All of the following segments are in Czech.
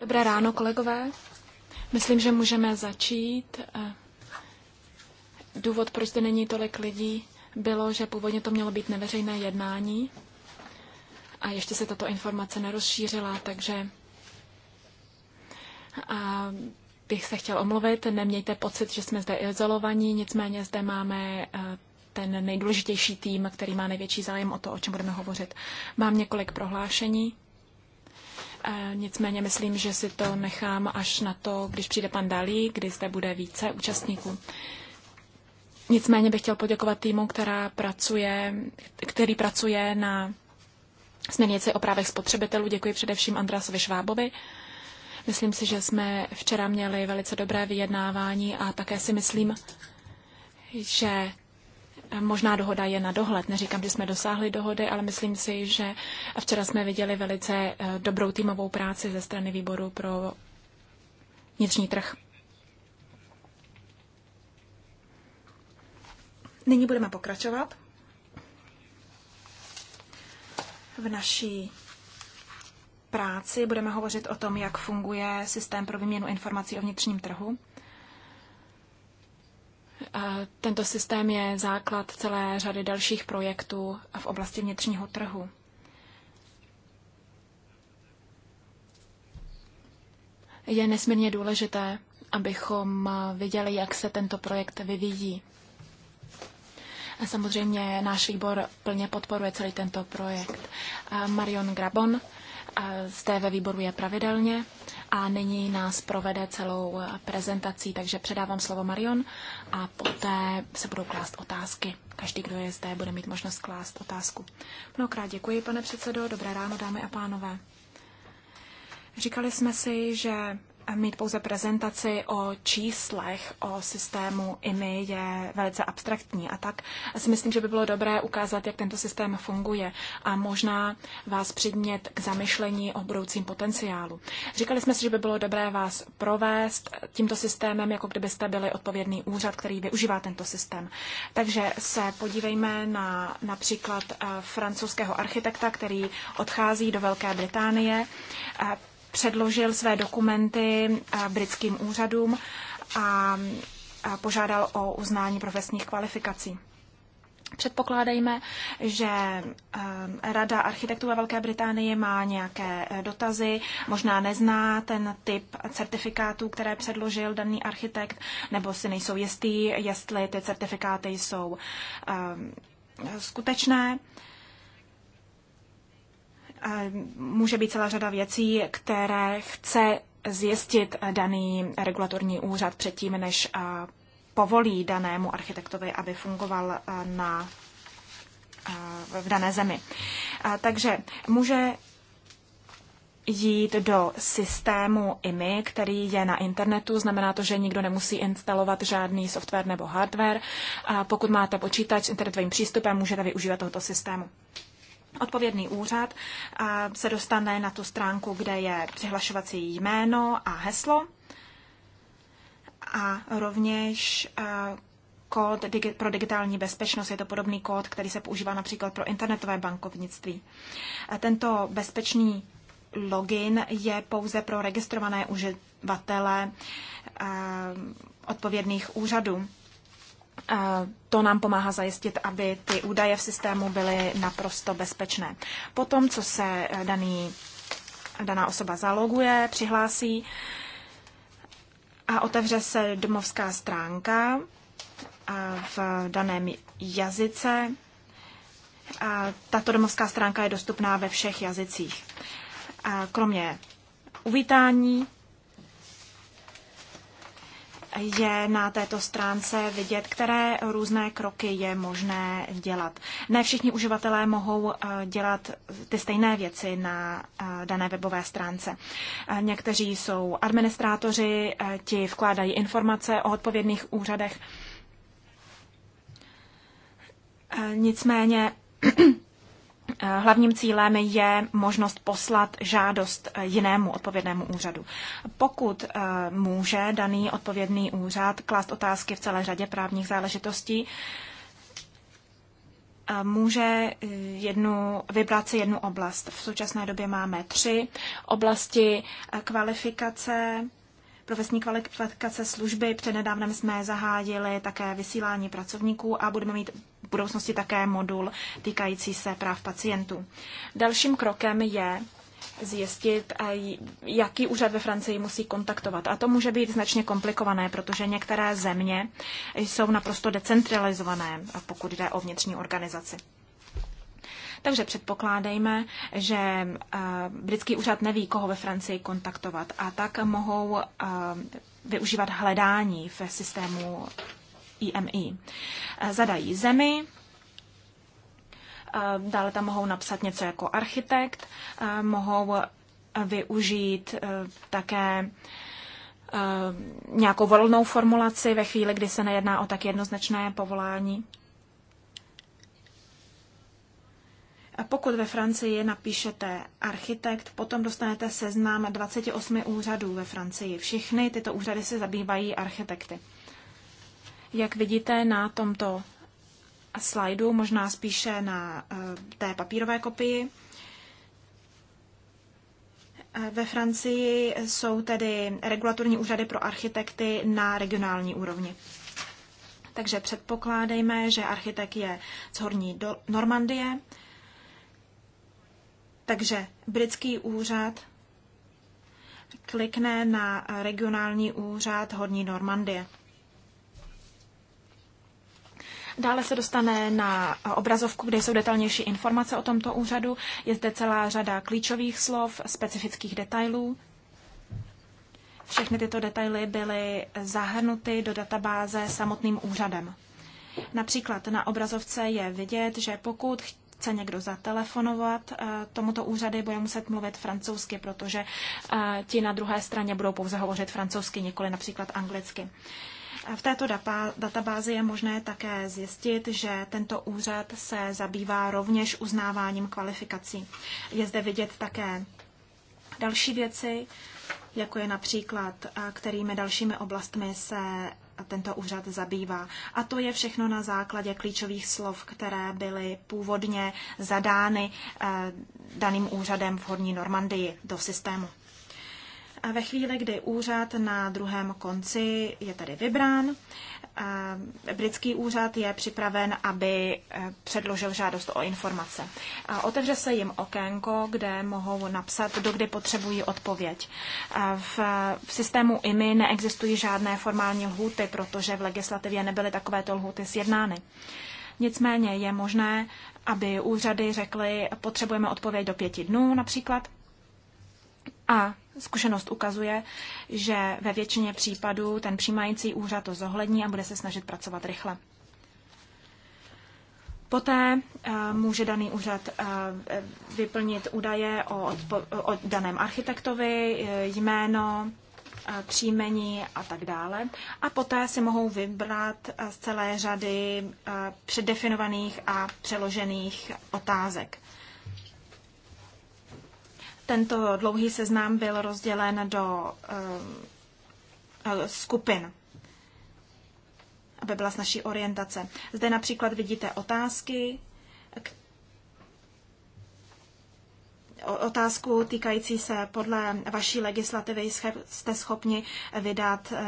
Dobré ráno, kolegové. Myslím, že můžeme začít. Uh, důvod, proč zde není tolik lidí, bylo, že původně to mělo být neveřejné jednání a ještě se tato informace nerozšířila, takže a uh, bych se chtěl omluvit. Nemějte pocit, že jsme zde izolovaní, nicméně zde máme uh, ten nejdůležitější tým, který má největší zájem o to, o čem budeme hovořit. Mám několik prohlášení. Eh, nicméně myslím, že si to nechám až na to, když přijde pan Dalí, kdy zde bude více účastníků. Nicméně bych chtěl poděkovat týmu, která pracuje, který pracuje na směrnici o právech spotřebitelů. Děkuji především Andrasovi Švábovi. Myslím si, že jsme včera měli velice dobré vyjednávání a také si myslím, že možná dohoda je na dohled. Neříkám, že jsme dosáhli dohody, ale myslím si, že včera jsme viděli velice eh, dobrou týmovou práci ze strany výboru pro vnitřní trh. Nyní budeme pokračovat v naší práci. Budeme hovořit o tom, jak funguje systém pro výměnu informací o vnitřním trhu. Tento systém je základ celé řady dalších projektů v oblasti vnitřního trhu. Je nesmírně důležité, abychom viděli, jak se tento projekt vyvíjí. A samozřejmě náš výbor plně podporuje celý tento projekt. Marion Grabon zde ve výboru je pravidelně a nyní nás provede celou eh, prezentací, takže předávám slovo Marion a poté se budou klást otázky. Každý, kdo je zde, bude mít možnost klást otázku. Mnohokrát děkuji, pane předsedo. Dobré ráno, dámy a pánové. Říkali jsme si, že mít pouze prezentaci o číslech, o systému IMI je velice abstraktní a tak si myslím, že by bylo dobré ukázat, jak tento systém funguje a možná vás předmět k zamyšlení o budoucím potenciálu. Říkali jsme si, že by bylo dobré vás provést tímto systémem, jako kdybyste byli odpovědný úřad, který využívá tento systém. Takže se podívejme na například eh, francouzského architekta, který odchází do Velké Británie. Eh, předložil své dokumenty eh, britským úřadům a eh, požádal o uznání profesních kvalifikací. Předpokládejme, že eh, Rada architektů ve Velké Británii má nějaké dotazy, možná nezná ten typ certifikátů, které předložil daný architekt, nebo si nejsou jistý, jestli ty certifikáty jsou skutečné může být celá řada věcí, které chce zjistit daný regulatorní úřad předtím, než povolí danému architektovi, aby fungoval na, v dané zemi. Takže může jít do systému IMI, který je na internetu. Znamená to, že nikdo nemusí instalovat žádný software nebo hardware. Pokud máte počítač s internetovým přístupem, můžete využívat tohoto systému odpovědný úřad se dostane na tu stránku, kde je přihlašovací jméno a heslo a rovněž eh, kód pro digitální bezpečnost. Je to podobný kód, který se používá například pro internetové bankovnictví. Tento bezpečný login je pouze pro registrované uživatele eh, odpovědných úřadů to nám pomáhá zajistit, aby ty údaje v systému byly naprosto bezpečné. Potom, co se eh, daný, daná osoba zaloguje, přihlásí a otevře se domovská stránka eh, v daném jazyce, a tato domovská stránka je dostupná ve všech jazycích. A kromě uvítání je na této stránce vidět, které různé kroky je možné dělat. Ne všichni uživatelé mohou eh, dělat ty stejné věci na eh, dané webové stránce. Eh, někteří jsou administrátoři, ti vkládají informace o odpovědných úřadech. Nicméně Eh, hlavním cílem je možnost poslat žádost eh, jinému odpovědnému úřadu. Pokud eh, může daný odpovědný úřad klást otázky v celé řadě právních záležitostí, může jednu, vybrat si jednu oblast. V současné době máme tři oblasti kvalifikace, profesní kvalifikace služby. Přednedávnem jsme zahádili také vysílání pracovníků a budeme mít v budoucnosti také modul týkající se práv pacientů. Dalším krokem je zjistit, eh, jaký úřad ve Francii musí kontaktovat. A to může být značně komplikované, protože některé země jsou naprosto decentralizované, pokud jde o vnitřní organizaci. Takže předpokládejme, že eh, britský úřad neví, koho ve Francii kontaktovat a tak mohou eh, využívat hledání v systému IMI. Eh, zadají zemi, dále tam mohou napsat něco jako architekt, mohou využít také nějakou volnou formulaci ve chvíli, kdy se nejedná o tak jednoznačné povolání. Pokud ve Francii napíšete architekt, potom dostanete seznam 28 úřadů ve Francii. Všechny tyto úřady se zabývají architekty. Jak vidíte na tomto slajdu, možná spíše na eh, té papírové kopii, eh, ve Francii jsou tedy regulatorní úřady pro architekty na regionální úrovni. Takže předpokládejme, že architekt je z Horní do Normandie, takže britský úřad klikne na regionální úřad Horní Normandie. Dále se dostane na obrazovku, kde jsou detailnější informace o tomto úřadu. Je zde celá řada klíčových slov, specifických detailů. Všechny tyto detaily byly zahrnuty do databáze samotným úřadem. Například na obrazovce je vidět, že pokud chce někdo zatelefonovat eh, tomuto úřady, bude muset mluvit francouzsky, protože eh, ti na druhé straně budou pouze hovořit francouzsky, nikoli například anglicky. Eh, v této databázi je možné také zjistit, že tento úřad se zabývá rovněž uznáváním kvalifikací. Je zde vidět také další věci, jako je například, kterými dalšími oblastmi se tento úřad zabývá. A to je všechno na základě klíčových slov, které byly původně zadány eh, daným úřadem v Horní Normandii do systému. Ve chvíli, kdy úřad na druhém konci je tady vybrán, eh, britský úřad je připraven, aby eh, předložil žádost o informace. Otevře se jim okénko, kde mohou napsat, dokdy potřebují odpověď. V, v systému IMI neexistují žádné formální lhůty, protože v legislativě nebyly takovéto lhůty sjednány. Nicméně je možné, aby úřady řekly, potřebujeme odpověď do pěti dnů například. A zkušenost ukazuje, že ve většině případů ten přijímající úřad to zohlední a bude se snažit pracovat rychle. Poté eh, může daný úřad eh, vyplnit údaje o, o daném architektovi, eh, jméno, příjmení a tak dále. A poté si mohou vybrat z celé řady předdefinovaných a přeložených otázek. Tento dlouhý seznam byl rozdělen do eh, skupin, aby byla snažší orientace. Zde například vidíte otázky, otázku týkající se podle vaší legislativy jste schopni vydat eh,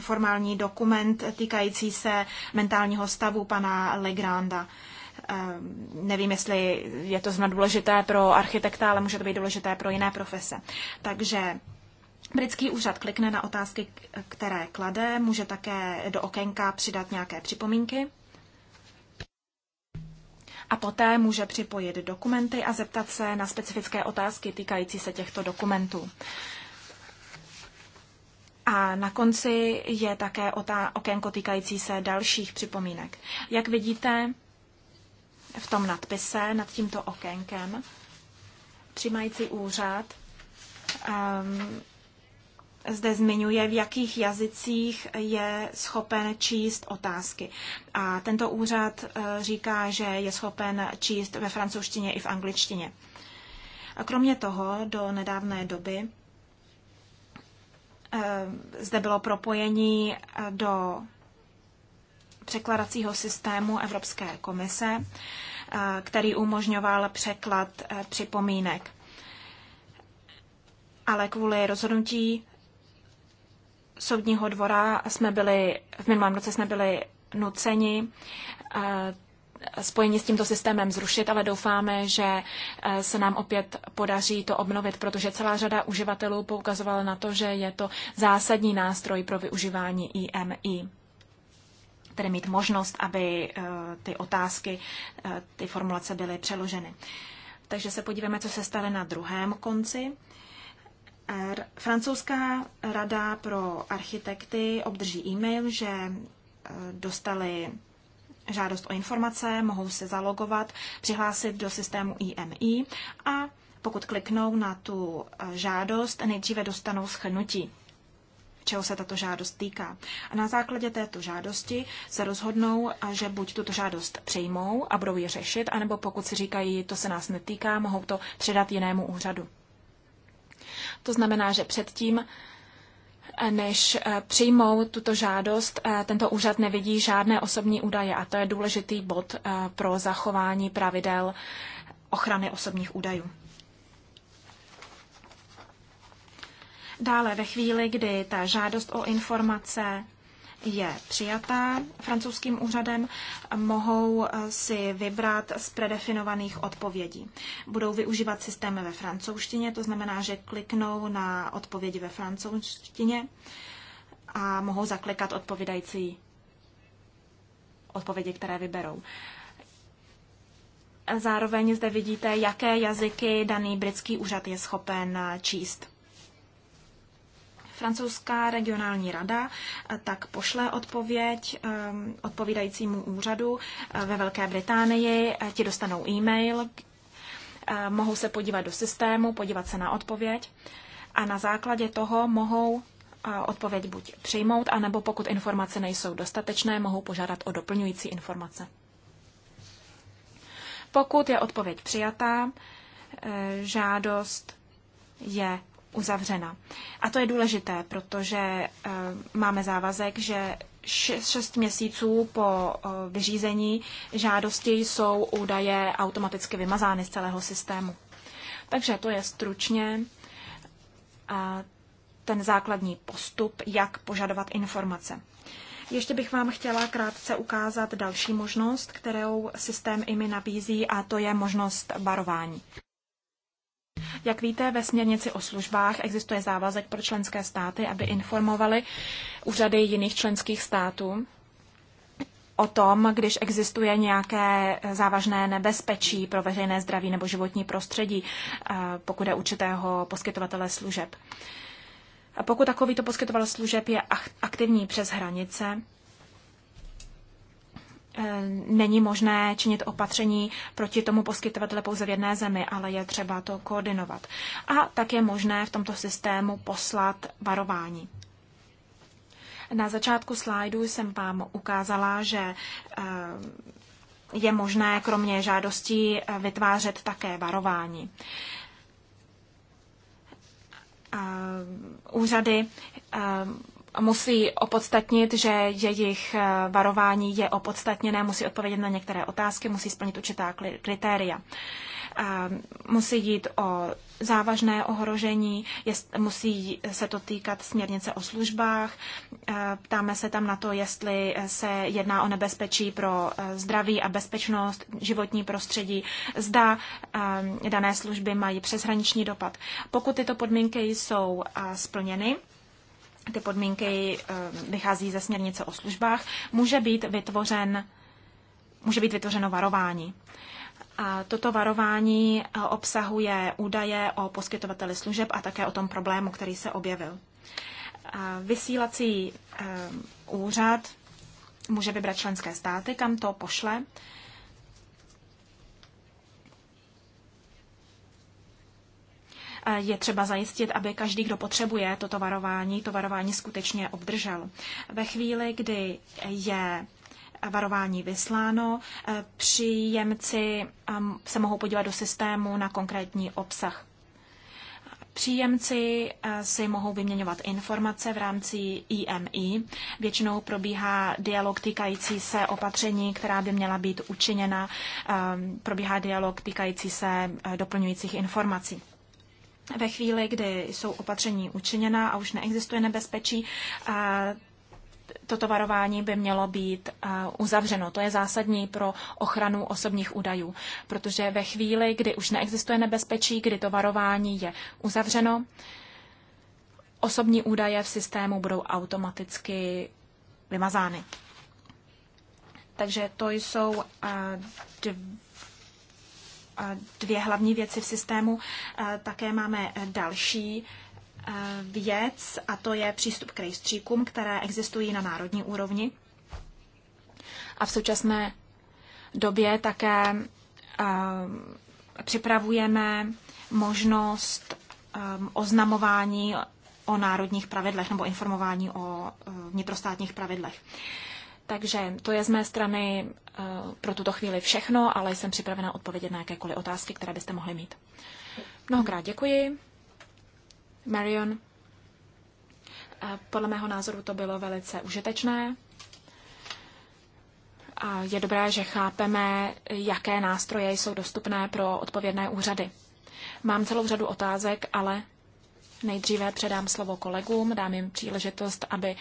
formální dokument týkající se mentálního stavu pana Legranda. Ehm, nevím, jestli je to zrovna důležité pro architekta, ale může to být důležité pro jiné profese. Takže Britský úřad klikne na otázky, které klade, může také do okénka přidat nějaké připomínky a poté může připojit dokumenty a zeptat se na specifické otázky týkající se těchto dokumentů. A na konci je také okénko týkající se dalších připomínek. Jak vidíte, v tom nadpise nad tímto okénkem. Přijímající úřad um, zde zmiňuje, v jakých jazycích je schopen číst otázky. A tento úřad eh, říká, že je schopen číst ve francouzštině i v angličtině. A kromě toho do nedávné doby ehm, zde bylo propojení eh, do překladacího systému Evropské komise, eh, který umožňoval překlad eh, připomínek. Ale kvůli rozhodnutí soudního dvora jsme byli, v minulém roce jsme byli nuceni eh, spojení s tímto systémem zrušit, ale doufáme, že se nám opět podaří to obnovit, protože celá řada uživatelů poukazovala na to, že je to zásadní nástroj pro využívání IMI tedy mít možnost, aby eh, ty otázky, eh, ty formulace byly přeloženy. Takže se podíváme, co se stalo na druhém konci. Francouzská rada pro architekty obdrží e-mail, že eh, dostali žádost o informace, mohou se zalogovat, přihlásit do systému IMI a pokud kliknou na tu žádost, nejdříve dostanou schrnutí čeho se tato žádost týká. A na základě této žádosti se rozhodnou, že buď tuto žádost přejmou a budou ji řešit, anebo pokud si říkají, to se nás netýká, mohou to předat jinému úřadu. To znamená, že předtím, než eh, přijmou tuto žádost, eh, tento úřad nevidí žádné osobní údaje a to je důležitý bod eh, pro zachování pravidel ochrany osobních údajů. Dále ve chvíli, kdy ta žádost o informace je přijatá francouzským úřadem, mohou eh, si vybrat z predefinovaných odpovědí. Budou využívat systémy ve francouzštině, to znamená, že kliknou na odpovědi ve francouzštině a mohou zaklikat odpovídající odpovědi, které vyberou. Zároveň zde vidíte, jaké jazyky daný britský úřad je schopen eh, číst francouzská regionální rada eh, tak pošle odpověď ehm, odpovídajícímu úřadu eh, ve Velké Británii. Eh, ti dostanou e-mail, mohou se podívat do systému, podívat se na odpověď a na základě toho mohou odpověď buď přijmout, anebo pokud informace nejsou dostatečné, mohou požádat o doplňující informace. Pokud je odpověď přijatá, žádost je uzavřena. A to je důležité, protože eh, máme závazek, že šest měsíců po eh, vyřízení žádosti jsou údaje automaticky vymazány z celého systému. Takže to je stručně ten základní postup, jak požadovat informace. Ještě bych vám chtěla krátce ukázat další možnost, kterou systém IMI nabízí, a to je možnost barování. Jak víte, ve směrnici o službách existuje závazek pro členské státy, aby informovali úřady jiných členských států o tom, když existuje nějaké závažné nebezpečí pro veřejné zdraví nebo životní prostředí, eh, pokud je určitého poskytovatele služeb. A pokud takovýto poskytovatel služeb je aktivní přes hranice, Eh, není možné činit opatření proti tomu poskytovatele pouze v jedné zemi, ale je třeba to koordinovat. A tak je možné v tomto systému poslat varování. Na začátku slajdu jsem vám ukázala, že eh, je možné kromě žádostí eh, vytvářet také varování. Úřady musí opodstatnit, že jejich eh, varování je opodstatněné, musí odpovědět na některé otázky, musí splnit určitá kritéria. Eh, musí jít o závažné ohrožení, jest, musí se to týkat směrnice o službách. Eh, ptáme se tam na to, jestli se jedná o nebezpečí pro zdraví a bezpečnost, životní prostředí, zda dané služby mají přeshraniční dopad. Pokud tyto podmínky jsou splněny, ty podmínky eh, vychází ze směrnice o službách, může být, vytvořen, může být vytvořeno varování. A toto varování eh, obsahuje údaje o poskytovateli služeb a také o tom problému, který se objevil. Vysílací eh, úřad může vybrat členské státy, kam to pošle. je třeba zajistit, aby každý, kdo potřebuje toto varování, to varování skutečně obdržel. Ve chvíli, kdy je varování vysláno. Příjemci um, se mohou podívat do systému na konkrétní obsah. Příjemci uh, si mohou vyměňovat informace v rámci IMI. Většinou probíhá dialog týkající se opatření, která by měla být učiněna. Um, probíhá dialog týkající se uh, doplňujících informací ve chvíli, kdy jsou opatření učiněna a už neexistuje nebezpečí, toto varování by mělo být uzavřeno. To je zásadní pro ochranu osobních údajů, protože ve chvíli, kdy už neexistuje nebezpečí, kdy to varování je uzavřeno, osobní údaje v systému budou automaticky vymazány. Takže to jsou dvě hlavní věci v systému. E, také máme další e, věc, a to je přístup k rejstříkům, které existují na národní úrovni. A v současné době také e, připravujeme možnost oznamování o národních pravidlech nebo informování o vnitrostátních pravidlech. Takže to je z mé strany eh, pro tuto chvíli všechno, ale jsem připravena odpovědět na jakékoliv otázky, které byste mohli mít. Mnohokrát děkuji. Marion, eh, podle mého názoru to bylo velice užitečné. A je dobré, že chápeme, jaké nástroje jsou dostupné pro odpovědné úřady. Mám celou řadu otázek, ale Nejdříve předám slovo kolegům, dám jim příležitost, aby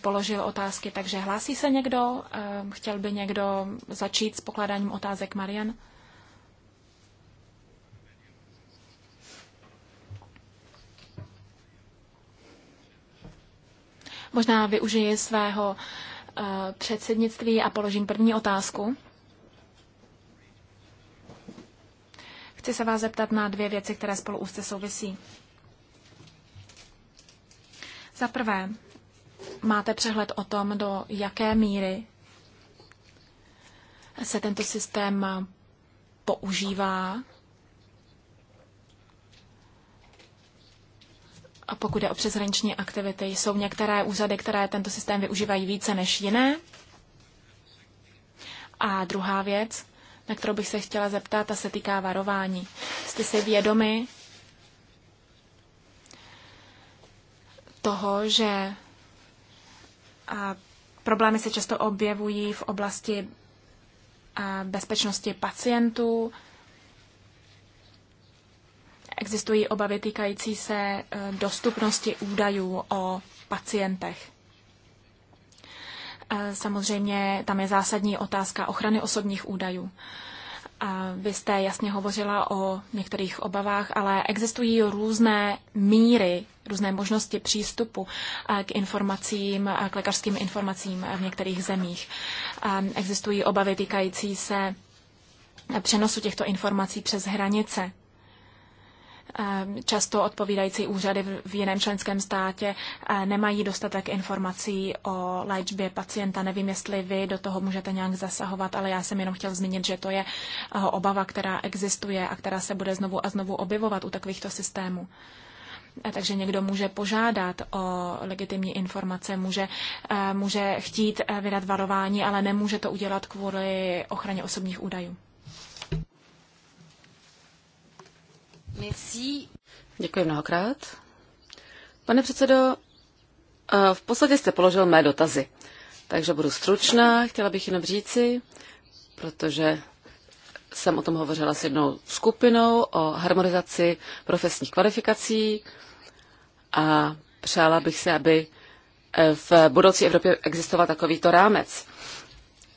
položil otázky. Takže hlásí se někdo? Ehm, chtěl by někdo začít s pokládáním otázek Marian? Možná využiji svého eh, předsednictví a položím první otázku. Chci se vás zeptat na dvě věci, které spolu úzce souvisí. Za prvé, máte přehled o tom, do jaké míry se tento systém používá, a pokud je o přeshraniční aktivity. Jsou některé úřady, které tento systém využívají více než jiné? A druhá věc, na kterou bych se chtěla zeptat, a se týká varování. Jste si vědomi toho, že problémy se často objevují v oblasti bezpečnosti pacientů. Existují obavy týkající se e, dostupnosti údajů o pacientech. E, samozřejmě tam je zásadní otázka ochrany osobních údajů. A e, vy jste jasně hovořila o některých obavách, ale existují různé míry různé možnosti přístupu eh, k informacím, eh, k lékařským informacím eh, v některých zemích. Existují obavy týkající se přenosu těchto informací přes hranice často odpovídající úřady v jiném členském státě nemají dostatek informací o léčbě pacienta. Nevím, jestli vy do toho můžete nějak zasahovat, ale já jsem jenom chtěl zmínit, že to je obava, která existuje a která se bude znovu a znovu objevovat u takovýchto systémů takže někdo může požádat o legitimní informace, může, eh, může chtít eh, vydat varování, ale nemůže to udělat kvůli ochraně osobních údajů. Merci. Děkuji mnohokrát. Pane předsedo, eh, v podstatě jste položil mé dotazy, takže budu stručná. Chtěla bych jenom říci, protože jsem o tom hovořila s jednou skupinou o harmonizaci profesních kvalifikací a přála bych se, aby eh, v budoucí Evropě existoval takovýto rámec.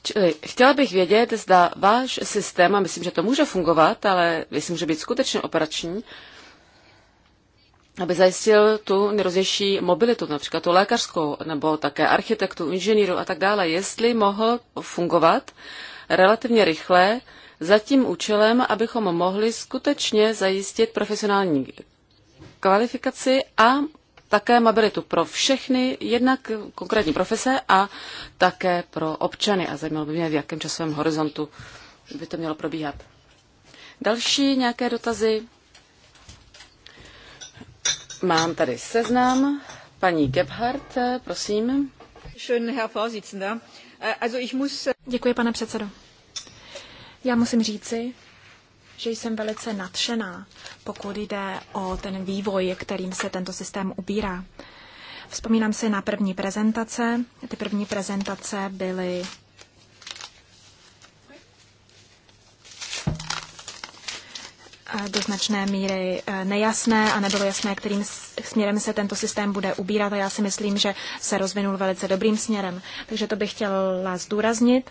Čili eh, chtěla bych vědět, zda váš systém, a myslím, že to může fungovat, ale myslím, že být skutečně operační, aby zajistil tu nejrozější mobilitu, například tu lékařskou, nebo také architektu, inženýru a tak dále, jestli mohl fungovat relativně rychle za tím účelem, abychom mohli skutečně zajistit profesionální kvalifikaci a také mobilitu pro všechny, jednak konkrétní profese a také pro občany. A zajímalo by mě, v jakém časovém horizontu by to mělo probíhat. Další nějaké dotazy? Mám tady seznam. Paní Gebhardt, prosím. Äh, äh, Děkuji, pane předsedo. Já musím říci, že jsem velice nadšená, pokud jde o ten vývoj, kterým se tento systém ubírá. Vzpomínám si na první prezentace. Ty první prezentace byly do značné míry eh, nejasné a nebylo jasné, kterým směrem se tento systém bude ubírat a já si myslím, že se rozvinul velice dobrým směrem. Takže to bych chtěla zdůraznit.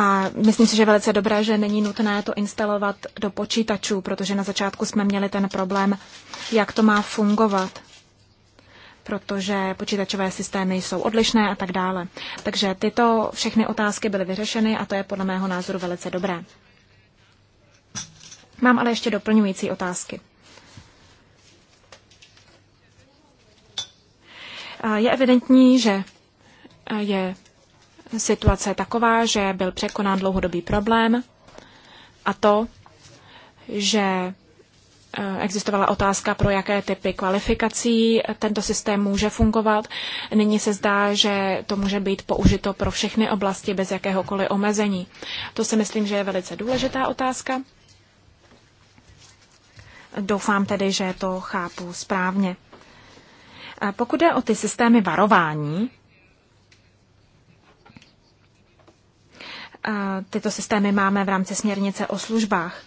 A myslím si, že je velice dobré, že není nutné to instalovat do počítačů, protože na začátku jsme měli ten problém, jak to má fungovat protože počítačové systémy jsou odlišné a tak dále. Takže tyto všechny otázky byly vyřešeny a to je podle mého názoru velice dobré. Mám ale ještě doplňující otázky. Je evidentní, že je Situace je taková, že byl překonán dlouhodobý problém a to, že e, existovala otázka, pro jaké typy kvalifikací tento systém může fungovat. Nyní se zdá, že to může být použito pro všechny oblasti bez jakéhokoliv omezení. To si myslím, že je velice důležitá otázka. Doufám tedy, že to chápu správně. Pokud jde o ty systémy varování, tyto systémy máme v rámci směrnice o službách.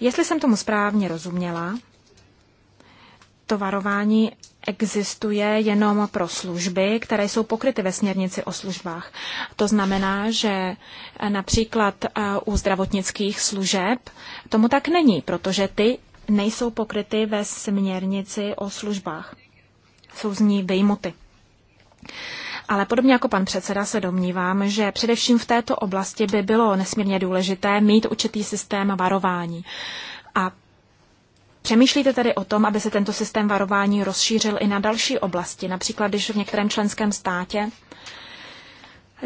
Jestli jsem tomu správně rozuměla, to varování existuje jenom pro služby, které jsou pokryty ve směrnici o službách. To znamená, že například e, u zdravotnických služeb tomu tak není, protože ty nejsou pokryty ve směrnici o službách. Jsou z ní vyjmuty. Ale podobně jako pan předseda se domnívám, že především v této oblasti by bylo nesmírně důležité mít určitý systém varování. A Přemýšlíte tedy o tom, aby se tento systém varování rozšířil i na další oblasti, například když v některém členském státě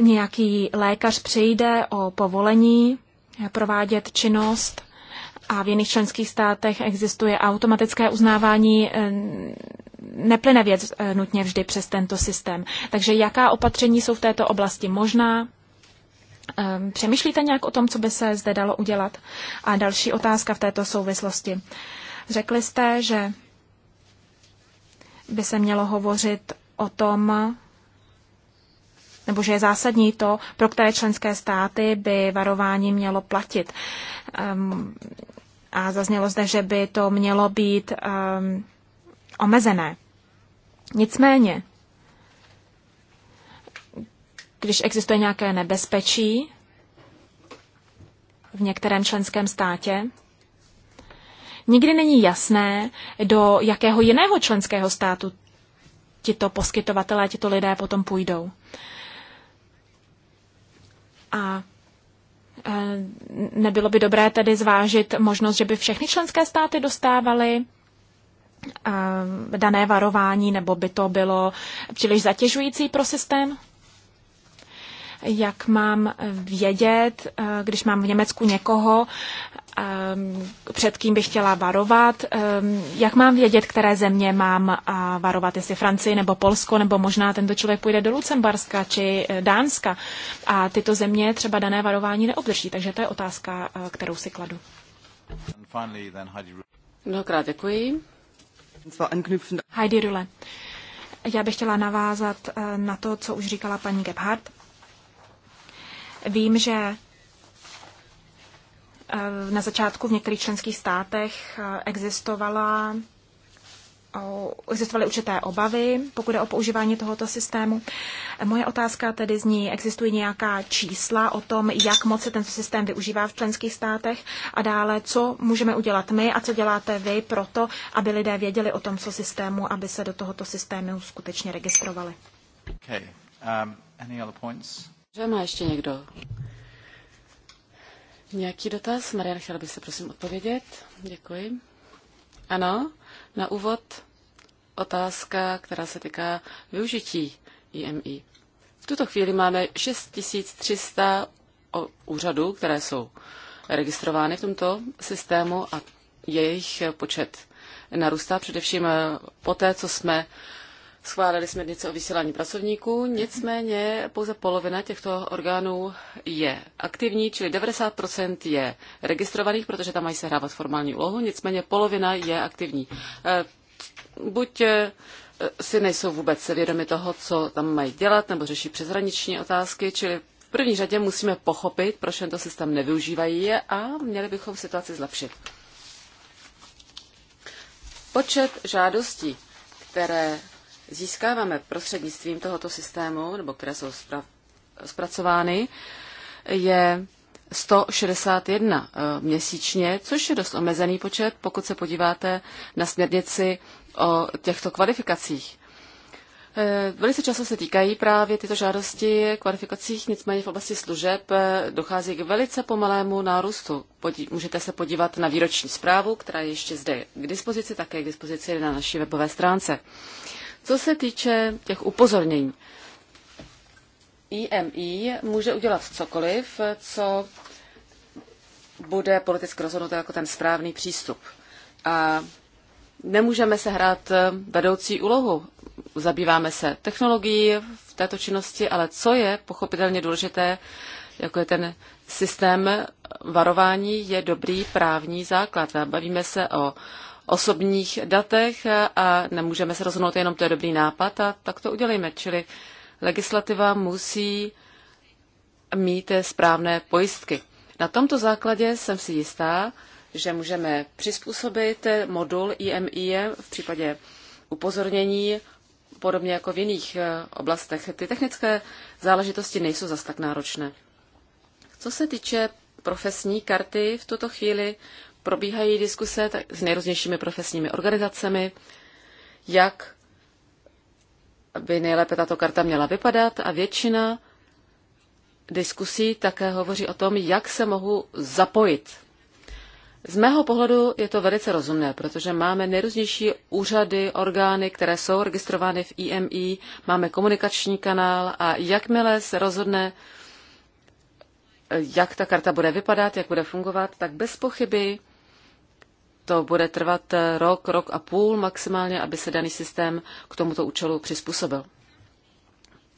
nějaký lékař přijde o povolení provádět činnost a v jiných členských státech existuje automatické uznávání eh, neplyne věc eh, nutně vždy přes tento systém. Takže jaká opatření jsou v této oblasti možná? Ehm, přemýšlíte nějak o tom, co by se zde dalo udělat? A další otázka v této souvislosti. Řekli jste, že by se mělo hovořit o tom, nebo že je zásadní to, pro které členské státy by varování mělo platit. Ehm, a zaznělo zde, že by to mělo být um, omezené. Nicméně, když existuje nějaké nebezpečí v některém členském státě, nikdy není jasné, do jakého jiného členského státu tito poskytovatelé, tito lidé potom půjdou. A e, nebylo by dobré tedy zvážit možnost, že by všechny členské státy dostávaly Eh, dané varování, nebo by to bylo příliš zatěžující pro systém? Jak mám vědět, eh, když mám v Německu někoho, eh, před kým bych chtěla varovat, jak mám vědět, které země mám varovat, jestli Francii nebo Polsko, nebo možná tento člověk půjde do Lucembarska či Dánska a tyto země třeba dané varování neobdrží, takže to je otázka, kterou si kladu. Mnohokrát děkuji. Heidi Rule. Já bych chtěla navázat eh, na to, co už říkala paní Gebhardt. Vím, že eh, na začátku v některých členských státech eh, existovala existovaly určité obavy, pokud je o používání tohoto systému. Moje otázka tedy zní, existují nějaká čísla o tom, jak moc se tento systém využívá v členských státech a dále, co můžeme udělat my a co děláte vy pro to, aby lidé věděli o tomto systému, aby se do tohoto systému skutečně registrovali. Okay. Um, any other points? Že má ještě někdo nějaký dotaz? Marian, chtěla bych se prosím odpovědět. Děkuji. Ano, na úvod otázka, která se týká využití IMI. V tuto chvíli máme 6300 úřadů, které jsou registrovány v tomto systému a jejich počet narůstá především po té, co jsme schválili směrnice o vysílání pracovníků, nicméně pouze polovina těchto orgánů je aktivní, čili 90% je registrovaných, protože tam mají sehrávat formální úlohu, nicméně polovina je aktivní. Eh, buď eh, si nejsou vůbec vědomi toho, co tam mají dělat, nebo řeší přeshraniční otázky, čili v první řadě musíme pochopit, proč tento systém nevyužívají a měli bychom situaci zlepšit. Počet žádostí, které získáváme prostřednictvím tohoto systému, nebo které jsou zpracovány, je 161 eh, měsíčně, což je dost omezený počet, pokud se podíváte na směrnici o těchto kvalifikacích. Eh, velice často se týkají právě tyto žádosti kvalifikacích, nicméně v oblasti služeb eh, dochází k velice pomalému nárůstu. Podí, můžete se podívat na výroční zprávu, která je ještě zde k dispozici, také k dispozici na naší webové stránce. Co se týče těch upozornění, IMI může udělat cokoliv, co bude politicky rozhodnuto jako ten správný přístup. A nemůžeme se hrát eh, vedoucí úlohu. Zabýváme se technologií v této činnosti, ale co je pochopitelně důležité, jako je ten systém varování, je dobrý právní základ. Bavíme se o osobních datech a nemůžeme se rozhodnout jenom, to je dobrý nápad a tak to udělejme. Čili legislativa musí mít správné pojistky. Na tomto základě jsem si jistá, že můžeme přizpůsobit modul IMI v případě upozornění, podobně jako v jiných eh, oblastech. Ty technické záležitosti nejsou zas tak náročné. Co se týče profesní karty, v tuto chvíli probíhají diskuse tak, s nejrůznějšími profesními organizacemi, jak by nejlépe tato karta měla vypadat a většina diskusí také hovoří o tom, jak se mohu zapojit. Z mého pohledu je to velice rozumné, protože máme nejrůznější úřady, orgány, které jsou registrovány v IMI, máme komunikační kanál a jakmile se rozhodne, eh, jak ta karta bude vypadat, jak bude fungovat, tak bez pochyby to bude trvat eh, rok, rok a půl maximálně, aby se daný systém k tomuto účelu přizpůsobil.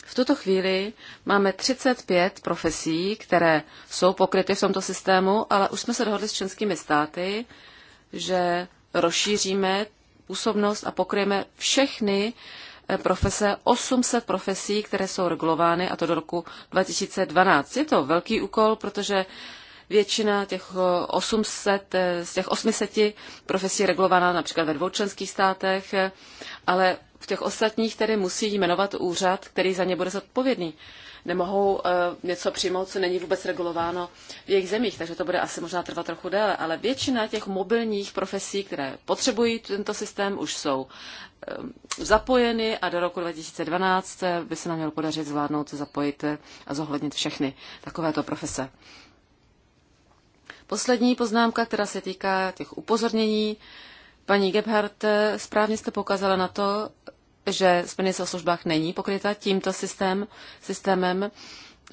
V tuto chvíli máme 35 profesí, které jsou pokryty v tomto systému, ale už jsme se dohodli s členskými státy, že rozšíříme působnost a pokryjeme všechny eh, profese, 800 profesí, které jsou regulovány, a to do roku 2012. Je to velký úkol, protože Většina těch 800, eh, eh, z těch 800 profesí je regulovaná například ve dvou členských státech, eh, ale v těch ostatních tedy musí jmenovat úřad, který za ně bude zodpovědný. Nemohou něco přijmout, co není vůbec regulováno v jejich zemích, takže to bude asi možná trvat trochu déle, ale většina těch mobilních profesí, které potřebují tento systém, už jsou zapojeny a do roku 2012 by se nám mělo podařit zvládnout, zapojit a zohlednit všechny takovéto profese. Poslední poznámka, která se týká těch upozornění. Paní Gebhardt, správně jste pokázala na to, že směrnice o službách není pokryta tímto systém, systémem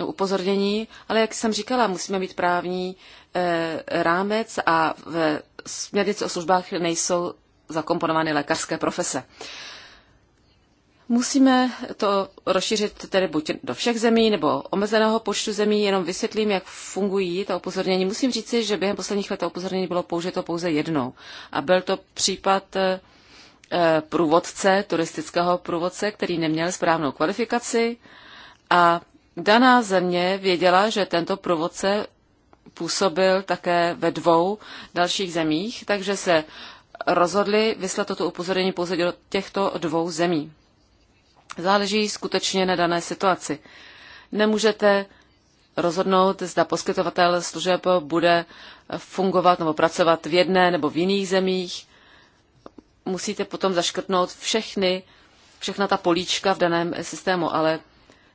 upozornění, ale jak jsem říkala, musíme mít právní e, rámec a v směrnici o službách nejsou zakomponovány lékařské profese. E, Musíme to rozšířit tedy buď do všech zemí nebo omezeného počtu zemí, jenom vysvětlím, jak fungují ta upozornění. Musím říci, že během posledních let to upozornění bylo použito pouze jednou. A byl to případ eh, průvodce, turistického průvodce, který neměl správnou kvalifikaci a daná země věděla, že tento průvodce působil také ve dvou dalších zemích, takže se rozhodli vyslat toto upozornění pouze do těchto dvou zemí. Záleží skutečně na dané situaci. Nemůžete rozhodnout, zda poskytovatel služeb bude fungovat nebo pracovat v jedné nebo v jiných zemích. Musíte potom zaškrtnout všechny, všechna ta políčka v daném systému, ale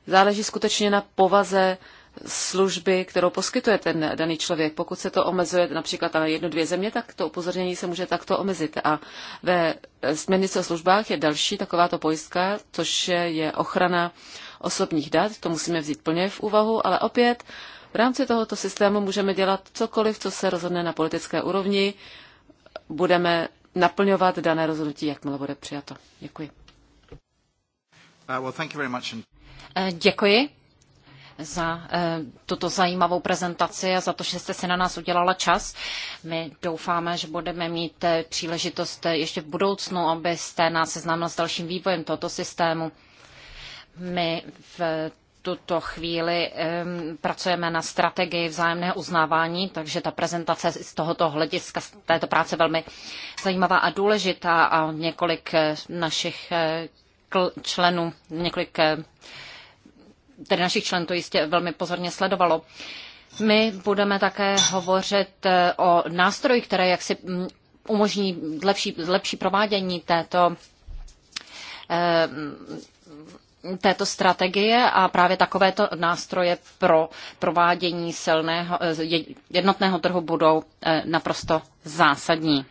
záleží skutečně na povaze služby, kterou poskytuje ten daný člověk. Pokud se to omezuje například na jednu, dvě země, tak to upozornění se může takto omezit. A ve směrnici o službách je další takováto pojistka, což je ochrana osobních dat. To musíme vzít plně v úvahu, ale opět v rámci tohoto systému můžeme dělat cokoliv, co se rozhodne na politické úrovni. Budeme naplňovat dané rozhodnutí, jakmile bude přijato. Děkuji. Uh, eh, děkuji za eh, tuto zajímavou prezentaci a za to, že jste si na nás udělala čas. My doufáme, že budeme mít eh, příležitost eh, ještě v budoucnu, abyste nás seznámil s dalším vývojem tohoto systému. My v tuto chvíli um, pracujeme na strategii vzájemného uznávání, takže ta prezentace z tohoto hlediska, z této práce velmi zajímavá a důležitá a několik našich členů, několik tedy našich členů to jistě velmi pozorně sledovalo. My budeme také hovořit eh, o nástroji, které jaksi mm, umožní lepší, lepší provádění této eh, mm, této strategie a právě takovéto nástroje pro provádění silného, eh, jednotného trhu budou naprosto zásadní.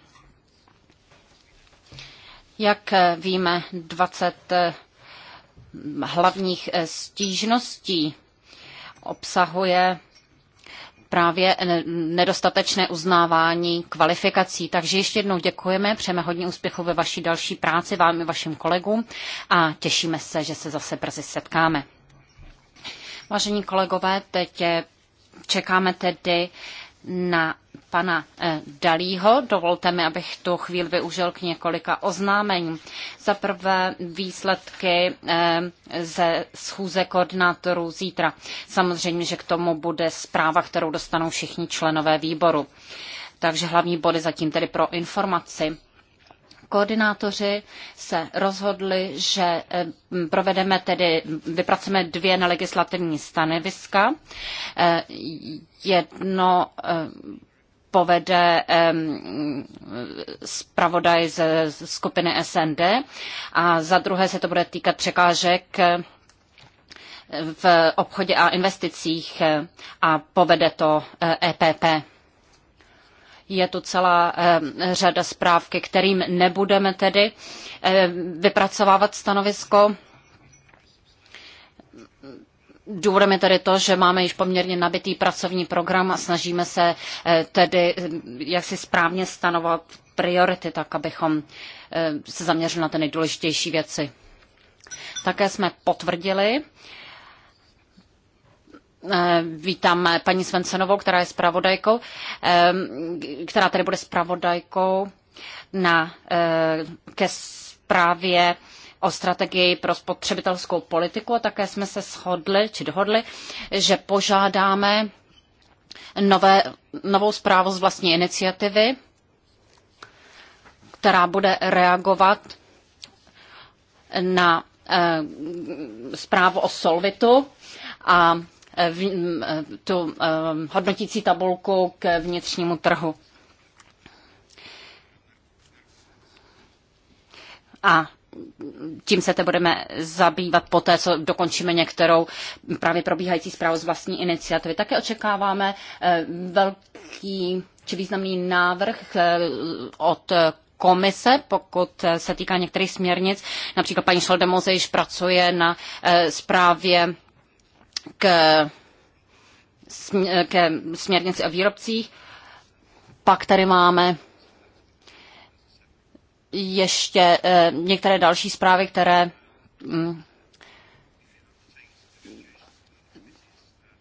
Jak víme, 20 hlavních eh, stížností obsahuje právě eh, nedostatečné uznávání kvalifikací. Takže ještě jednou děkujeme, přejeme hodně úspěchu ve vaší další práci vám i vašim kolegům a těšíme se, že se zase brzy setkáme. Vážení kolegové, teď eh, čekáme tedy na pana eh, Dalího. Dovolte mi, abych tu chvíli využil k několika oznámením. Za prvé výsledky eh, ze schůze koordinátorů zítra. Samozřejmě, že k tomu bude zpráva, kterou dostanou všichni členové výboru. Takže hlavní body zatím tedy pro informaci. Koordinátoři se rozhodli, že eh, provedeme tedy, vypracujeme dvě nelegislativní stanoviska. Eh, jedno eh, povede zpravodaj ze skupiny SND a za druhé se to bude týkat překážek v obchodě a investicích a povede to EPP. E je tu celá eh, řada zpráv, ke kterým nebudeme tedy eh, vypracovávat stanovisko. Důvodem je tedy to, že máme již poměrně nabitý pracovní program a snažíme se eh, tedy jak si správně stanovat priority, tak abychom se zaměřili na ty nejdůležitější věci. Také jsme potvrdili, Eh, vítám paní Svensenovou, která je zpravodajkou, eh, která tady bude zpravodajkou na, eh, ke zprávě o strategii pro spotřebitelskou politiku a také jsme se shodli, či dohodli, že požádáme nové, novou zprávu z vlastní iniciativy, která bude reagovat na e, zprávu o Solvitu a tu um, hodnotící tabulku k vnitřnímu trhu. A tím se te budeme zabývat poté, co dokončíme některou právě probíhající zprávu z vlastní iniciativy. Také očekáváme eh, velký či významný návrh eh, od komise, pokud eh, se týká některých směrnic. Například paní Šoldemoze již pracuje na zprávě k, ke směrnici o výrobcích. Pak tady máme ještě eh, některé další zprávy, které mm,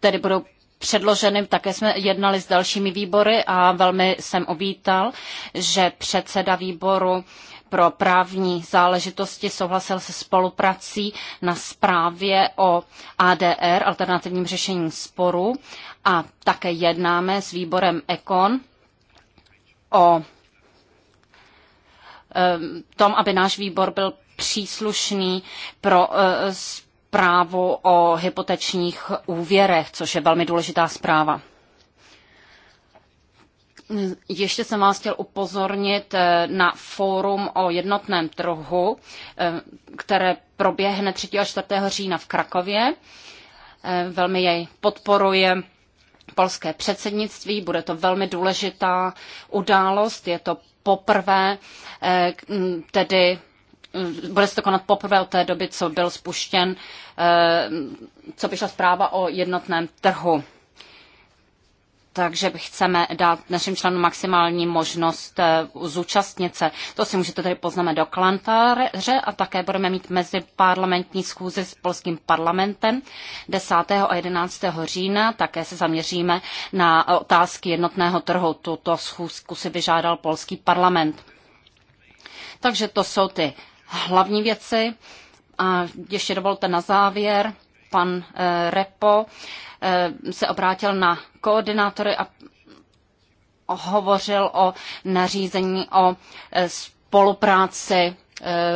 tedy budou předloženy. Také jsme jednali s dalšími výbory a velmi jsem ovítal, že předseda výboru pro právní záležitosti souhlasil se spoluprací na zprávě o ADR, alternativním řešení sporu, a také jednáme s výborem ECON o tom, aby náš výbor byl příslušný pro e, zprávu o hypotečních úvěrech, což je velmi důležitá zpráva. Ještě jsem vás chtěl upozornit eh, na fórum o jednotném trhu, eh, které proběhne 3. a 4. října v Krakově. Eh, velmi jej podporuje polské předsednictví. Bude to velmi důležitá událost. Je to poprvé, tedy bude se to konat poprvé od té doby, co byl spuštěn, co vyšla zpráva o jednotném trhu takže chceme dát našim členům maximální možnost eh, zúčastnit se. To si můžete tady poznat do klantáře a také budeme mít meziparlamentní schůzi s polským parlamentem 10. a 11. října. Také se zaměříme na otázky jednotného trhu. Tuto schůzku si vyžádal polský parlament. Takže to jsou ty hlavní věci. A ještě dovolte na závěr pan eh, Repo eh, se obrátil na koordinátory a hovořil o nařízení o eh, spolupráci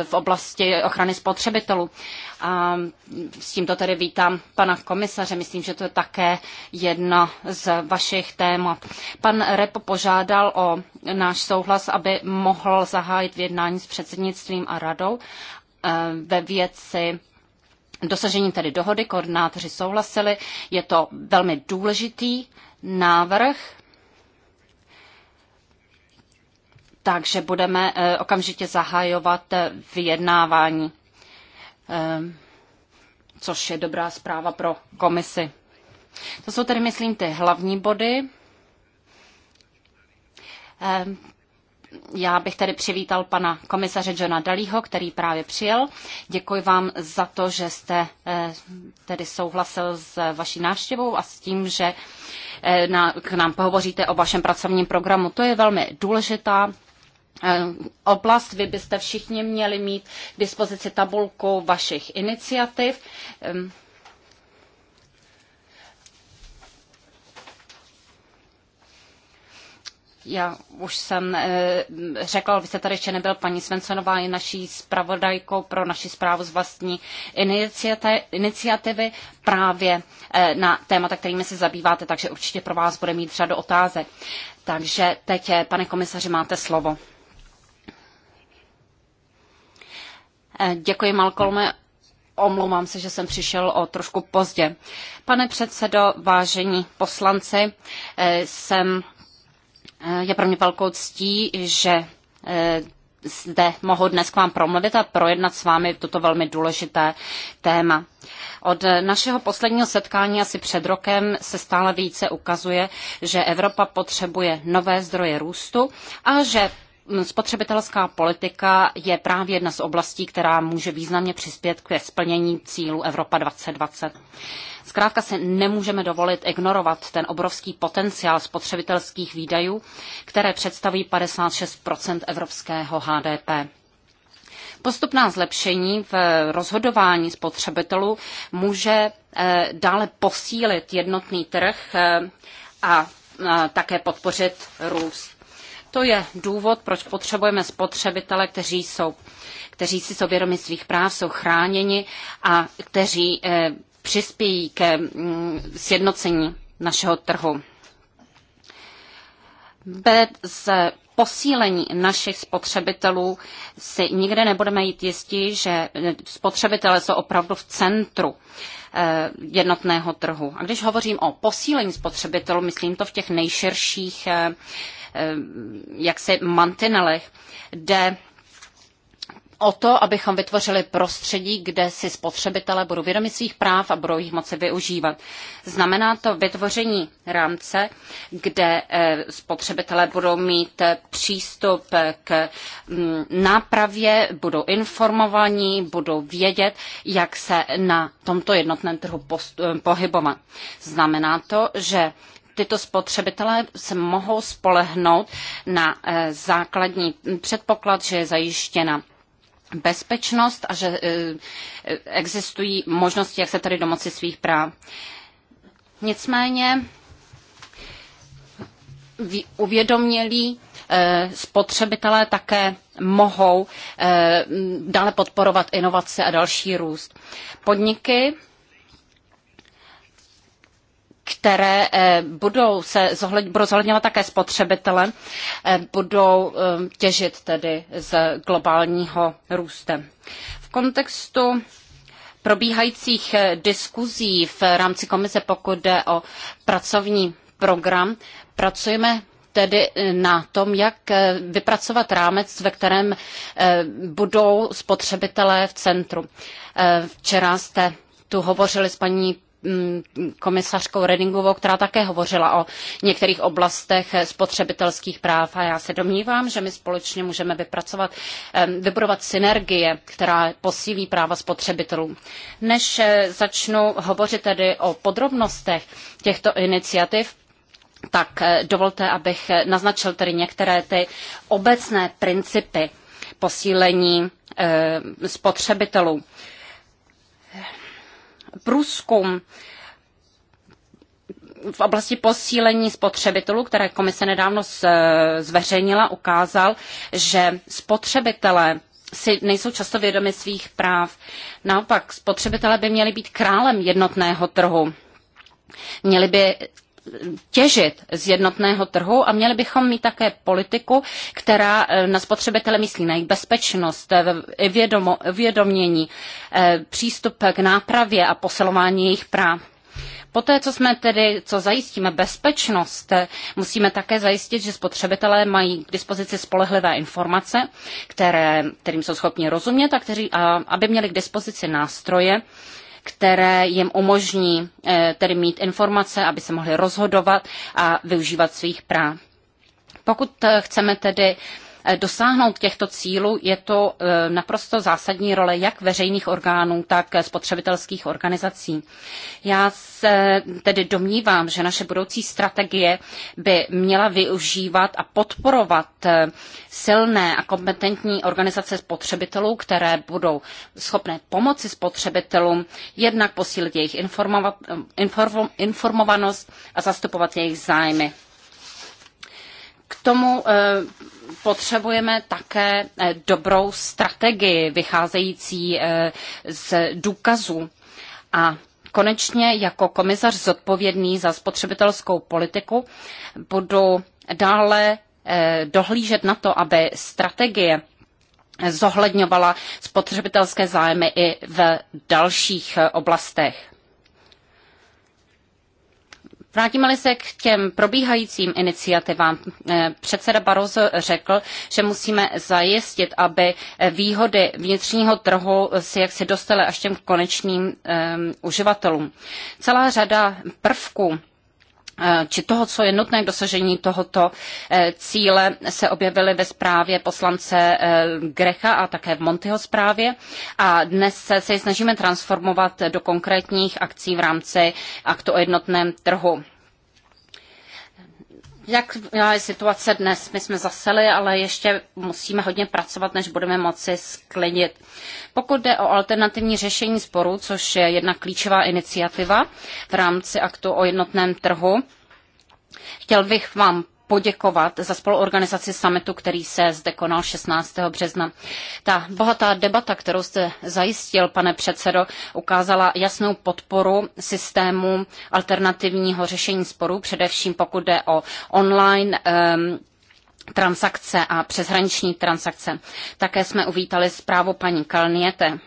v oblasti ochrany spotřebitelů. A s tímto tedy vítám pana komisaře. Myslím, že to je také jedno z vašich témat. Pan Repo požádal o náš souhlas, aby mohl zahájit jednání s předsednictvím a radou ve věci dosažením tedy dohody koordinátoři souhlasili. Je to velmi důležitý návrh, takže budeme eh, okamžitě zahajovat eh, vyjednávání, eh, což je dobrá zpráva pro komisi. To jsou tedy, myslím, ty hlavní body. Já bych tedy přivítal pana komisaře Johna Dalího, který právě přijel. Děkuji vám za to, že jste eh, tedy souhlasil s vaší návštěvou a s tím, že eh, k nám pohovoříte o vašem pracovním programu. To je velmi důležitá eh, oblast. Vy byste všichni měli mít k dispozici tabulku vašich iniciativ. Ehm, Já už jsem eh, řekla, vy jste tady ještě nebyl, paní Svensonová je naší zpravodajkou pro naši zprávu z vlastní iniciativy právě eh, na témata, kterými se zabýváte, takže určitě pro vás bude mít řadu otázek. Takže teď, eh, pane komisaři, máte slovo. Děkuji, Malcolme. Omlouvám se, že jsem přišel o trošku pozdě. Pane předsedo, vážení poslanci, jsem Eh, je pro mě velkou ctí, že eh, zde mohu dnes k vám promluvit a projednat s vámi toto velmi důležité téma. Od eh, našeho posledního setkání asi před rokem se stále více ukazuje, že Evropa potřebuje nové zdroje růstu a že spotřebitelská politika je právě jedna z oblastí, která může významně přispět ke splnění cílů Evropa 2020. Zkrátka se nemůžeme dovolit ignorovat ten obrovský potenciál spotřebitelských výdajů, které představují 56 evropského HDP. Postupná zlepšení v rozhodování spotřebitelů může eh, dále posílit jednotný trh eh, a také podpořit růst to je důvod, proč potřebujeme spotřebitele, kteří jsou kteří si jsou vědomi svých práv, jsou chráněni a kteří eh, přispějí ke mm, sjednocení našeho trhu. Bez posílení našich spotřebitelů si nikde nebudeme jít jistí, že spotřebitelé jsou opravdu v centru eh, jednotného trhu. A když hovořím o posílení spotřebitelů, myslím to v těch nejširších eh, Eh, jaksi mantinelech. Jde o to, abychom vytvořili prostředí, kde si spotřebitelé budou vědomi svých práv a budou jich moci využívat. Znamená to vytvoření rámce, kde eh, spotřebitelé budou mít eh, přístup k mm, nápravě, budou informovaní, budou vědět, jak se na tomto jednotném trhu pohybovat. Znamená to, že tyto spotřebitelé se mohou spolehnout na eh, základní předpoklad, že je zajištěna bezpečnost a že eh, eh, existují možnosti, jak se tady domoci svých práv. Nicméně uvědomělí spotřebitelé také mohou dále podporovat inovace a další růst. Podniky které eh, budou, se budou zohledňovat také spotřebitele, eh, budou eh, těžit tedy z globálního růstu. V kontextu probíhajících diskuzí v rámci komise, pokud jde o pracovní program, pracujeme tedy na tom, jak vypracovat rámec, ve kterém budou spotřebitelé v centru. Včera jste tu hovořili s paní Mm, komisařkou Redingovou, která také hovořila o některých oblastech spotřebitelských práv a já se domnívám, že my společně můžeme vypracovat, vybudovat synergie, která posílí práva spotřebitelů. Než eh, začnu hovořit tedy o podrobnostech těchto iniciativ, tak eh, dovolte, abych eh, naznačil tedy některé ty obecné principy posílení spotřebitelů průzkum v oblasti posílení spotřebitelů, které komise nedávno zveřejnila, ukázal, že spotřebitelé si nejsou často vědomi svých práv. Naopak, spotřebitelé by měli být králem jednotného trhu. Měli by těžit z jednotného trhu a měli bychom mít také politiku, která eh, na spotřebitele myslí na jejich bezpečnost, eh, vědomění, eh, přístup k nápravě a posilování jejich práv. Poté, co jsme tedy, co zajistíme bezpečnost, musíme také zajistit, že spotřebitelé mají k dispozici spolehlivé informace, které, kterým jsou schopni rozumět a, kteří, a aby měli k dispozici nástroje, které jim umožní eh, tedy mít informace, aby se mohli rozhodovat a využívat svých práv. Pokud eh, chceme tedy Eh, dosáhnout těchto cílů, je to eh, naprosto zásadní role jak veřejných orgánů, tak spotřebitelských organizací. Já se tedy domnívám, že naše budoucí strategie by měla využívat a podporovat eh, silné a kompetentní organizace spotřebitelů, které budou schopné pomoci spotřebitelům jednak posílit jejich informovanost a zastupovat jejich zájmy. K tomu potřebujeme také eh, dobrou strategii vycházející eh, z důkazů. A konečně jako komisař zodpovědný za spotřebitelskou politiku budu dále eh, dohlížet na to, aby strategie zohledňovala spotřebitelské zájmy i v dalších oblastech vrátíme se k těm probíhajícím iniciativám, eh, předseda Barroso řekl, že musíme zajistit, aby eh, výhody vnitřního trhu si jak se dostaly až těm konečným um, uživatelům. Celá řada prvků Eh, či toho, co je nutné k dosažení tohoto eh, cíle, se objevily ve zprávě poslance eh, Grecha a také v Montyho zprávě. A dnes se, se snažíme transformovat do konkrétních akcí v rámci aktu o jednotném trhu. Jak je situace dnes? My jsme zaseli, ale ještě musíme hodně pracovat, než budeme moci sklenit. Pokud jde o alternativní řešení sporů, což je jedna klíčová iniciativa v rámci aktu o jednotném trhu, chtěl bych vám poděkovat za spoluorganizaci summitu, který se zde konal 16. března. Ta bohatá debata, kterou jste zajistil, pane předsedo, ukázala jasnou podporu systému alternativního řešení sporů, především pokud jde o online um, transakce a přeshraniční transakce. Také jsme uvítali zprávu paní Kalniete.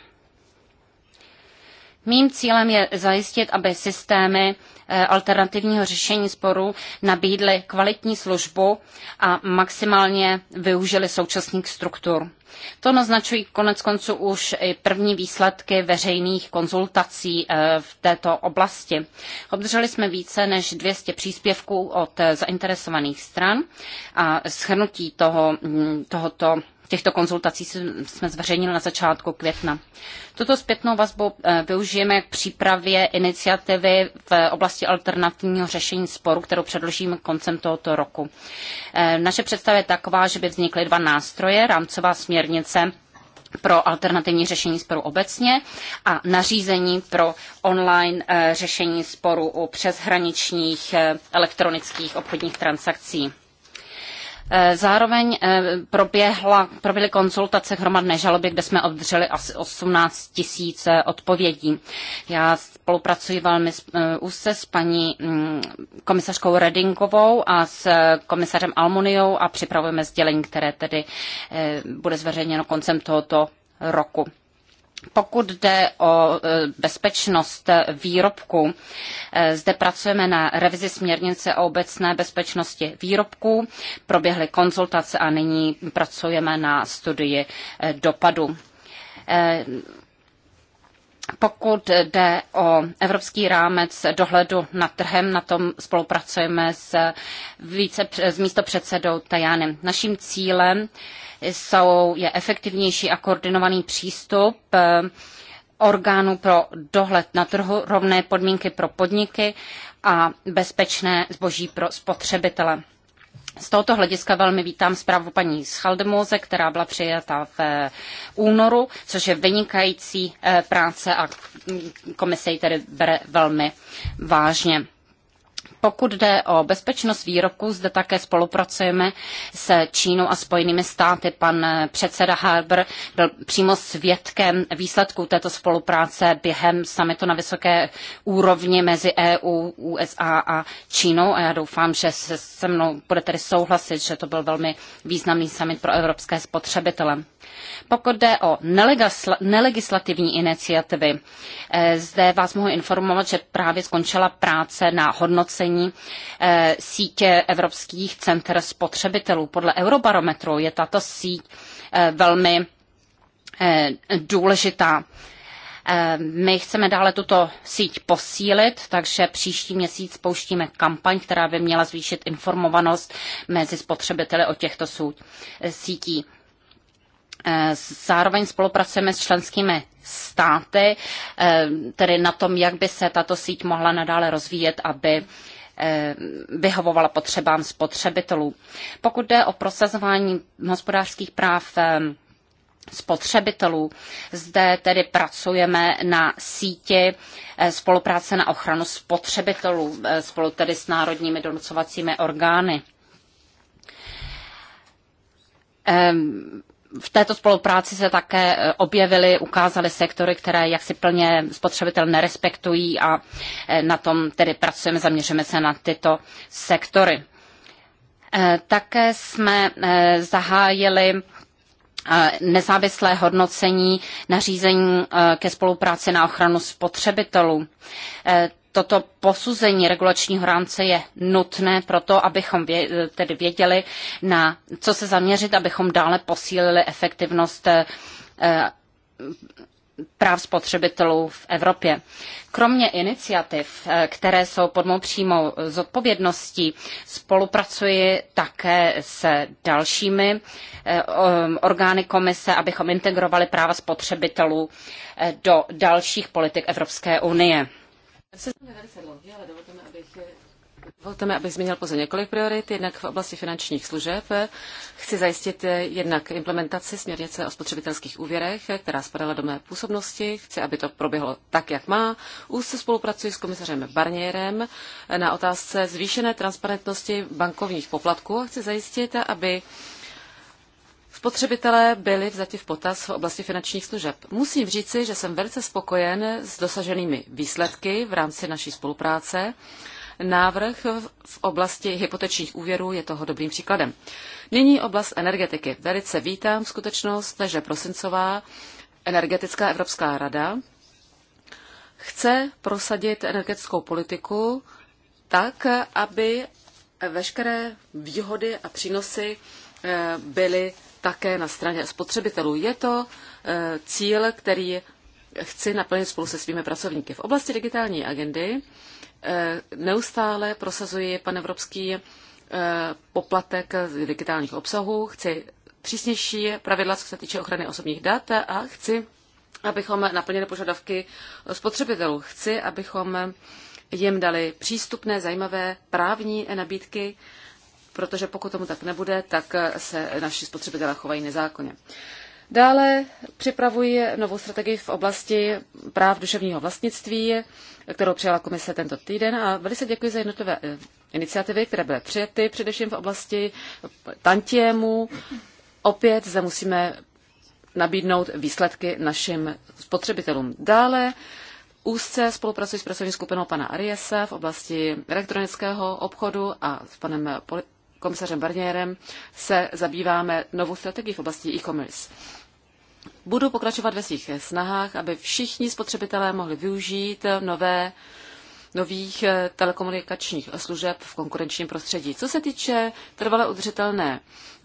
Mým cílem je zajistit, aby systémy Eh, alternativního řešení sporů nabídly kvalitní službu a maximálně využili současných struktur. To naznačují konec konců už i první výsledky veřejných konzultací eh, v této oblasti. Obdrželi jsme více než 200 příspěvků od eh, zainteresovaných stran a shrnutí toho, mm, tohoto těchto konzultací jsme zveřejnili na začátku května. Tuto zpětnou vazbu eh, využijeme k přípravě iniciativy v oblasti alternativního řešení sporu, kterou předložíme koncem tohoto roku. Eh, naše představa je taková, že by vznikly dva nástroje, rámcová směrnice pro alternativní řešení sporu obecně a nařízení pro online eh, řešení sporu u přeshraničních elektronických obchodních transakcí. Eh, zároveň eh, proběhla, proběhly konzultace hromadné žaloby, kde jsme obdrželi asi 18 tisíc eh, odpovědí. Já spolupracuji velmi úzce s paní mm, komisařkou Redingovou a s komisařem Almuniou a připravujeme sdělení, které tedy bude zveřejněno koncem tohoto roku. Pokud jde o e, bezpečnost výrobků, e, zde pracujeme na revizi směrnice o obecné bezpečnosti výrobků. Proběhly konzultace a nyní pracujeme na studii e, dopadu. Pokud jde o evropský rámec dohledu nad trhem, na tom spolupracujeme s, více, s místopředsedou Tajánem. Naším cílem jsou, je efektivnější a koordinovaný přístup eh, orgánů pro dohled na trhu, rovné podmínky pro podniky a bezpečné zboží pro spotřebitele. Z tohoto hlediska velmi vítám zprávu paní Schaldemose, která byla přijata v eh, únoru, což je vynikající eh, práce a komise ji tedy bere velmi vážně. Pokud jde o bezpečnost výroku, zde také spolupracujeme se Čínou a Spojenými státy. Pan předseda Harber byl přímo svědkem výsledků této spolupráce během samitu na vysoké úrovni mezi EU, USA a Čínou a já doufám, že se se mnou bude tedy souhlasit, že to byl velmi významný summit pro evropské spotřebitele. Pokud jde o nelegislativní iniciativy, eh, zde vás mohu informovat, že právě skončila práce na hodnocení eh, sítě evropských center spotřebitelů. Podle Eurobarometru je tato síť eh, velmi důležitá. My chceme dále tuto síť posílit, takže příští měsíc spouštíme kampaň, která by měla zvýšit informovanost mezi spotřebiteli o těchto sítích. Eh, zároveň spolupracujeme s členskými státy, eh, tedy na tom, jak by se tato síť mohla nadále rozvíjet, aby eh, vyhovovala potřebám spotřebitelů. Pokud jde o prosazování hospodářských práv spotřebitelů. Zde tedy pracujeme na síti spolupráce na ochranu spotřebitelů spolu tedy s národními donucovacími orgány. Ehm, v této spolupráci se také e, objevily, ukázaly sektory, které jaksi plně spotřebitel nerespektují a e, na tom tedy pracujeme, zaměřujeme se na tyto sektory. E, také jsme zahájili nezávislé hodnocení nařízení ke spolupráci na ochranu spotřebitelů toto posuzení regulačního rámce je nutné proto, abychom vě, tedy věděli, na co se zaměřit, abychom dále posílili efektivnost eh, práv spotřebitelů v Evropě. Kromě iniciativ, eh, které jsou pod mou přímou zodpovědností, spolupracuji také s dalšími eh, orgány komise, abychom integrovali práva spotřebitelů do dalších politik Evropské unie dovolte mi, abych Dovolte pouze několik priorit. Jednak v oblasti finančních služeb chci zajistit jednak implementaci směrnice o spotřebitelských úvěrech, která spadala do mé působnosti. Chci, aby to proběhlo tak, jak má. Úzce spolupracuji s komisařem Barnierem na otázce zvýšené transparentnosti bankovních poplatků a chci zajistit, aby spotřebitelé byli vzati v potaz v oblasti finančních služeb. Musím říci, že jsem velice spokojen s dosaženými výsledky v rámci naší spolupráce. Návrh v oblasti hypotečních úvěrů je toho dobrým příkladem. Nyní oblast energetiky. Velice vítám skutečnost, že prosincová energetická Evropská rada chce prosadit energetickou politiku tak, aby veškeré výhody a přínosy eh, byly také na straně spotřebitelů. Je to e, cíl, který chci naplnit spolu se svými pracovníky. V oblasti digitální agendy e, neustále prosazuji panevropský e, poplatek z digitálních obsahů, chci přísnější pravidla, co se týče ochrany osobních dat a chci, abychom naplnili požadavky spotřebitelů. Chci, abychom jim dali přístupné, zajímavé právní nabídky protože pokud tomu tak nebude, tak se naši spotřebitelé chovají nezákonně. Dále připravuji novou strategii v oblasti práv duševního vlastnictví, kterou přijala komise tento týden a velice děkuji za jednotlivé eh, iniciativy, které byly přijaty především v oblasti tantiemu. Opět zde musíme nabídnout výsledky našim spotřebitelům. Dále úzce spolupracuji s pracovní skupinou pana Ariese v oblasti elektronického obchodu a s panem komisařem Barnierem se zabýváme novou strategií v oblasti e-commerce. Budu pokračovat ve svých snahách, aby všichni spotřebitelé mohli využít nové, nových eh, telekomunikačních služeb v konkurenčním prostředí. Co se týče trvale udržitelné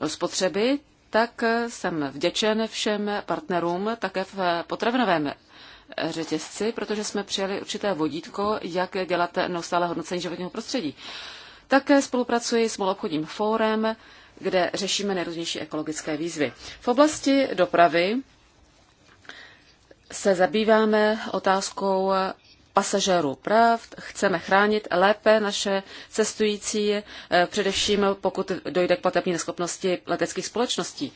spotřeby, tak eh, jsem vděčen všem partnerům také v eh, potravinovém řetězci, protože jsme přijali určité vodítko, jak dělat neustále hodnocení životního prostředí. Také spolupracuji s Malobchodním fórem, kde řešíme nejrůznější ekologické výzvy. V oblasti dopravy se zabýváme otázkou pasažérů práv, chceme chránit lépe naše cestující, eh, především pokud dojde k platební neschopnosti leteckých společností.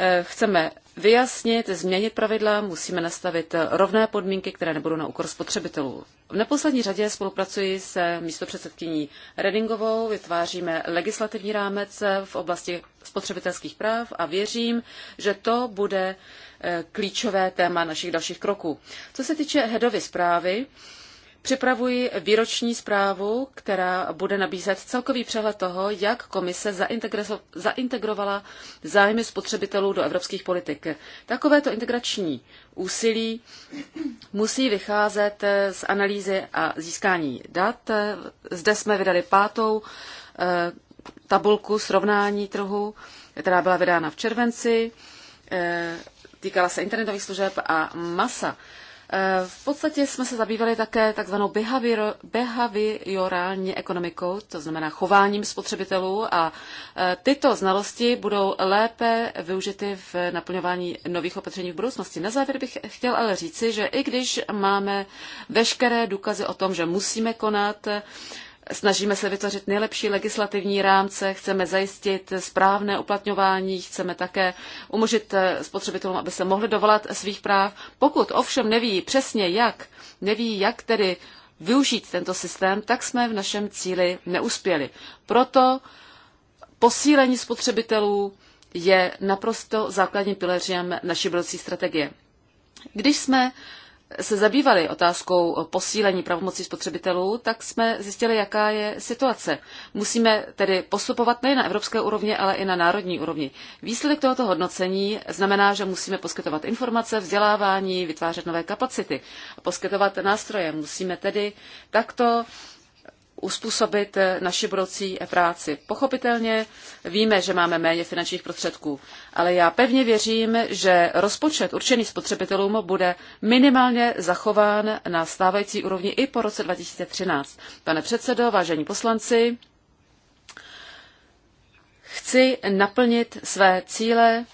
Eh, chceme vyjasnit, změnit pravidla, musíme nastavit rovné podmínky, které nebudou na úkor spotřebitelů. V neposlední řadě spolupracuji s místopředsedkyní Redingovou, vytváříme legislativní rámec v oblasti spotřebitelských práv a věřím, že to bude eh, klíčové téma našich dalších kroků. Co se týče Hedovy zprávy, připravuji výroční zprávu, která bude nabízet celkový přehled toho, jak komise zaintegrovala zájmy spotřebitelů do evropských politik. Takovéto integrační úsilí musí vycházet z analýzy a získání dat. Zde jsme vydali pátou eh, tabulku srovnání trhu, která byla vydána v červenci. Eh, týkala se internetových služeb a masa. Eh, v podstatě jsme se zabývali také takzvanou behaviorální ekonomikou, to znamená chováním spotřebitelů a eh, tyto znalosti budou lépe využity v naplňování nových opatření v budoucnosti. Na závěr bych chtěl ale říci, že i když máme veškeré důkazy o tom, že musíme konat, Snažíme se vytvořit nejlepší legislativní rámce, chceme zajistit správné uplatňování, chceme také umožnit eh, spotřebitelům, aby se mohli dovolat svých práv. Pokud ovšem neví přesně jak, neví jak tedy využít tento systém, tak jsme v našem cíli neuspěli. Proto posílení spotřebitelů je naprosto základním pilířem naší budoucí strategie. Když jsme se zabývali otázkou posílení pravomocí spotřebitelů, tak jsme zjistili, jaká je situace. Musíme tedy postupovat nejen na evropské úrovni, ale i na národní úrovni. Výsledek tohoto hodnocení znamená, že musíme poskytovat informace, vzdělávání, vytvářet nové kapacity, poskytovat nástroje. Musíme tedy takto uspůsobit eh, naši budoucí eh, práci. Pochopitelně víme, že máme méně finančních prostředků, ale já pevně věřím, že rozpočet určený spotřebitelům bude minimálně zachován na stávající úrovni i po roce 2013. Pane předsedo, vážení poslanci, chci naplnit své cíle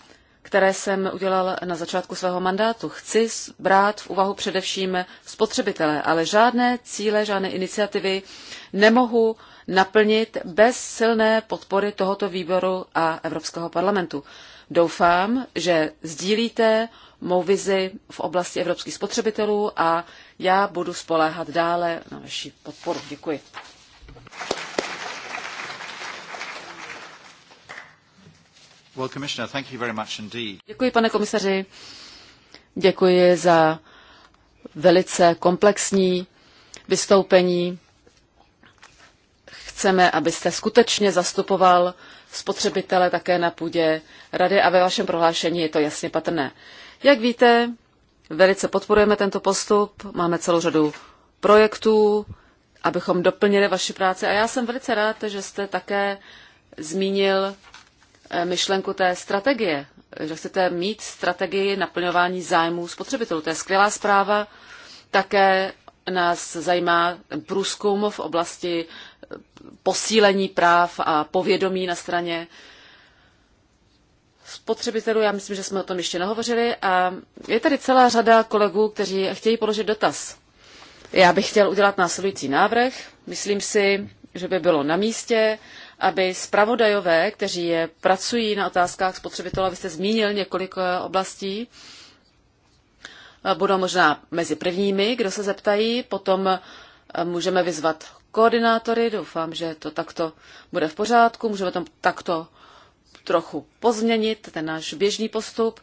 které jsem udělal na začátku svého mandátu. Chci brát v úvahu především spotřebitele, ale žádné cíle, žádné iniciativy nemohu naplnit bez silné podpory tohoto výboru a Evropského parlamentu. Doufám, že sdílíte mou vizi v oblasti evropských spotřebitelů a já budu spoléhat dále na vaši podporu. Děkuji. Děkuji, pane komisaři. Děkuji za velice komplexní vystoupení. Chceme, abyste skutečně zastupoval spotřebitele také na půdě rady a ve vašem prohlášení je to jasně patrné. Jak víte, velice podporujeme tento postup, máme celou řadu projektů, abychom doplnili vaši práci a já jsem velice rád, že jste také zmínil Eh, myšlenku té strategie, že chcete mít strategii naplňování zájmů spotřebitelů. To je skvělá zpráva. Také nás zajímá průzkum v oblasti eh, posílení práv a povědomí na straně spotřebitelů. Já myslím, že jsme o tom ještě nehovořili. A je tady celá řada kolegů, kteří chtějí položit dotaz. Já bych chtěl udělat následující návrh. Myslím si, že by bylo na místě, aby zpravodajové, kteří je pracují na otázkách spotřebitelů, vy jste zmínil několik eh, oblastí, eh, budou možná mezi prvními, kdo se zeptají, potom eh, můžeme vyzvat koordinátory, doufám, že to takto bude v pořádku, můžeme tam takto trochu pozměnit ten náš běžný postup.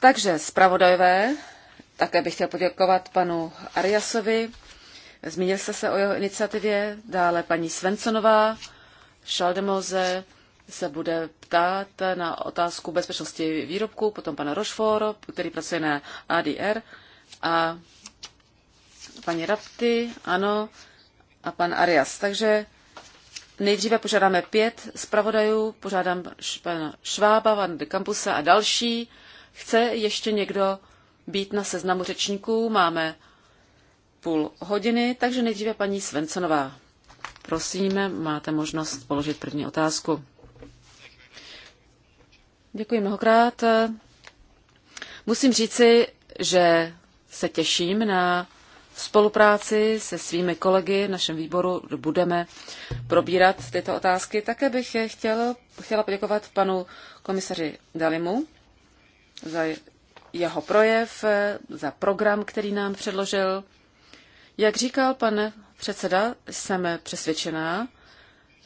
Takže zpravodajové, také bych chtěl poděkovat panu Ariasovi, zmínil jste se o jeho iniciativě, dále paní Svensonová, Šaldemoze se bude ptát na otázku bezpečnosti výrobků, potom pana Rochefort, který pracuje na ADR, a paní Rapty, ano, a pan Arias. Takže nejdříve požádáme pět zpravodajů, požádám pana Švába, pan de Campusa a další. Chce ještě někdo být na seznamu řečníků? Máme půl hodiny, takže nejdříve paní Svensonová. Prosím, máte možnost položit první otázku. Děkuji mnohokrát. Musím říci, že se těším na spolupráci se svými kolegy v našem výboru budeme probírat tyto otázky. Také bych chtěl, chtěla poděkovat panu komisaři Dalimu za jeho projev, za program, který nám předložil. Jak říkal pan předseda, jsem přesvědčená,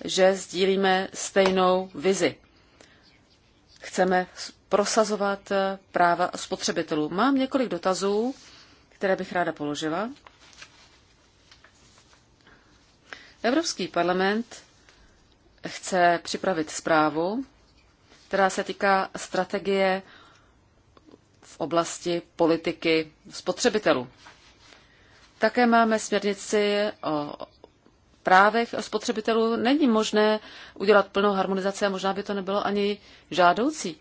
že sdílíme stejnou vizi. Chceme prosazovat práva spotřebitelů. Mám několik dotazů, které bych ráda položila. Evropský parlament chce připravit zprávu, která se týká strategie v oblasti politiky spotřebitelů. Také máme směrnici o právech spotřebitelů. Není možné udělat plnou harmonizaci a možná by to nebylo ani žádoucí.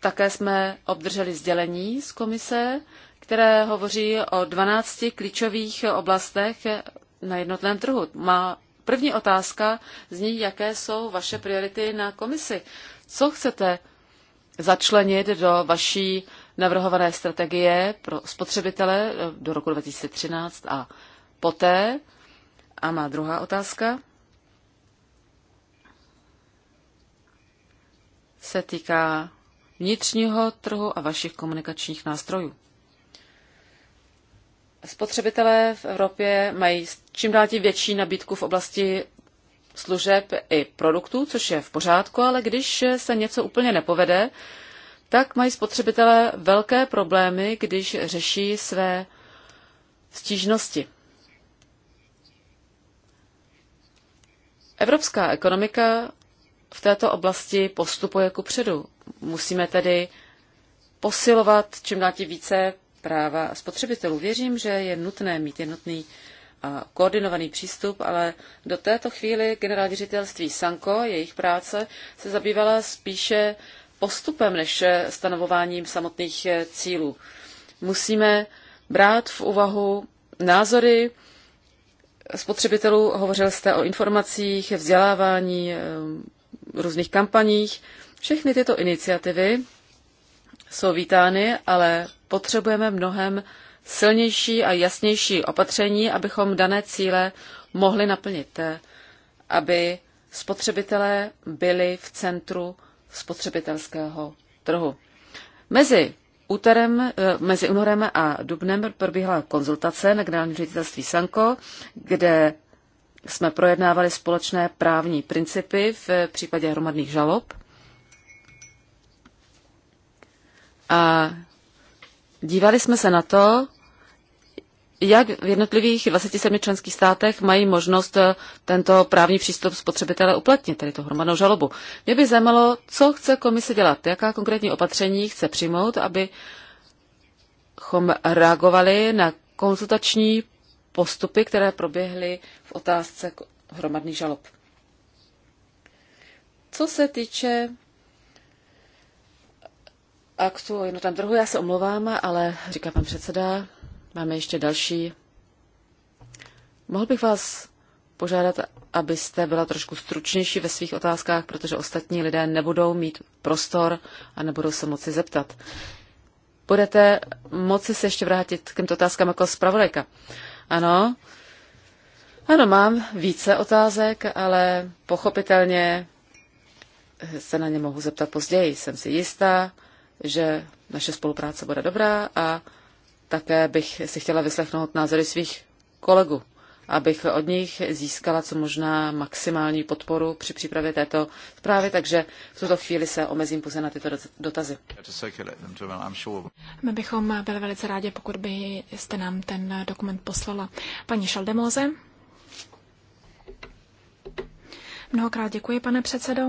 Také jsme obdrželi sdělení z komise, které hovoří o 12 klíčových oblastech na jednotném trhu. Má první otázka zní, jaké jsou vaše priority na komisi. Co chcete začlenit do vaší navrhované strategie pro spotřebitele eh, do roku 2013 a poté. A má druhá otázka se týká vnitřního trhu a vašich komunikačních nástrojů. Spotřebitelé v Evropě mají čím dál tím větší nabídku v oblasti služeb i produktů, což je v pořádku, ale když se něco úplně nepovede, tak mají spotřebitelé velké problémy, když řeší své stížnosti. Evropská ekonomika v této oblasti postupuje ku předu. Musíme tedy posilovat čím dál tím více práva spotřebitelů. Věřím, že je nutné mít jednotný a koordinovaný přístup, ale do této chvíli generální ředitelství Sanko, jejich práce, se zabývala spíše postupem než eh, stanovováním samotných eh, cílů. Musíme brát v úvahu názory spotřebitelů. Hovořil jste o informacích, vzdělávání, eh, různých kampaních. Všechny tyto iniciativy jsou vítány, ale potřebujeme mnohem silnější a jasnější opatření, abychom dané cíle mohli naplnit, aby spotřebitelé byli v centru spotřebitelského trhu. Mezi úterem, eh, mezi únorem a dubnem probíhala konzultace na generálním ředitelství Sanko, kde jsme projednávali společné právní principy v případě hromadných žalob. A dívali jsme se na to, jak v jednotlivých 27 členských státech mají možnost eh, tento právní přístup spotřebitele uplatnit, tedy tu hromadnou žalobu. Mě by zajímalo, co chce komise dělat, jaká konkrétní opatření chce přijmout, abychom reagovali na konzultační postupy, které proběhly v otázce hromadných žalob. Co se týče aktu o jednotném trhu, já se omlouvám, ale říká pan předseda, Máme ještě další. Mohl bych vás požádat, abyste byla trošku stručnější ve svých otázkách, protože ostatní lidé nebudou mít prostor a nebudou se moci zeptat. Budete moci se ještě vrátit k těmto otázkám jako zpravodajka. Ano, ano, mám více otázek, ale pochopitelně se na ně mohu zeptat později. Jsem si jistá, že naše spolupráce bude dobrá a také bych si chtěla vyslechnout názory svých kolegů, abych od nich získala co možná maximální podporu při přípravě této zprávy, takže v tuto chvíli se omezím pouze na tyto dotazy. My bychom byli velice rádi, pokud byste nám ten dokument poslala. Paní Šaldemoze. Mnohokrát děkuji, pane předsedo.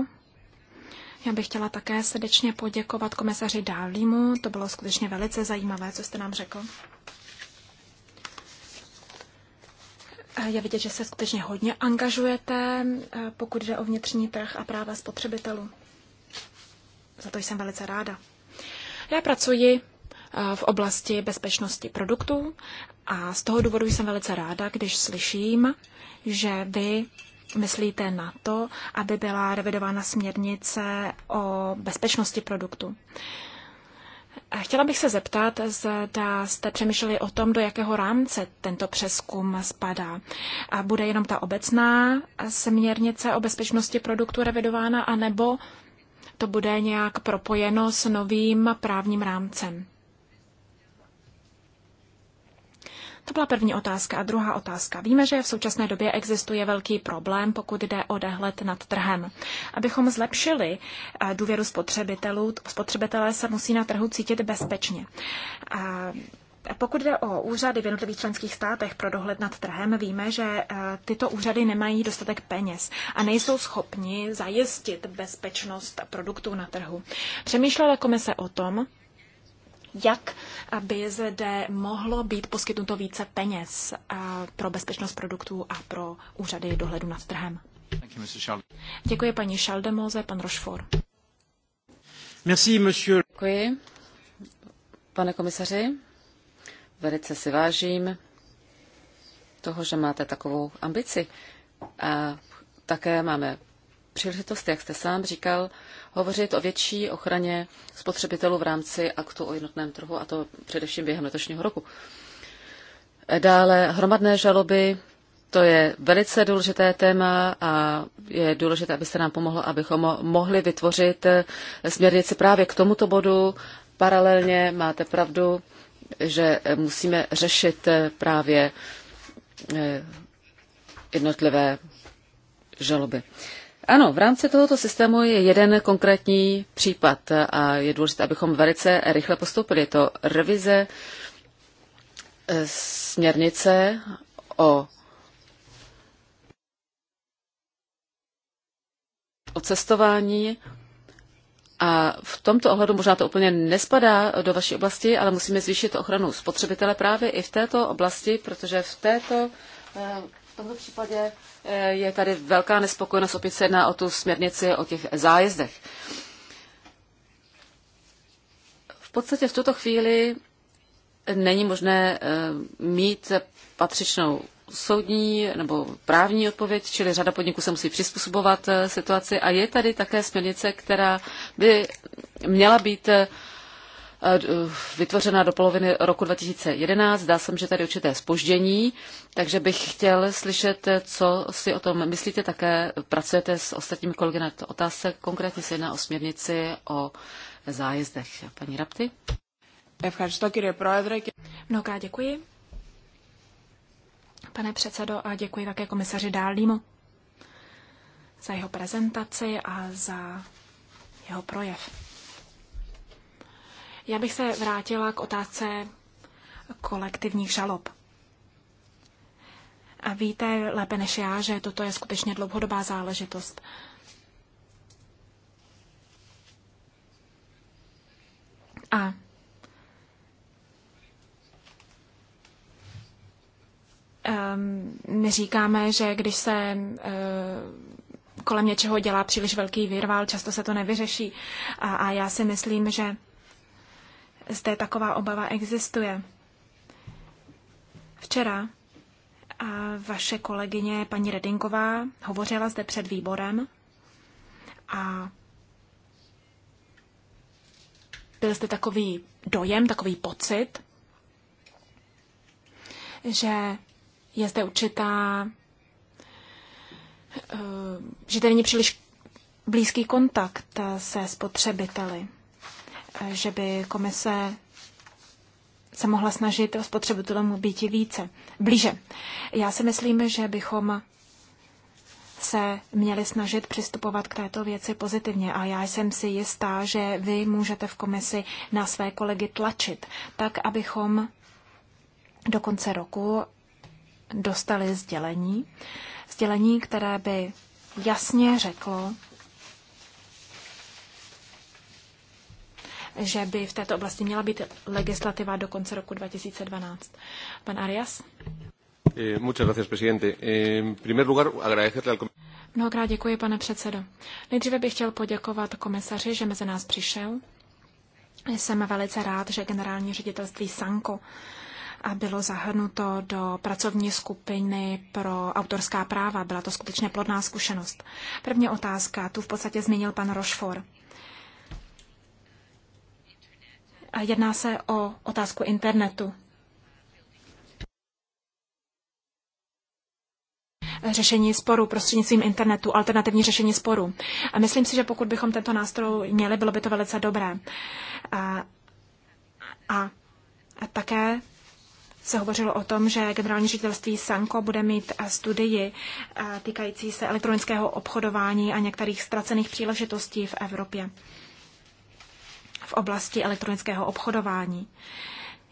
Já bych chtěla také srdečně poděkovat komisaři Dálímu. To bylo skutečně velice zajímavé, co jste nám řekl. Je vidět, že se skutečně hodně angažujete, pokud jde o vnitřní trh a práva spotřebitelů. Za to jsem velice ráda. Já pracuji e, v oblasti bezpečnosti produktů a z toho důvodu jsem velice ráda, když slyším, že vy myslíte na to, aby byla revidována směrnice o bezpečnosti produktu? Chtěla bych se zeptat, zda jste přemýšleli o tom, do jakého rámce tento přeskum spadá. A bude jenom ta obecná směrnice o bezpečnosti produktu revidována, anebo to bude nějak propojeno s novým právním rámcem? To byla první otázka. A druhá otázka. Víme, že v současné době existuje velký problém, pokud jde o dehled nad trhem. Abychom zlepšili eh, důvěru spotřebitelů, spotřebitelé se musí na trhu cítit bezpečně. A pokud jde o úřady v jednotlivých členských státech pro dohled nad trhem, víme, že eh, tyto úřady nemají dostatek peněz a nejsou schopni zajistit bezpečnost produktů na trhu. Přemýšlela komise o tom, jak aby ZD mohlo být poskytnuto více peněz eh, pro bezpečnost produktů a pro úřady dohledu nad trhem. Děkuji paní Šaldemoze, pan Rochefort. Merci, monsieur. Děkuji, pane komisaři. Velice si vážím toho, že máte takovou ambici. A také máme příležitost, jak jste sám říkal, hovořit o větší ochraně spotřebitelů v rámci aktu o jednotném trhu, a to především během letošního roku. Dále hromadné žaloby, to je velice důležité téma a je důležité, abyste nám pomohlo, abychom mohli vytvořit směrnici právě k tomuto bodu. Paralelně máte pravdu, že musíme řešit právě eh, jednotlivé žaloby. Ano, v rámci tohoto systému je jeden konkrétní případ a je důležité, abychom velice rychle postoupili. Je to revize eh, směrnice o o cestování. A v tomto ohledu možná to úplně nespadá do vaší oblasti, ale musíme zvýšit ochranu spotřebitele právě i v této oblasti, protože v této eh, v tomto případě eh, je tady velká nespokojenost, opět se jedná o tu směrnici o těch zájezdech. V podstatě v tuto chvíli není možné eh, mít patřičnou soudní nebo právní odpověď, čili řada podniků se musí přizpůsobovat eh, situaci a je tady také směrnice, která by měla být Eh, vytvořena do poloviny roku 2011. Zdá se, že tady určité spoždění, takže bych chtěl slyšet, co si o tom myslíte. Také pracujete s ostatními kolegy na to otázce. Konkrétně se jedná o směrnici o zájezdech. Paní Rapty? Mnohokrát děkuji. Pane předsedo, a děkuji také komisaři Dálímu za jeho prezentaci a za jeho projev. Já bych se vrátila k otázce kolektivních žalob. A víte lépe než já, že toto je skutečně dlouhodobá záležitost. A ehm, my říkáme, že když se ehm, kolem něčeho dělá příliš velký výrval, často se to nevyřeší. A, a já si myslím, že zde taková obava existuje. Včera a vaše kolegyně paní Redinková hovořila zde před výborem a byl zde takový dojem, takový pocit, že je zde určitá, eh, že tady není příliš blízký kontakt se spotřebiteli že by komise se mohla snažit tomu být více, blíže. Já si myslím, že bychom se měli snažit přistupovat k této věci pozitivně a já jsem si jistá, že vy můžete v komisi na své kolegy tlačit, tak abychom do konce roku dostali sdělení, sdělení, které by jasně řeklo, že by v této oblasti měla být legislativa do konce roku 2012. Pan Arias? Eh, eh, Mnohokrát děkuji, pane předsedo. Nejdříve bych chtěl poděkovat komisaři, že mezi nás přišel. Jsem velice rád, že generální ředitelství Sanko a bylo zahrnuto do pracovní skupiny pro autorská práva. Byla to skutečně plodná zkušenost. První otázka, tu v podstatě zmínil pan Rochefort. Jedná se o otázku internetu. řešení sporu prostřednictvím internetu, alternativní řešení sporu. A myslím si, že pokud bychom tento nástroj měli, bylo by to velice dobré. A, a, a také se hovořilo o tom, že generální ředitelství Sanko bude mít studii týkající se elektronického obchodování a některých ztracených příležitostí v Evropě v oblasti elektronického obchodování.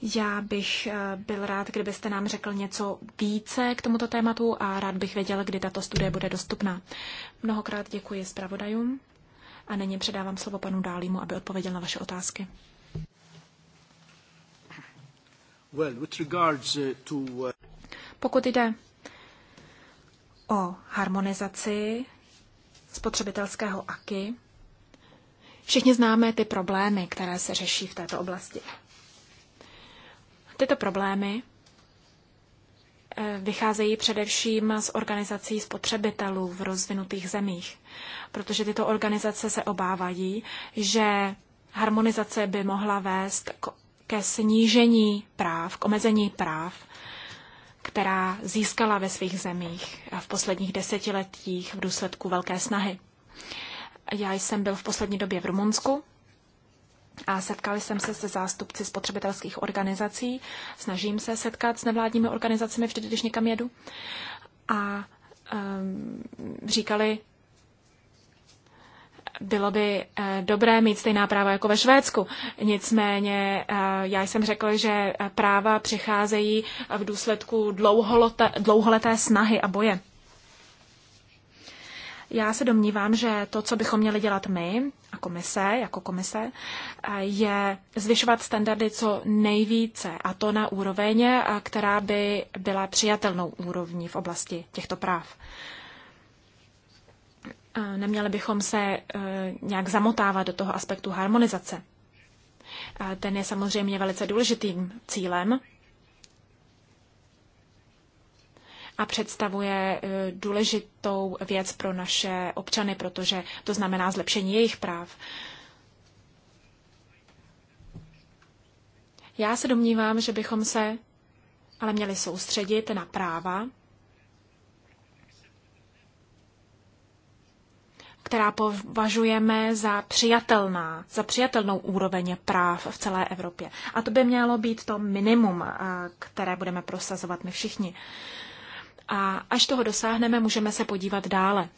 Já bych eh, byl rád, kdybyste nám řekl něco více k tomuto tématu a rád bych věděl, kdy tato studie bude dostupná. Mnohokrát děkuji zpravodajům a nyní předávám slovo panu Dálímu, aby odpověděl na vaše otázky. Well, with regards eh, to... Eh, Pokud jde o harmonizaci spotřebitelského AKY, Všichni známe ty problémy, které se řeší v této oblasti. Tyto problémy eh, vycházejí především z organizací spotřebitelů v rozvinutých zemích, protože tyto organizace se obávají, že harmonizace by mohla vést ke snížení práv, k omezení práv, která získala ve svých zemích v posledních desetiletích v důsledku velké snahy. Já jsem byl v poslední době v Rumunsku a setkali jsem se se zástupci spotřebitelských organizací. Snažím se setkat s nevládními organizacemi vždy, když někam jedu. A um, říkali, bylo by eh, dobré mít stejná práva jako ve Švédsku. Nicméně eh, já jsem řekl, že eh, práva přicházejí v důsledku dlouholeté, dlouholeté snahy a boje. Já se domnívám, že to, co bychom měli dělat my a komise, jako komise, eh, je zvyšovat standardy co nejvíce a to na úroveň, eh, která by byla přijatelnou úrovní v oblasti těchto práv. Eh, neměli bychom se nějak zamotávat do toho aspektu harmonizace. Ten je samozřejmě velice důležitým cílem, a představuje e, důležitou věc pro naše občany, protože to znamená zlepšení jejich práv. Já se domnívám, že bychom se ale měli soustředit na práva, která považujeme za přijatelná, za přijatelnou úroveň práv v celé Evropě. A to by mělo být to minimum, e, které budeme prosazovat my všichni. A až toho dosáhneme, můžeme se podívat dále.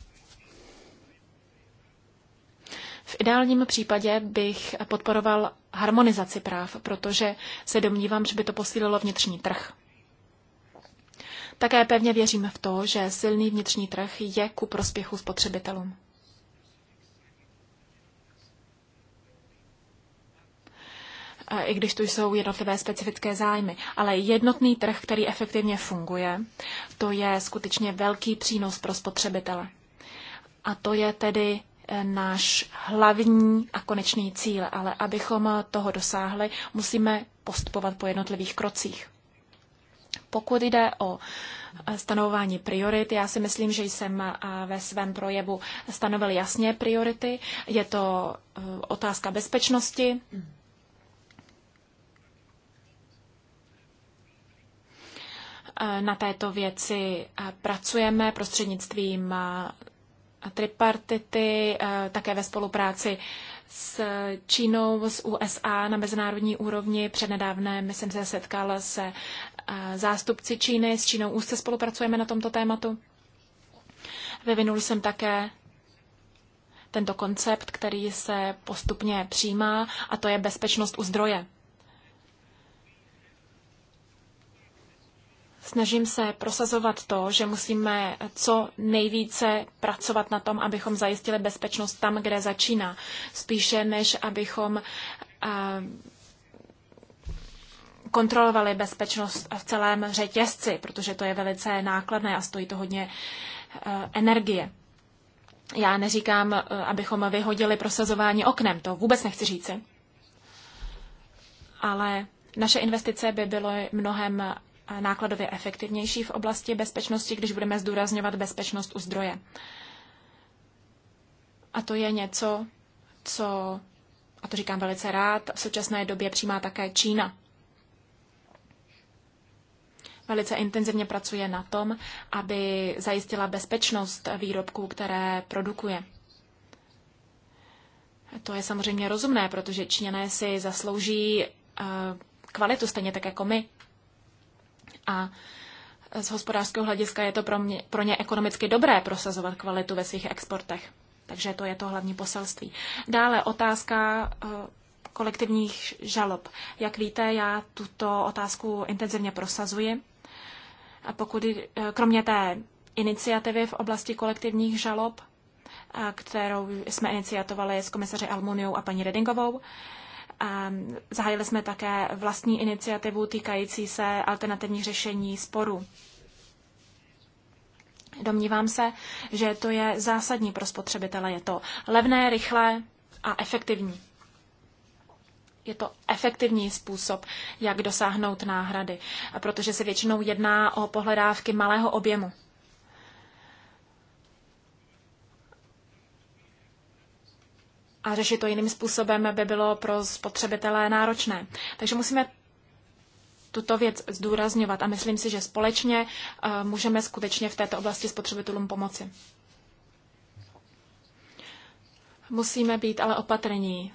V ideálním případě bych podporoval harmonizaci práv, protože se domnívám, že by to posílilo vnitřní trh. Také pevně věřím v to, že silný vnitřní trh je ku prospěchu spotřebitelům. E, i když tu jsou jednotlivé specifické zájmy. Ale jednotný trh, který efektivně funguje, to je skutečně velký přínos pro spotřebitele. A to je tedy e, náš hlavní a konečný cíl, ale abychom toho dosáhli, musíme postupovat po jednotlivých krocích. Pokud jde o e, stanovování priorit, já si myslím, že jsem ve svém projevu stanovil jasně priority. Je to otázka bezpečnosti, Eh, na této věci eh, pracujeme prostřednictvím eh, tripartity, také ve spolupráci s Čínou, s USA na mezinárodní úrovni. Přednedávnem jsem se setkal se zástupci Číny. S Čínou úzce spolupracujeme na tomto tématu. Vyvinul jsem také tento koncept, který se postupně přijímá, a to je bezpečnost u zdroje. Snažím se prosazovat to, že musíme co nejvíce pracovat na tom, abychom zajistili bezpečnost tam, kde začíná, spíše než abychom eh, kontrolovali bezpečnost v celém řetězci, protože to je velice nákladné a stojí to hodně eh, energie. Já neříkám, eh, abychom vyhodili prosazování oknem, to vůbec nechci říci. Ale naše investice by byly mnohem nákladově efektivnější v oblasti bezpečnosti, když budeme zdůrazňovat bezpečnost u zdroje. A to je něco, co, a to říkám velice rád, v současné době přijímá také Čína. Velice intenzivně pracuje na tom, aby zajistila bezpečnost výrobků, které produkuje. To je samozřejmě rozumné, protože Číňané si zaslouží eh, kvalitu, stejně tak jako my a z hospodářského hlediska je to pro, mě, pro ně ekonomicky dobré prosazovat kvalitu ve svých exportech. Takže to je to hlavní poselství. Dále otázka eh, kolektivních žalob. Jak víte, já tuto otázku intenzivně prosazuji. A pokud, eh, kromě té iniciativy v oblasti kolektivních žalob, eh, kterou jsme iniciatovali s komisaři Almuniou a paní Redingovou, Ehm, zahájili jsme také vlastní iniciativu týkající se alternativních řešení sporu Domnívám se, že to je zásadní pro spotřebitele. Je to levné, rychlé a efektivní. Je to efektivní způsob, jak dosáhnout náhrady, protože se většinou jedná o pohledávky malého objemu. a řešit to jiným způsobem by bylo pro spotřebitelé náročné. Takže musíme tuto věc zdůrazňovat a myslím si, že společně eh, můžeme skutečně v této oblasti spotřebitelům pomoci. Musíme být ale opatrní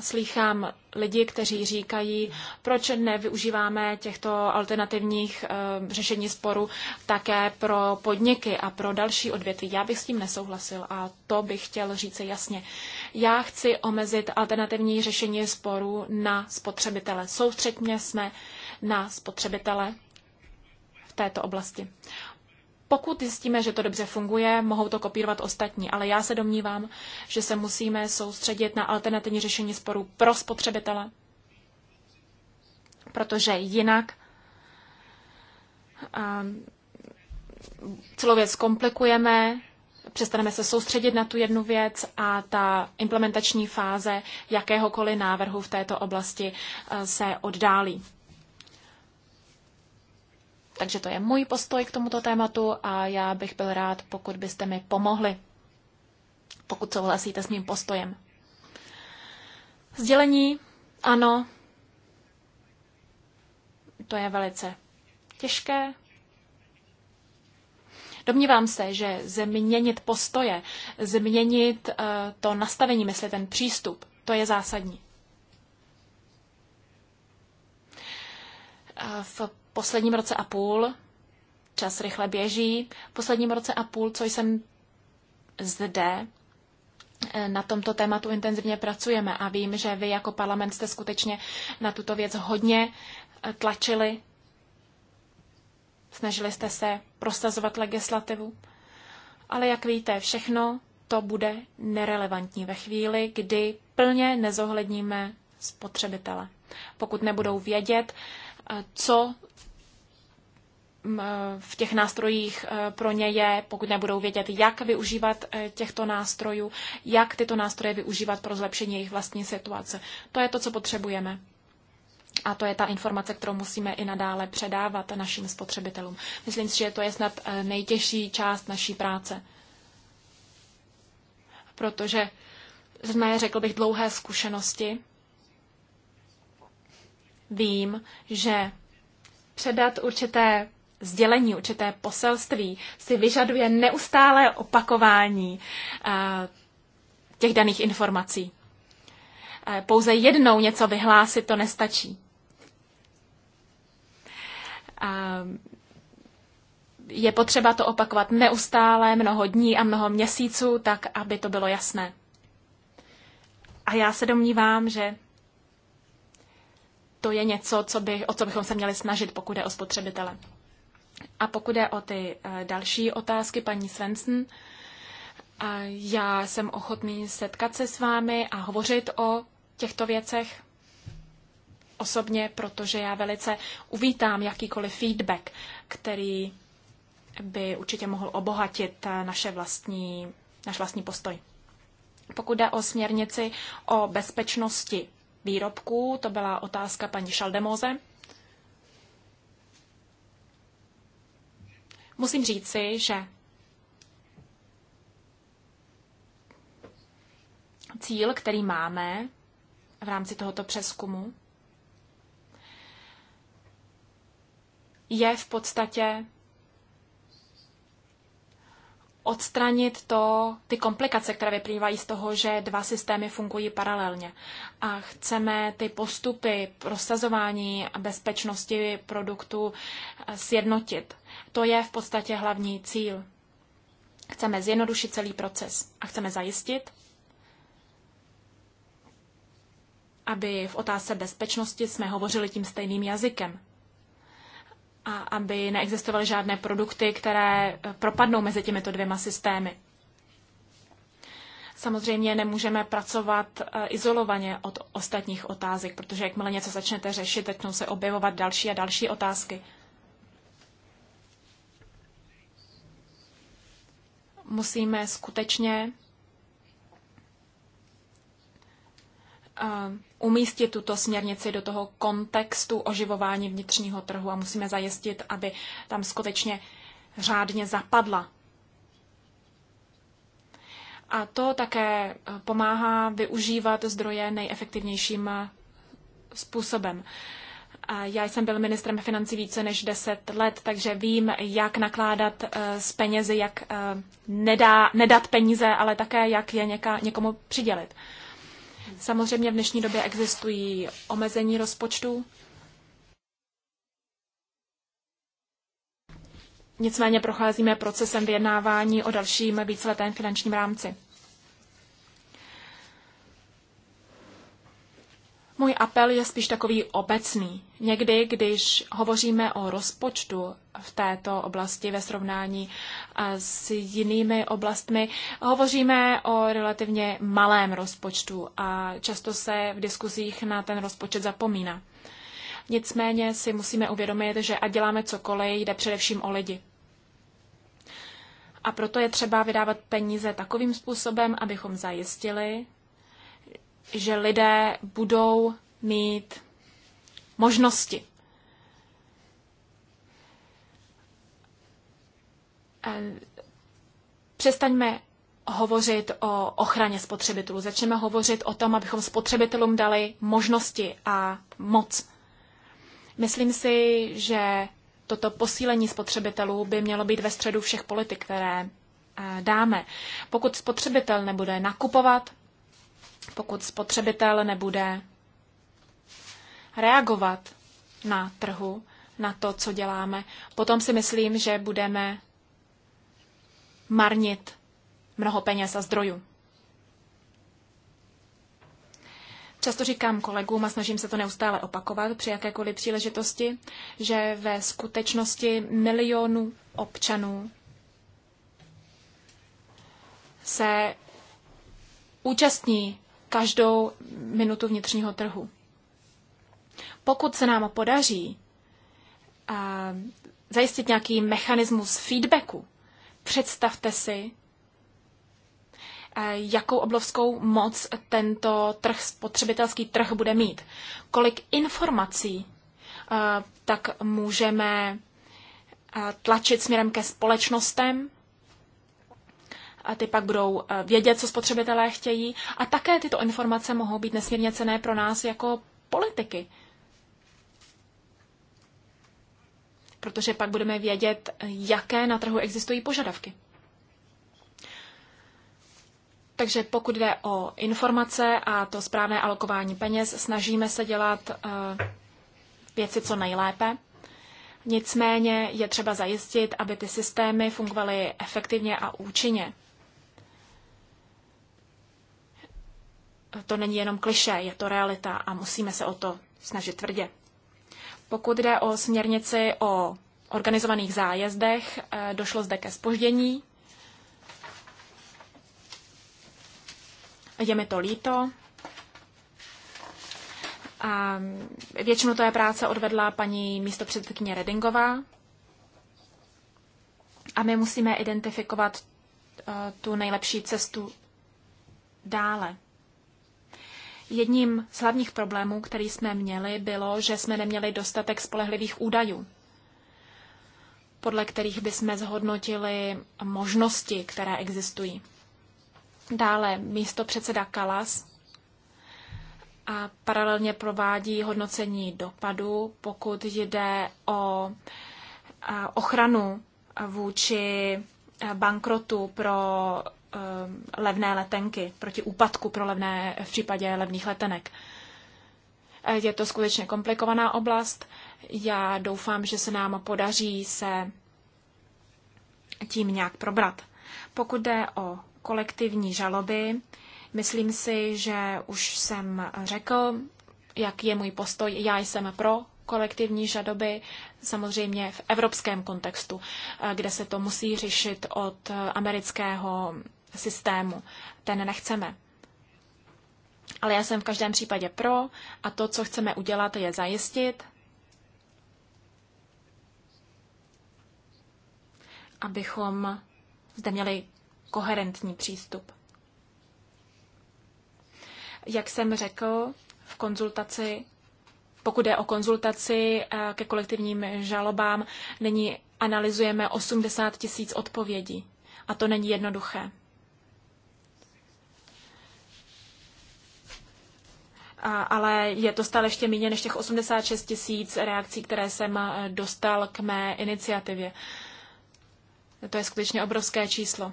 slýchám lidi, kteří říkají, proč nevyužíváme těchto alternativních e, řešení sporu také pro podniky a pro další odvětví. Já bych s tím nesouhlasil a to bych chtěl říct jasně. Já chci omezit alternativní řešení sporu na spotřebitele. Soustředně jsme na spotřebitele v této oblasti. Pokud zjistíme, že to dobře funguje, mohou to kopírovat ostatní, ale já se domnívám, že se musíme soustředit na alternativní řešení sporů pro spotřebitele, protože jinak ehm, celou věc komplikujeme, přestaneme se soustředit na tu jednu věc a ta implementační fáze jakéhokoliv návrhu v této oblasti eh, se oddálí. Takže to je můj postoj k tomuto tématu a já bych byl rád, pokud byste mi pomohli, pokud souhlasíte s mým postojem. Sdělení, ano, to je velice těžké. Domnívám se, že změnit postoje, změnit eh, to nastavení mysli, ten přístup, to je zásadní. Eh, v posledním roce a půl, čas rychle běží, posledním roce a půl, co jsem zde, eh, na tomto tématu intenzivně pracujeme a vím, že vy jako parlament jste skutečně na tuto věc hodně eh, tlačili. Snažili jste se prosazovat legislativu. Ale jak víte, všechno to bude nerelevantní ve chvíli, kdy plně nezohledníme spotřebitele. Pokud nebudou vědět, eh, co v těch nástrojích e, pro ně je, pokud nebudou vědět, jak využívat e, těchto nástrojů, jak tyto nástroje využívat pro zlepšení jejich vlastní situace. To je to, co potřebujeme. A to je ta informace, kterou musíme i nadále předávat našim spotřebitelům. Myslím si, že to je snad e, nejtěžší část naší práce. Protože jsme, řekl bych, dlouhé zkušenosti vím, že předat určité sdělení, určité poselství si vyžaduje neustálé opakování eh, těch daných informací. Eh, pouze jednou něco vyhlásit to nestačí. Eh, je potřeba to opakovat neustále, mnoho dní a mnoho měsíců, tak aby to bylo jasné. A já se domnívám, že to je něco, co by, o co bychom se měli snažit, pokud je o spotřebitele. A pokud je o ty eh, další otázky, paní Svensson, já jsem ochotný setkat se s vámi a hovořit o těchto věcech osobně, protože já velice uvítám jakýkoliv feedback, který by určitě mohl obohatit eh, naše vlastní, naš vlastní postoj. Pokud jde o směrnici o bezpečnosti výrobků, to byla otázka paní Šaldemoze. Musím říci, že cíl, který máme v rámci tohoto přeskumu, je v podstatě odstranit to, ty komplikace, které vyplývají z toho, že dva systémy fungují paralelně. A chceme ty postupy prosazování a bezpečnosti produktu eh, sjednotit. To je v podstatě hlavní cíl. Chceme zjednodušit celý proces a chceme zajistit, aby v otázce bezpečnosti jsme hovořili tím stejným jazykem a aby neexistovaly žádné produkty, které eh, propadnou mezi těmito dvěma systémy. Samozřejmě nemůžeme pracovat eh, izolovaně od ostatních otázek, protože jakmile něco začnete řešit, začnou se objevovat další a další otázky. Musíme skutečně Eh, umístit tuto směrnici do toho kontextu oživování vnitřního trhu a musíme zajistit, aby tam skutečně řádně zapadla. A to také eh, pomáhá využívat zdroje nejefektivnějším eh, způsobem. Já jsem byl ministrem financí více než 10 let, takže vím, jak nakládat s penězi, jak nedá, nedat peníze, ale také jak je něka, někomu přidělit. Samozřejmě v dnešní době existují omezení rozpočtů. Nicméně procházíme procesem vyjednávání o dalším víceletém finančním rámci. Můj apel je spíš takový obecný. Někdy, když hovoříme o rozpočtu v této oblasti ve srovnání eh, s jinými oblastmi, hovoříme o relativně malém rozpočtu a často se v diskuzích na ten rozpočet zapomíná. Nicméně si musíme uvědomit, že a děláme cokoliv, jde především o lidi. A proto je třeba vydávat peníze takovým způsobem, abychom zajistili, že lidé budou mít možnosti. E, přestaňme hovořit o ochraně spotřebitelů. Začneme hovořit o tom, abychom spotřebitelům dali možnosti a moc. Myslím si, že toto posílení spotřebitelů by mělo být ve středu všech politik, které e, dáme. Pokud spotřebitel nebude nakupovat, pokud spotřebitel nebude reagovat na trhu, na to, co děláme, potom si myslím, že budeme marnit mnoho peněz a zdrojů. Často říkám kolegům a snažím se to neustále opakovat při jakékoliv příležitosti, že ve skutečnosti milionů občanů se účastní každou minutu vnitřního trhu. Pokud se nám podaří a, zajistit nějaký mechanismus feedbacku, představte si, jakou obrovskou moc tento trh, spotřebitelský trh bude mít. Kolik informací tak můžeme tlačit směrem ke společnostem, ty pak budou eh, vědět, co spotřebitelé chtějí a také tyto informace mohou být nesmírně cené pro nás jako politiky. Protože pak budeme vědět, jaké na trhu existují požadavky. Takže pokud jde o informace a to správné alokování peněz, snažíme se dělat eh, věci co nejlépe. Nicméně je třeba zajistit, aby ty systémy fungovaly efektivně a účinně. to není jenom kliše, je to realita a musíme se o to snažit tvrdě. Pokud jde o směrnici o organizovaných zájezdech, eh, došlo zde ke spoždění. Je mi to líto. A většinu té práce odvedla paní místopředsedkyně Redingová. A my musíme identifikovat eh, tu nejlepší cestu dále. Jedním z hlavních problémů, který jsme měli, bylo, že jsme neměli dostatek spolehlivých údajů, podle kterých bychom zhodnotili možnosti, které existují. Dále místo předseda Kalas a paralelně provádí hodnocení dopadu, pokud jde o ochranu vůči bankrotu pro Eh, levné letenky, proti úpadku pro levné, v případě levných letenek. Eh, je to skutečně komplikovaná oblast. Já doufám, že se nám podaří se tím nějak probrat. Pokud jde o kolektivní žaloby, myslím si, že už jsem řekl, jak je můj postoj. Já jsem pro kolektivní žadoby, samozřejmě v evropském kontextu, eh, kde se to musí řešit od amerického systému. Ten nechceme. Ale já jsem v každém případě pro a to, co chceme udělat, je zajistit, abychom zde měli koherentní přístup. Jak jsem řekl v konzultaci, pokud je o konzultaci eh, ke kolektivním žalobám, nyní analyzujeme 80 tisíc odpovědí. A to není jednoduché. ale je to stále ještě méně než těch 86 tisíc reakcí, které jsem eh, dostal k mé iniciativě. To je skutečně obrovské číslo.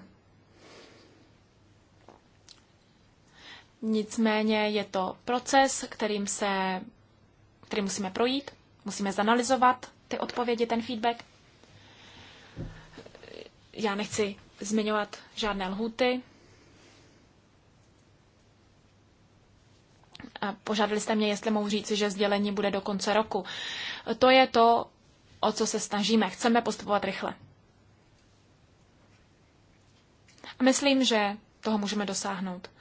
Nicméně je to proces, kterým se, který musíme projít, musíme zanalizovat ty odpovědi, ten feedback. Já nechci zmiňovat žádné lhuty, požádali jste mě, jestli mohu říci, že sdělení bude do konce roku. To je to, o co se snažíme. Chceme postupovat rychle. A myslím, že toho můžeme dosáhnout.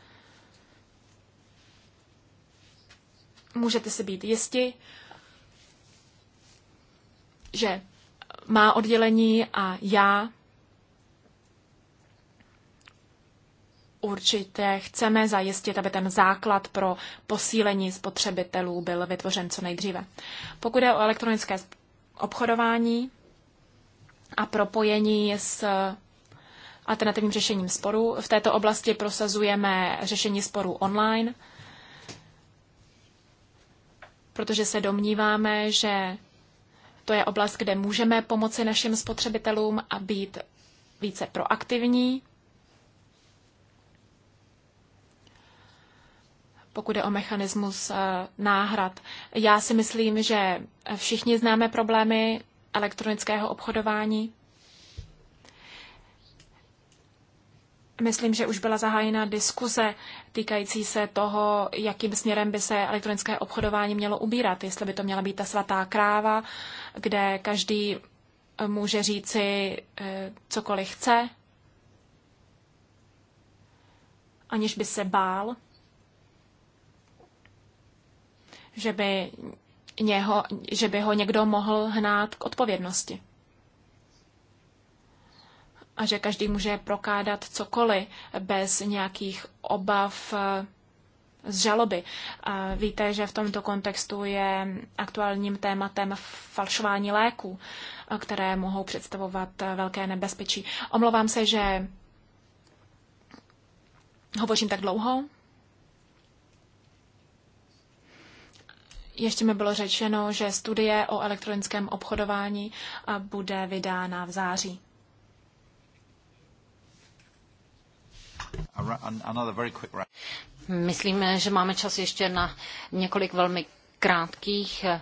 Můžete si být jisti, že má oddělení a já určitě chceme zajistit, aby ten základ pro posílení spotřebitelů byl vytvořen co nejdříve. Pokud je o elektronické obchodování a propojení s alternativním řešením sporů, v této oblasti prosazujeme řešení sporů online, protože se domníváme, že to je oblast, kde můžeme pomoci našim spotřebitelům a být více proaktivní pokud je o mechanismus eh, náhrad. Já si myslím, že všichni známe problémy elektronického obchodování. Myslím, že už byla zahájena diskuze týkající se toho, jakým směrem by se elektronické obchodování mělo ubírat. Jestli by to měla být ta svatá kráva, kde každý eh, může říci eh, cokoliv chce, aniž by se bál že by, něho, že by ho někdo mohl hnát k odpovědnosti. A že každý může prokádat cokoliv bez nějakých obav eh, z žaloby. A víte, že v tomto kontextu je aktuálním tématem falšování léků, eh, které mohou představovat eh, velké nebezpečí. Omlouvám se, že hovořím tak dlouho. Ještě mi bylo řečeno, že studie o elektronickém obchodování bude vydána v září. Myslím, že máme čas ještě na několik velmi krátkých eh,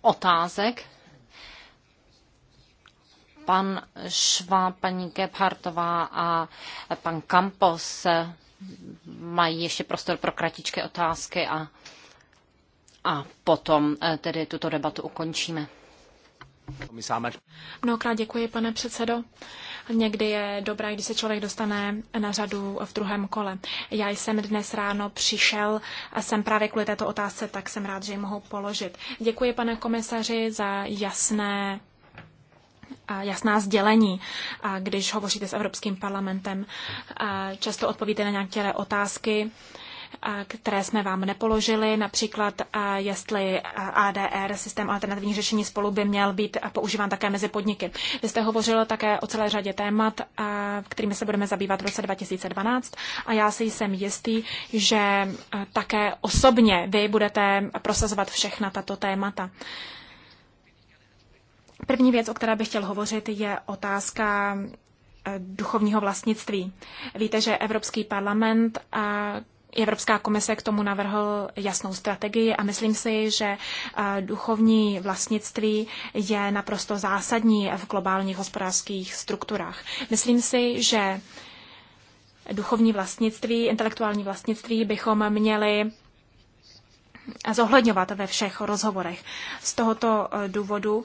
otázek. Pan Šváb, paní Gebhardová a eh, pan Campos eh, mají ještě prostor pro kratičké otázky a a potom eh, tedy tuto debatu ukončíme. Mnohokrát děkuji, pane předsedo. Někdy je dobré, když se člověk dostane na řadu v druhém kole. Já jsem dnes ráno přišel a jsem právě kvůli této otázce, tak jsem rád, že ji mohu položit. Děkuji, pane komisaři, za jasné jasná sdělení, A když hovoříte s Evropským parlamentem. Často odpovíte na nějaké otázky které jsme vám nepoložili, například jestli ADR, systém alternativních řešení spolu, by měl být používán také mezi podniky. Vy jste hovořil také o celé řadě témat, kterými se budeme zabývat v roce 2012 a já si jsem jistý, že e, také osobně vy budete prosazovat všechna tato témata. První věc, o které bych chtěl hovořit, je otázka e, duchovního vlastnictví. Víte, že Evropský parlament Evropská komise k tomu navrhl jasnou strategii a myslím si, že eh, duchovní vlastnictví je naprosto zásadní v globálních hospodářských strukturách. Myslím si, že duchovní vlastnictví, intelektuální vlastnictví bychom měli zohledňovat ve všech rozhovorech. Z tohoto eh, důvodu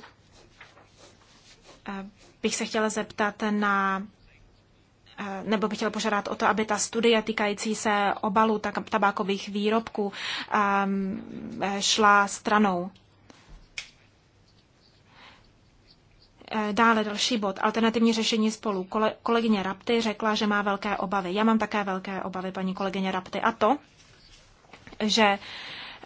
eh, bych se chtěla zeptat na Eh, nebo bych chtěl požádat o to, aby ta studie týkající se obalu tabákových výrobků ehm, eh, šla stranou. Eh, dále další bod. Alternativní řešení spolu. Kole, kolegyně Rapty řekla, že má velké obavy. Já mám také velké obavy, paní kolegyně Rapty. A to, že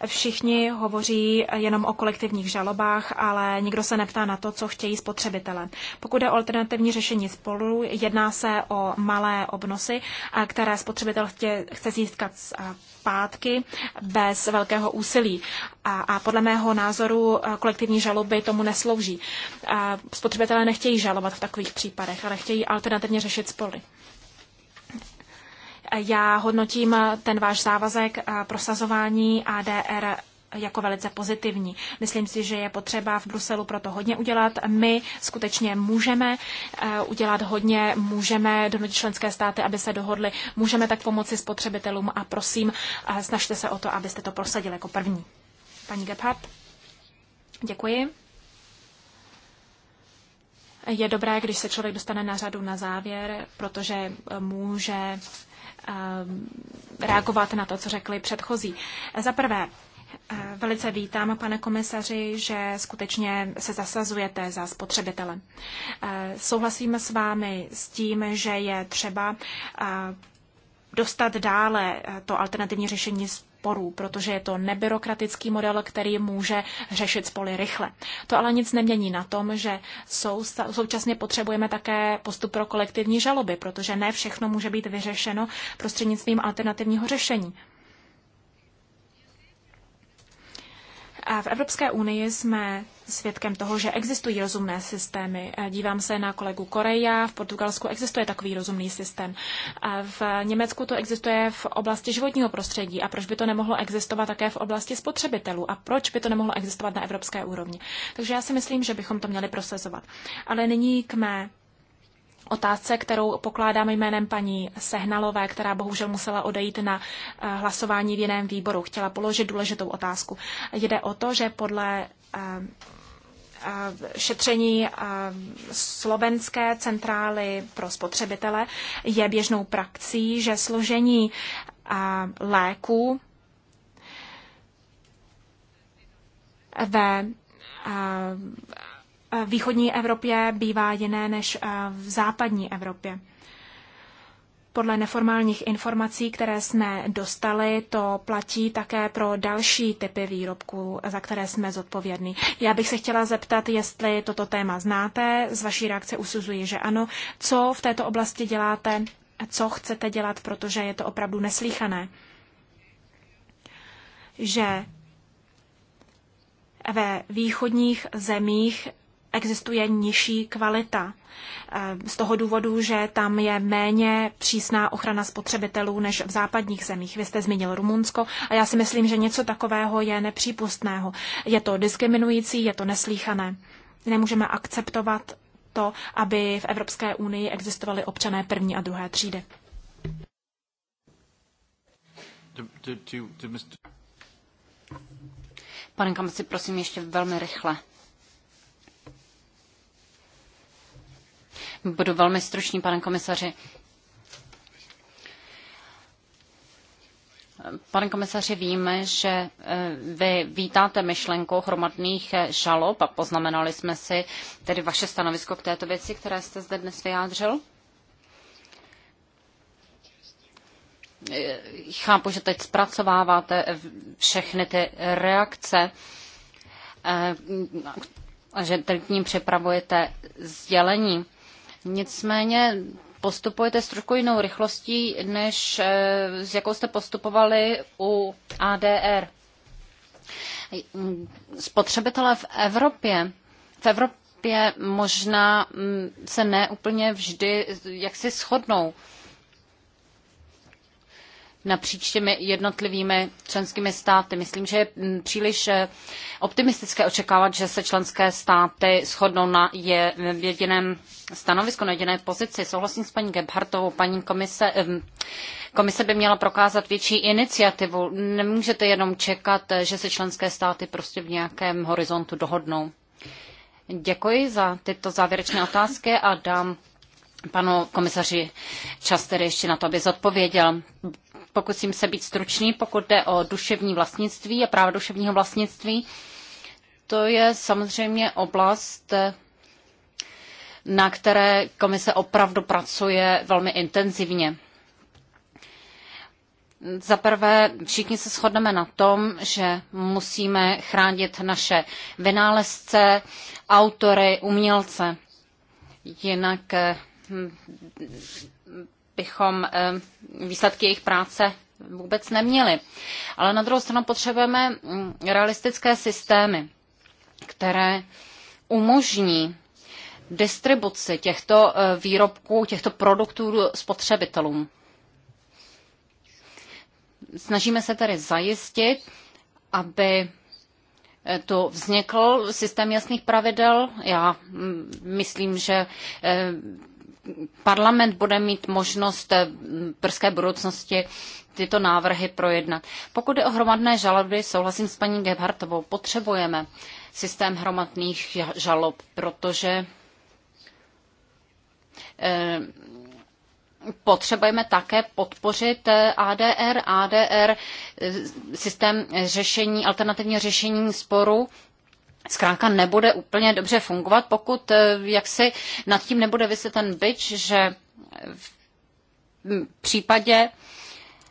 Všichni hovoří jenom o kolektivních žalobách, ale nikdo se neptá na to, co chtějí spotřebitele. Pokud je alternativní řešení spolu, jedná se o malé obnosy, které spotřebitel chtě, chce získat zpátky bez velkého úsilí. A, a podle mého názoru kolektivní žaloby tomu neslouží. Spotřebitelé nechtějí žalovat v takových případech, ale chtějí alternativně řešit spoly. Já hodnotím eh, ten váš závazek eh, prosazování ADR jako velice pozitivní. Myslím si, že je potřeba v Bruselu proto hodně udělat. My skutečně můžeme eh, udělat hodně, můžeme donutit členské státy, aby se dohodly, můžeme tak pomoci spotřebitelům a prosím, snažte se o to, abyste to prosadili jako první. Paní Gebhardt, děkuji. Je dobré, když se člověk dostane na řadu na závěr, protože může Ehm, reagovat na to, co řekli předchozí. Za prvé, eh, Velice vítám, pane komisaři, že skutečně se zasazujete za spotřebitele. Eh, Souhlasíme s vámi s tím, že je třeba eh, dostat dále to alternativní řešení sporů, protože je to nebyrokratický model, který může řešit spoly rychle. To ale nic nemění na tom, že sou, současně potřebujeme také postup pro kolektivní žaloby, protože ne všechno může být vyřešeno prostřednictvím alternativního řešení. A v Evropské unii jsme svědkem toho, že existují rozumné systémy. Eh, dívám se na kolegu Koreja, v Portugalsku existuje takový rozumný systém. A v Německu to existuje v oblasti životního prostředí. A proč by to nemohlo existovat také v oblasti spotřebitelů? A proč by to nemohlo existovat na evropské úrovni? Takže já si myslím, že bychom to měli prosazovat. Ale nyní k mé otázce, kterou pokládám jménem paní Sehnalové, která bohužel musela odejít na eh, hlasování v jiném výboru. Chtěla položit důležitou otázku. Jde o to, že podle Eh, eh, šetření eh, slovenské centrály pro spotřebitele je běžnou praxí, že složení léků ve východní Evropě bývá jiné než v západní Evropě. Podle neformálních informací, které jsme dostali, to platí také pro další typy výrobků, za které jsme zodpovědní. Já bych se chtěla zeptat, jestli toto téma znáte. Z vaší reakce usuzuji, že ano. Co v této oblasti děláte? Co chcete dělat, protože je to opravdu neslíchané? Že ve východních zemích existuje nižší kvalita. Eh, z toho důvodu, že tam je méně přísná ochrana spotřebitelů než v západních zemích. Vy jste zmínil Rumunsko a já si myslím, že něco takového je nepřípustného. Je to diskriminující, je to neslíchané. Nemůžeme akceptovat to, aby v Evropské unii existovali občané první a druhé třídy. Pane Kamci, prosím ještě velmi rychle. Budu velmi stručný, pane komisaři. Pane komisaři, víme, že eh, vy vítáte myšlenku hromadných eh, žalob a poznamenali jsme si tedy vaše stanovisko k této věci, které jste zde dnes vyjádřil. Eh, chápu, že teď zpracováváte všechny ty reakce a že teď k ním připravujete sdělení. Nicméně postupujete s trošku jinou rychlostí, než eh, s jakou jste postupovali u ADR. Spotřebitelé v Evropě, v Evropě možná mm, se neúplně vždy jaksi shodnou napříč těmi jednotlivými členskými státy. Myslím, že je mm, příliš eh, optimistické očekávat, že se členské státy shodnou na je, jediném stanovisku, na jediné pozici. Souhlasím s paní Gebhartovou, paní komise, eh, komise by měla prokázat větší iniciativu. Nemůžete jenom čekat, eh, že se členské státy prostě v nějakém horizontu dohodnou. Děkuji za tyto závěrečné otázky a dám panu komisaři čas tedy ještě na to, aby zodpověděl. Pokusím se být stručný, pokud jde o duševní vlastnictví a práva duševního vlastnictví. To je samozřejmě oblast, na které komise opravdu pracuje velmi intenzivně. Za prvé, všichni se shodneme na tom, že musíme chránit naše vynálezce, autory, umělce. Jinak hm, bychom eh, výsledky jejich práce vůbec neměli. Ale na druhou stranu potřebujeme mm, realistické systémy, které umožní distribuci těchto eh, výrobků, těchto produktů spotřebitelům. Snažíme se tedy zajistit, aby eh, to vznikl systém jasných pravidel. Já mm, myslím, že parlament bude mít možnost v eh, brzké budoucnosti tyto návrhy projednat. Pokud je o hromadné žaloby, souhlasím s paní Gebhartovou, potřebujeme systém hromadných žalob, protože eh, potřebujeme také podpořit eh, ADR, ADR, systém řešení, alternativního řešení sporu zkrátka nebude úplně dobře fungovat, pokud eh, jaksi nad tím nebude vyset ten byč, že v případě,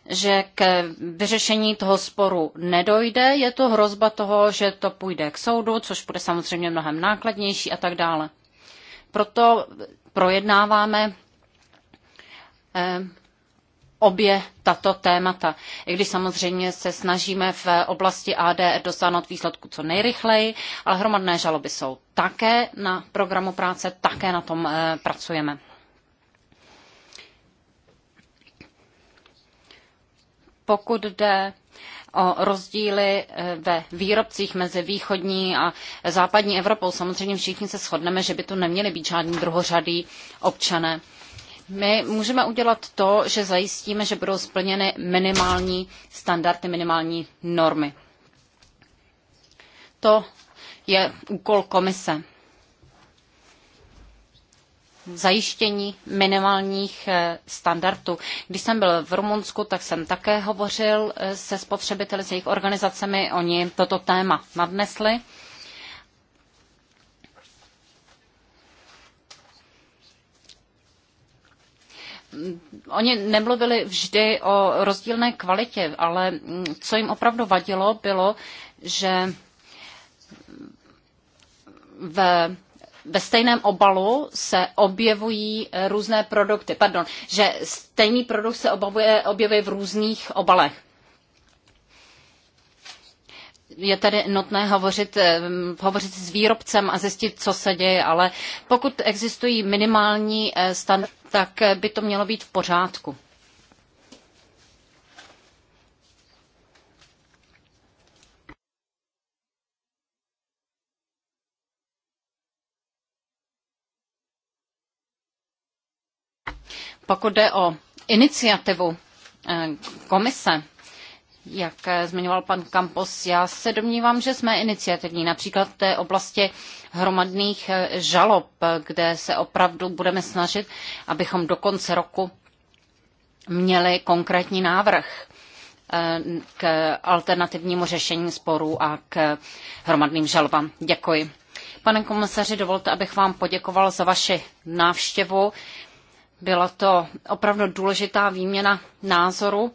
že k vyřešení toho sporu nedojde, je to hrozba toho, že to půjde k soudu, což bude samozřejmě mnohem nákladnější a tak dále. Proto projednáváme eh, obě tato témata. I když samozřejmě se snažíme v oblasti ADR dosáhnout výsledku co nejrychleji, ale hromadné žaloby jsou také na programu práce, také na tom eh, pracujeme. Pokud jde o rozdíly eh, ve výrobcích mezi východní a západní Evropou. Samozřejmě všichni se shodneme, že by tu neměli být žádní druhořadí občané. My můžeme udělat to, že zajistíme, že budou splněny minimální standardy, minimální normy. To je úkol komise. Zajištění minimálních eh, standardů. Když jsem byl v Rumunsku, tak jsem také hovořil eh, se spotřebiteli, s jejich organizacemi. Oni toto téma nadnesli. Mm, oni nemluvili vždy o rozdílné kvalitě, ale mm, co jim opravdu vadilo, bylo, že ve ve stejném obalu se objevují různé produkty. Pardon, že stejný produkt se objevuje, objevuje v různých obalech. Je tedy nutné hovořit, mm, hovořit s výrobcem a zjistit, co se děje, ale pokud existují minimální eh, standardy, tak by to mělo být v pořádku. Pokud jde o iniciativu eh, komise, jak eh, zmiňoval pan Campos, já se domnívám, že jsme iniciativní, například v té oblasti hromadných eh, žalob, eh, kde se opravdu budeme snažit, abychom do konce roku měli konkrétní návrh k alternativnímu řešení sporů a k hromadným žalobám. Děkuji. Pane komisaři, dovolte, abych vám poděkoval za vaši návštěvu. Byla to opravdu důležitá výměna názoru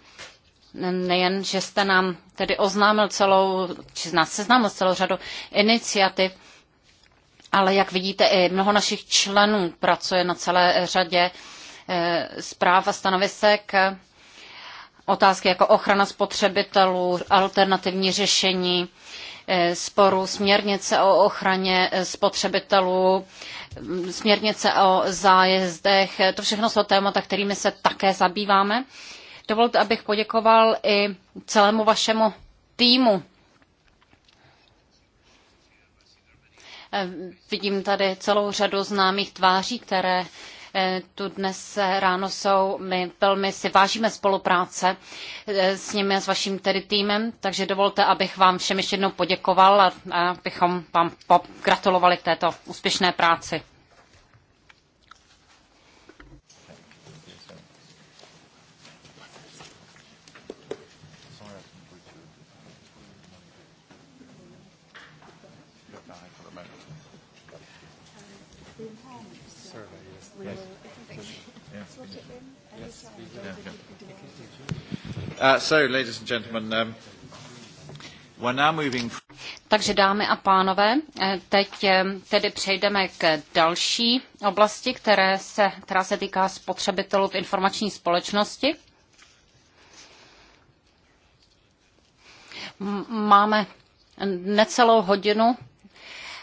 nejen, že jste nám tedy oznámil celou, či nás seznámil celou řadu iniciativ, ale jak vidíte, i mnoho našich členů pracuje na celé řadě eh, zpráv a stanovisek. Otázky jako ochrana spotřebitelů, alternativní řešení eh, sporů, směrnice o ochraně eh, spotřebitelů, mm, směrnice o zájezdech, to všechno jsou témata, kterými se také zabýváme. Dovolte, abych poděkoval i celému vašemu týmu. Vidím tady celou řadu známých tváří, které eh, tu dnes ráno jsou. My velmi si vážíme spolupráce eh, s nimi a s vaším tedy týmem, takže dovolte, abych vám všem ještě jednou poděkoval a abychom vám gratulovali k této úspěšné práci. Uh, um, takže dámy a pánové, eh, teď eh, tedy přejdeme k další oblasti, které se, která se týká spotřebitelů v informační společnosti. Máme necelou hodinu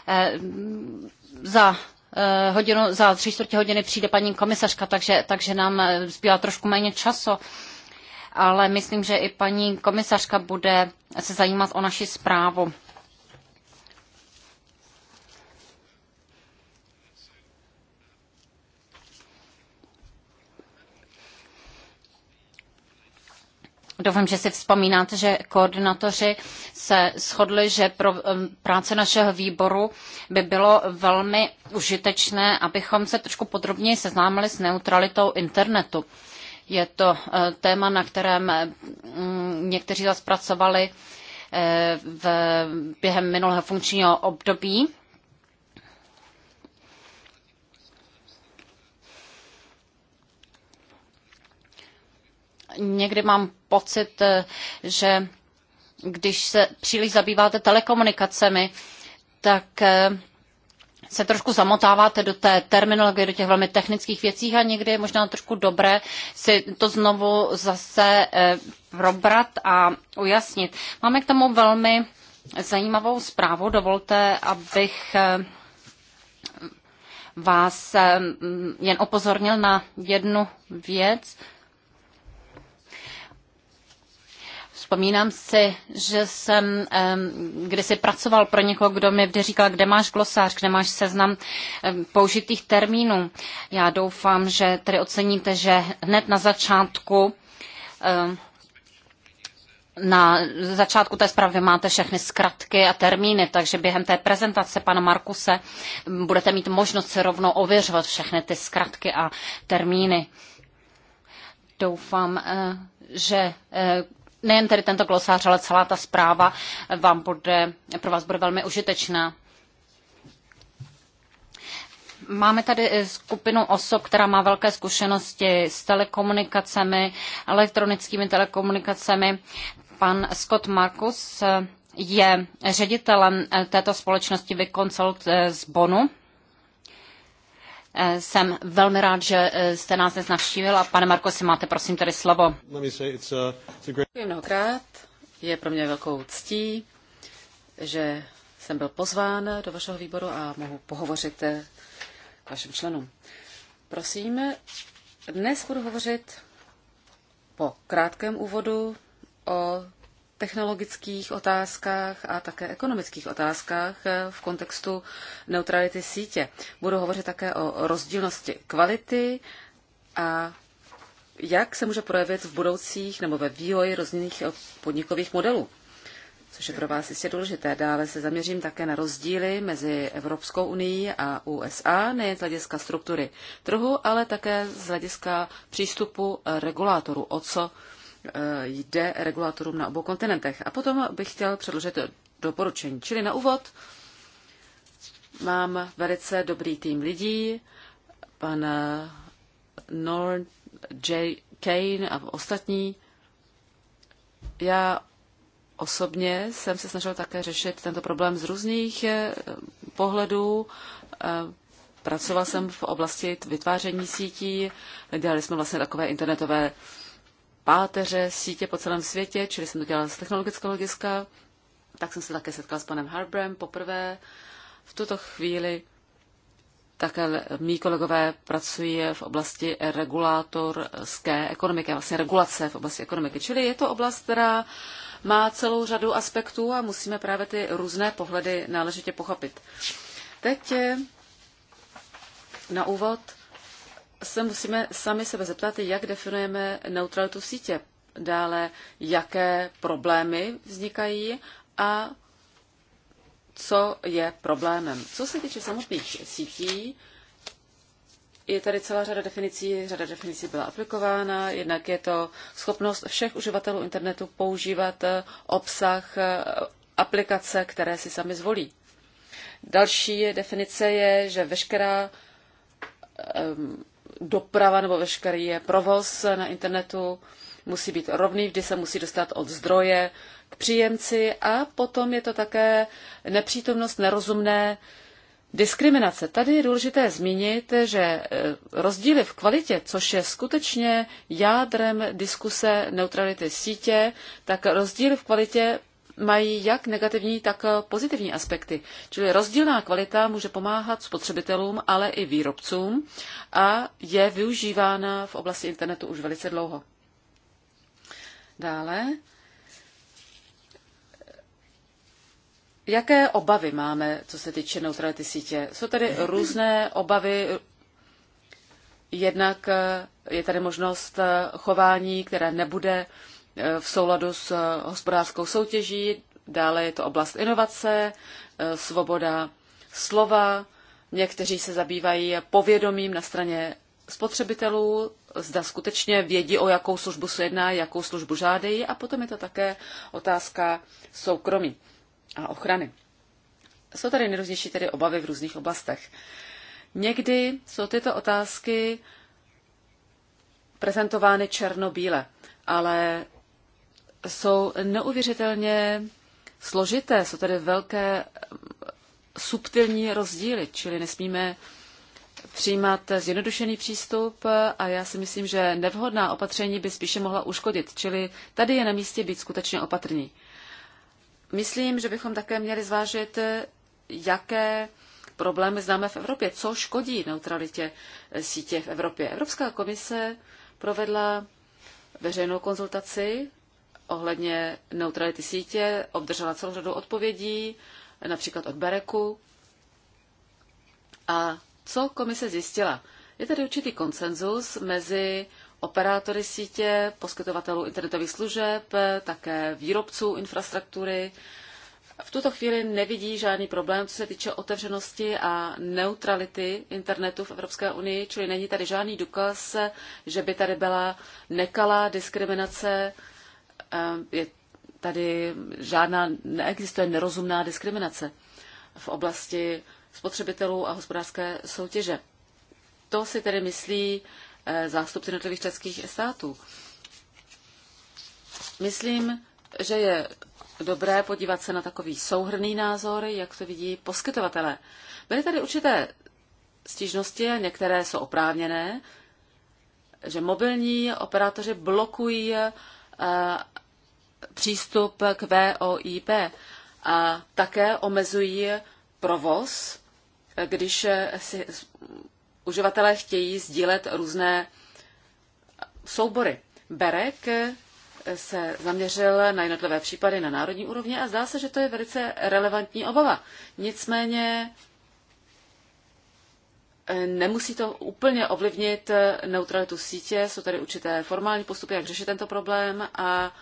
eh, za hodinu, za tři čtvrtě hodiny přijde paní komisařka, takže, takže nám zbývá trošku méně času ale myslím, že i paní komisařka bude se zajímat o naši zprávu. Doufám, že si vzpomínáte, že koordinátoři se shodli, že pro práce našeho výboru by bylo velmi užitečné, abychom se trošku podrobněji seznámili s neutralitou internetu. Je to eh, téma, na kterém mm, někteří zaspracovali eh, v, během minulého funkčního období. Někdy mám pocit, eh, že když se příliš zabýváte telekomunikacemi, tak se trošku zamotáváte do té terminologie, do těch velmi technických věcí a někdy je možná trošku dobré si to znovu zase eh, probrat a ujasnit. Máme k tomu velmi zajímavou zprávu. Dovolte, abych eh, vás eh, jen opozornil na jednu věc. Vzpomínám si, že jsem um, kdysi pracoval pro někoho, kdo mi vždy říkal, kde máš glosář, kde máš seznam um, použitých termínů. Já doufám, že tedy oceníte, že hned na začátku um, na začátku té zprávy máte všechny zkratky a termíny, takže během té prezentace pana Markuse budete mít možnost se rovnou ověřovat všechny ty zkratky a termíny. Doufám, eh, že eh, nejen tedy tento glosář, ale celá ta zpráva vám bude, pro vás bude velmi užitečná. Máme tady eh, skupinu osob, která má velké zkušenosti s telekomunikacemi, elektronickými telekomunikacemi. Pan Scott Markus eh, je ředitelem eh, této společnosti Viconsult z Bonu Eh, jsem velmi rád, že eh, jste nás dnes navštívil a pane Marko, si máte prosím tady slovo. Děkuji mnohokrát. Je pro mě velkou ctí, že jsem byl pozván do vašeho výboru a mohu pohovořit eh, k vašim členům. Prosím, dnes budu hovořit po krátkém úvodu o technologických otázkách a také ekonomických otázkách eh, v kontextu neutrality sítě. Budu hovořit také o rozdílnosti kvality a jak se může projevit v budoucích nebo ve vývoji různých eh, podnikových modelů, což je pro vás jistě důležité. Dále se zaměřím také na rozdíly mezi Evropskou unii a USA, nejen z hlediska struktury trhu, ale také z hlediska přístupu eh, regulátorů, o co Eh, jde regulatorům na obou kontinentech. A potom bych chtěl předložit doporučení. Čili na úvod mám velice dobrý tým lidí, pan eh, Norn, J. Kane a ostatní. Já osobně jsem se snažil také řešit tento problém z různých eh, pohledů. Pracoval jsem v oblasti vytváření sítí, dělali jsme vlastně takové internetové páteře sítě po celém světě, čili jsem to dělala z technologického hlediska, tak jsem se také setkala s panem Harbrem poprvé. V tuto chvíli také mý kolegové pracují v oblasti regulátorské ekonomiky, vlastně regulace v oblasti ekonomiky. Čili je to oblast, která má celou řadu aspektů a musíme právě ty různé pohledy náležitě pochopit. Teď na úvod se musíme sami sebe zeptat, jak definujeme neutralitu sítě. Dále, jaké problémy vznikají a co je problémem. Co se týče samotných sítí, je tady celá řada definicí, řada definicí byla aplikována, jednak je to schopnost všech uživatelů internetu používat eh, obsah eh, aplikace, které si sami zvolí. Další definice je, že veškerá um, doprava nebo veškerý je provoz na internetu musí být rovný, vždy se musí dostat od zdroje k příjemci a potom je to také nepřítomnost nerozumné diskriminace. Tady je důležité zmínit, že e, rozdíly v kvalitě, což je skutečně jádrem diskuse neutrality sítě, tak rozdíly v kvalitě mají jak negativní, tak eh, pozitivní aspekty. Čili rozdílná kvalita může pomáhat spotřebitelům, ale i výrobcům a je využívána v oblasti internetu už velice dlouho. Dále. Jaké obavy máme, co se týče neutrality sítě? Jsou tady různé obavy, jednak eh, je tady možnost eh, chování, které nebude uh, Eh, v souladu s eh, hospodářskou soutěží, dále je to oblast inovace, eh, svoboda slova, někteří se zabývají povědomím na straně spotřebitelů, zda skutečně vědí, o jakou službu se jedná, jakou službu žádejí a potom je to také otázka soukromí a ochrany. Jsou tady nejrůznější tedy obavy v různých oblastech. Někdy jsou tyto otázky prezentovány černobíle, ale jsou neuvěřitelně složité. Jsou tady velké subtilní rozdíly, čili nesmíme přijímat zjednodušený přístup a já si myslím, že nevhodná opatření by spíše mohla uškodit, čili tady je na místě být skutečně opatrní. Myslím, že bychom také měli zvážit, jaké problémy známe v Evropě, co škodí neutralitě sítě v Evropě. Evropská komise provedla veřejnou konzultaci ohledně neutrality sítě, obdržela celou řadu odpovědí, například od Bereku. A co komise zjistila? Je tady určitý konsenzus mezi operátory sítě, poskytovatelů internetových služeb, také výrobců infrastruktury. V tuto chvíli nevidí žádný problém, co se týče otevřenosti a neutrality internetu v Evropské unii, čili není tady žádný důkaz, že by tady byla nekalá diskriminace Eh, je tady žádná, neexistuje nerozumná diskriminace v oblasti spotřebitelů a hospodářské soutěže. To si tedy myslí eh, zástupci jednotlivých českých států. Myslím, že je dobré podívat se na takový souhrný názor, jak to vidí poskytovatele. Byly tady určité stížnosti, některé jsou oprávněné, že mobilní operátoři blokují eh, přístup k VOIP a také omezují provoz, když si uživatelé chtějí sdílet různé soubory. Berek se zaměřil na jednotlivé případy na národní úrovni a zdá se, že to je velice relevantní obava. Nicméně nemusí to úplně ovlivnit neutralitu sítě, jsou tady určité formální postupy, jak řešit tento problém a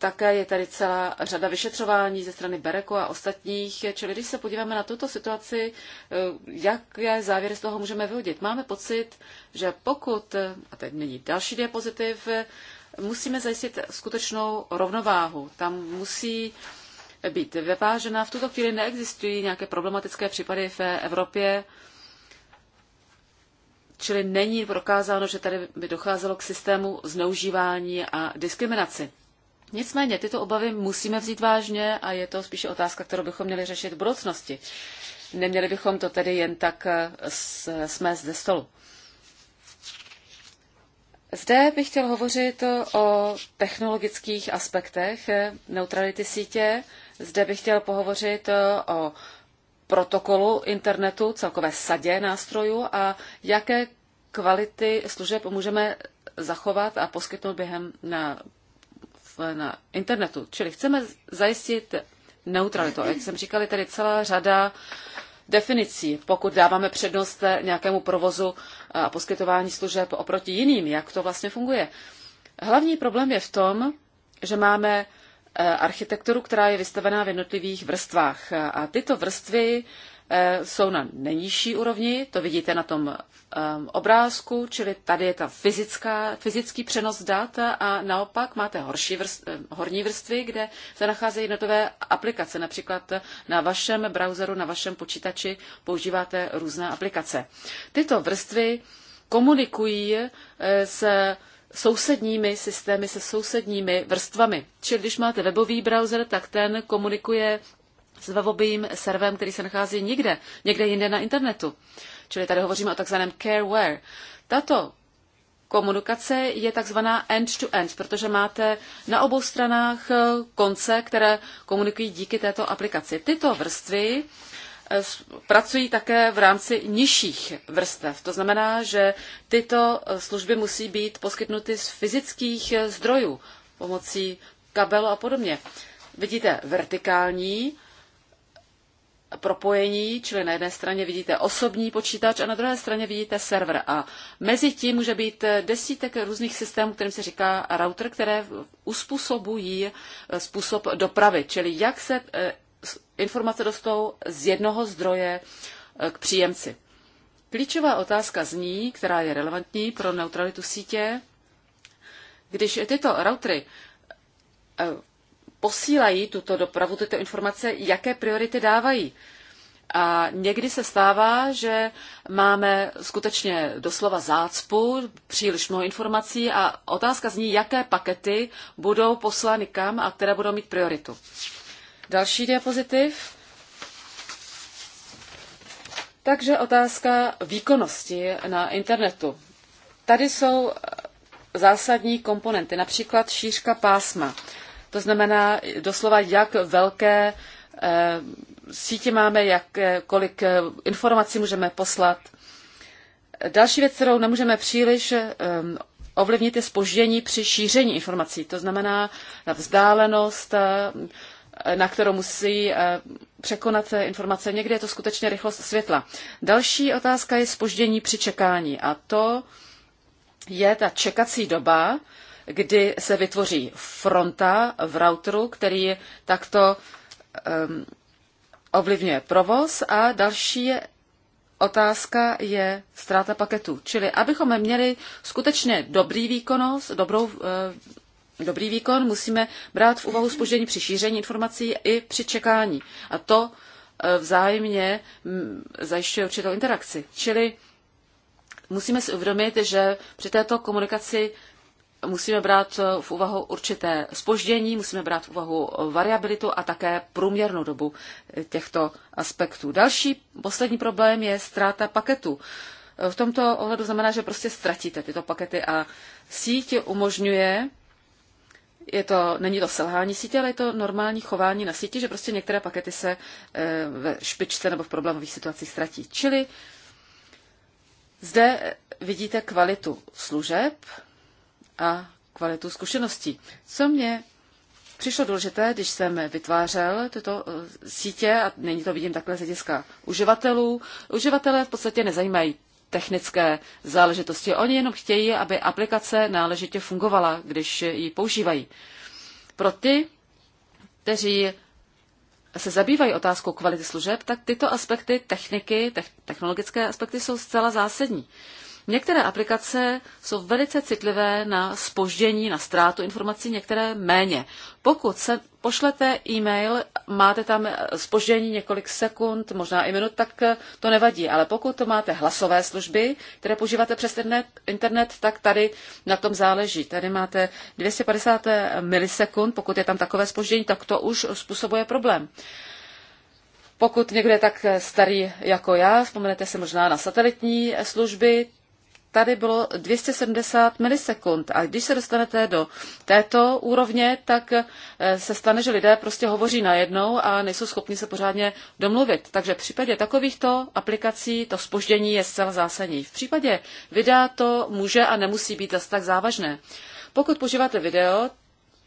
také je tady celá řada vyšetřování ze strany Bereko a ostatních. Čili když se podíváme na tuto situaci, eh, jaké závěry z toho můžeme vyvodit? Máme pocit, že pokud, a teď není další diapozitiv, musíme zajistit skutečnou rovnováhu. Tam musí být vyvážená. V tuto chvíli neexistují nějaké problematické případy v Evropě, čili není prokázáno, že tady by docházelo k systému zneužívání a diskriminaci. Nicméně tyto obavy musíme vzít vážně a je to spíše otázka, kterou bychom měli řešit v budoucnosti. Neměli bychom to tedy jen tak eh, smést ze stolu. Zde bych chtěl hovořit o technologických aspektech eh, neutrality sítě. Zde bych chtěl pohovořit eh, o protokolu internetu, celkové sadě nástrojů a jaké kvality služeb můžeme zachovat a poskytnout během na na internetu. Čili chceme zajistit neutralitu. Jak jsem říkali tady celá řada definicí, pokud dáváme přednost nějakému provozu a poskytování služeb oproti jiným, jak to vlastně funguje. Hlavní problém je v tom, že máme eh, architekturu, která je vystavená v jednotlivých vrstvách. A tyto vrstvy Eh, jsou na nejnižší úrovni, to vidíte na tom ehm, obrázku, čili tady je ta fyzická, fyzický přenos dat a naopak máte horší vrst, eh, horní vrstvy, kde se nacházejí jednotové aplikace. Například na vašem browseru, na vašem počítači používáte různé aplikace. Tyto vrstvy komunikují eh, s sousedními systémy se sousedními vrstvami. Čili když máte webový browser, tak ten komunikuje s webovým serverem, který se nachází nikde, někde jinde na internetu. Čili tady hovoříme o takzvaném careware. Tato komunikace je takzvaná end-to-end, protože máte na obou stranách eh, konce, které komunikují díky této aplikaci. Tyto vrstvy eh, pracují také v rámci nižších vrstev. To znamená, že tyto eh, služby musí být poskytnuty z fyzických zdrojů pomocí kabelu a podobně. Vidíte vertikální propojení, čili na jedné straně vidíte osobní počítač a na druhé straně vidíte server. A mezi tím může být desítek různých systémů, kterým se říká router, které uspůsobují eh, způsob dopravy, čili jak se eh, informace dostou z jednoho zdroje eh, k příjemci. Klíčová otázka zní, která je relevantní pro neutralitu sítě, když tyto routery posílají tuto dopravu, tyto informace, jaké priority dávají. A někdy se stává, že máme skutečně doslova zácpu, příliš mnoho informací a otázka zní, jaké pakety budou poslány kam a které budou mít prioritu. Další diapozitiv. Takže otázka výkonnosti na internetu. Tady jsou zásadní komponenty, například šířka pásma. To znamená doslova, jak velké eh, sítě máme, jak, eh, kolik eh, informací můžeme poslat. Další věc, kterou nemůžeme příliš ovlivnit, je spoždění při šíření informací. To znamená na vzdálenost, na kterou musí překonat informace. Někdy je to skutečně rychlost světla. Další otázka je spoždění při čekání a to je ta čekací doba, kdy se vytvoří fronta v routeru, který takto um, ovlivňuje provoz a další otázka je ztráta paketů. Čili abychom měli skutečně dobrý výkonnost, dobrou, ehm, dobrý výkon, musíme brát v úvahu spoždění při šíření informací i při čekání. A to ehm, vzájemně zajišťuje určitou interakci. Čili musíme si uvědomit, že při této komunikaci musíme brát eh, v úvahu určité spoždění, musíme brát v úvahu variabilitu a také průměrnou dobu eh, těchto aspektů. Další poslední problém je ztráta paketu. Eh, v tomto ohledu znamená, že prostě ztratíte tyto pakety a síť umožňuje, je to, není to selhání sítě, ale je to normální chování na síti, že prostě některé pakety se ve špičce nebo v problémových situacích ztratí. Čili zde vidíte kvalitu služeb, a kvalitu zkušeností. Co mě přišlo důležité, když jsem vytvářel tyto eh, sítě, a není to vidím takhle z hlediska uživatelů, uživatelé v podstatě nezajímají technické záležitosti. Oni jenom chtějí, aby aplikace náležitě fungovala, když ji používají. Pro ty, kteří se zabývají otázkou kvality služeb, tak tyto aspekty techniky, technologické aspekty jsou zcela zásadní. Uh, Některé aplikace jsou velice citlivé na spoždění, na ztrátu informací, některé méně. Pokud se pošlete e-mail, máte tam spoždění několik sekund, možná i minut, tak to nevadí. Ale pokud to máte hlasové služby, které používáte přes internet, tak tady na tom záleží. Tady máte 250 milisekund, pokud je tam takové spoždění, tak to už způsobuje problém. Pokud někdo je tak starý jako já, vzpomenete se možná na satelitní služby, tady bylo 270 milisekund. A když se dostanete do této úrovně, tak eh, se stane, že lidé prostě hovoří najednou a nejsou schopni se pořádně domluvit. Takže v případě takovýchto aplikací to spoždění je zcela zásadní. V případě videa to může a nemusí být zase tak závažné. Pokud používáte video,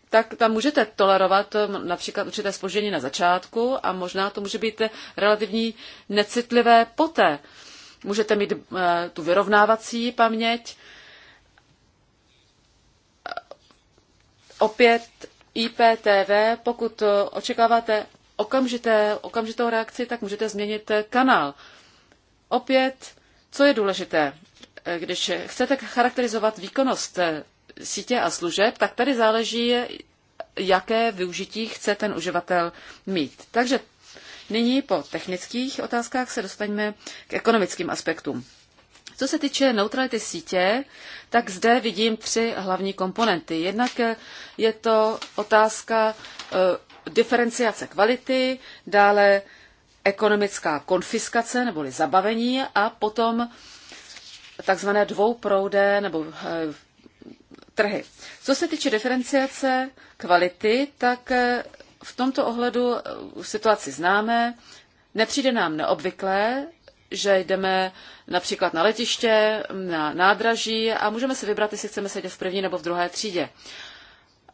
tak tam můžete tolerovat eh, například určité spoždění na začátku a možná to může být relativní necitlivé poté. Můžete mít eh, tu vyrovnávací paměť. Opět IPTV, pokud očekáváte okamžité, okamžitou reakci, tak můžete změnit kanál. Opět, co je důležité, eh, když chcete charakterizovat výkonnost eh, sítě a služeb, tak tady záleží, jaké využití chce ten uživatel mít. Takže Nyní po technických otázkách se dostaňme k ekonomickým aspektům. Co se týče neutrality sítě, tak zde vidím tři hlavní komponenty. Jednak je to otázka e, diferenciace kvality, dále ekonomická konfiskace neboli zabavení a potom takzvané dvouproudé nebo e, trhy. Co se týče diferenciace kvality, tak e, v tomto ohledu eh, situaci známe. Nepřijde nám neobvyklé, že jdeme například na letiště, na nádraží a můžeme si vybrat, jestli chceme sedět v první nebo v druhé třídě.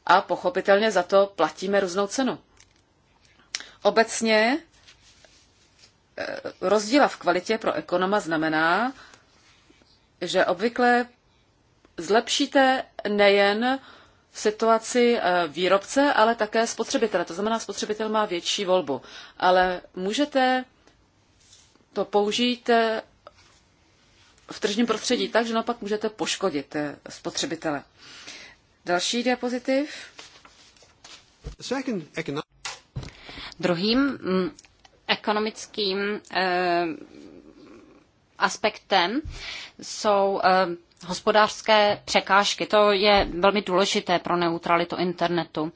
A pochopitelně za to platíme různou cenu. Obecně eh, rozdíla v kvalitě pro ekonoma znamená, že obvykle zlepšíte nejen situaci eh, výrobce, ale také spotřebitele. To znamená, spotřebitel má větší volbu. Ale můžete to použít eh, v tržním prostředí tak, že naopak můžete poškodit eh, spotřebitele. Další diapozitiv. Druhým mm, ekonomickým aspektem jsou hospodářské překážky. To je velmi důležité pro neutralitu internetu.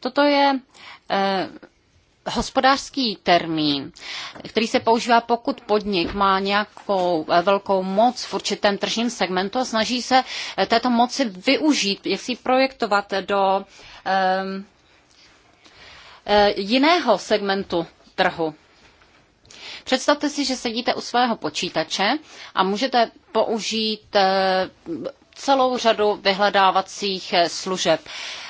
Toto je eh, hospodářský termín, který se používá, pokud podnik má nějakou eh, velkou moc v určitém tržním segmentu a snaží se eh, této moci využít, jak si projektovat do eh, eh jiného segmentu trhu. Představte si, že sedíte u svého počítače a můžete použít eh, celou řadu vyhledávacích eh, služeb.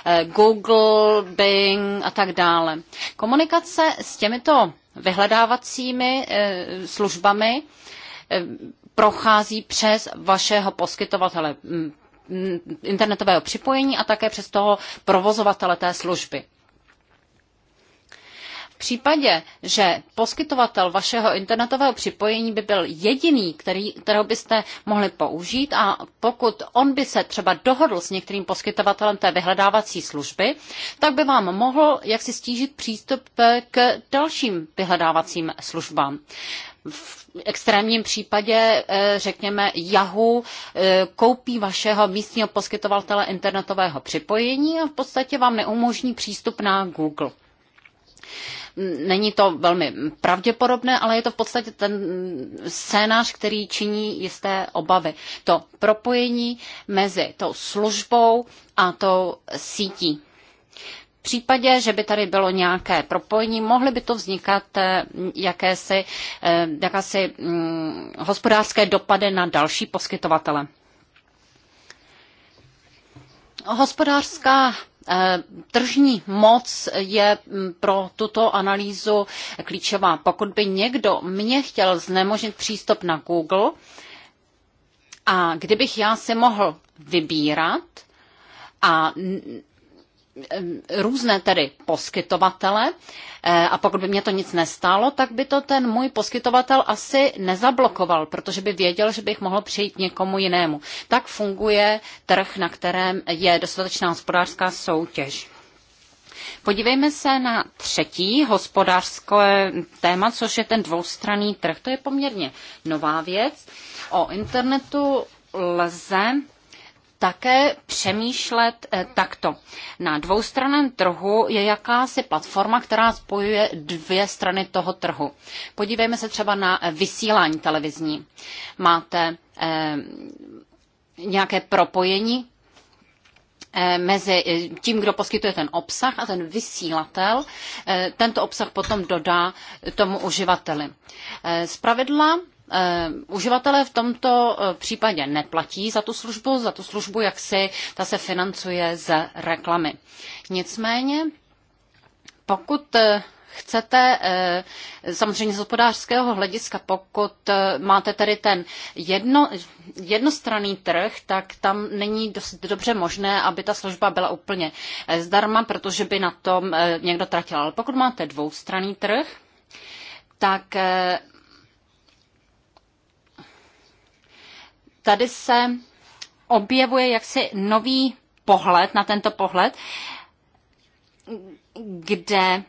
Eh, Google, Bing a tak dále. Komunikace s těmito vyhledávacími službami prochází přes vašeho poskytovatele mm, mm, internetového připojení a také přes toho provozovatele té služby. V případě, že poskytovatel vašeho internetového připojení by byl jediný, který, kterého byste mohli použít a pokud on by se třeba dohodl s některým poskytovatelem té vyhledávací služby, tak by vám mohl jaksi stížit přístup k dalším vyhledávacím službám v extrémním případě, eh, řekněme, Yahoo eh, koupí vašeho místního poskytovatele internetového připojení a v podstatě vám neumožní přístup na Google. Není to velmi pravděpodobné, ale je to v podstatě ten scénář, který činí jisté obavy. To propojení mezi tou službou a tou sítí. V případě, že by tady bylo nějaké propojení, mohly by to vznikat eh, jakési, eh, jakési mm, hospodářské dopady na další poskytovatele. Hospodářská Eh, tržní moc je mm, pro tuto analýzu klíčová. Pokud by někdo mě chtěl znemožnit přístup na Google a kdybych já si mohl vybírat, a Eh, různé tedy poskytovatele eh, a pokud by mě to nic nestálo, tak by to ten můj poskytovatel asi nezablokoval, protože by věděl, že bych mohl přijít někomu jinému. Tak funguje trh, na kterém je dostatečná hospodářská soutěž. Podívejme se na třetí hospodářské téma, což je ten dvoustranný trh. To je poměrně nová věc. O internetu lze také přemýšlet eh, takto. Na dvoustranném trhu je jakási platforma, která spojuje dvě strany toho trhu. Podívejme se třeba na eh, vysílání televizní. Máte eh, nějaké propojení mezi tím, kdo poskytuje ten obsah a ten vysílatel. Tento obsah potom dodá tomu uživateli. Zpravidla Eh, uživatelé v tomto eh, případě neplatí za tu službu, za tu službu, jak si ta se financuje z reklamy. Nicméně, pokud eh, chcete, samozřejmě z hospodářského hlediska, pokud máte tedy ten jedno, jednostranný trh, tak tam není dost dobře možné, aby ta služba byla úplně zdarma, protože by na tom někdo tratil. Ale pokud máte dvoustranný trh, tak tady se objevuje jaksi nový pohled na tento pohled, kde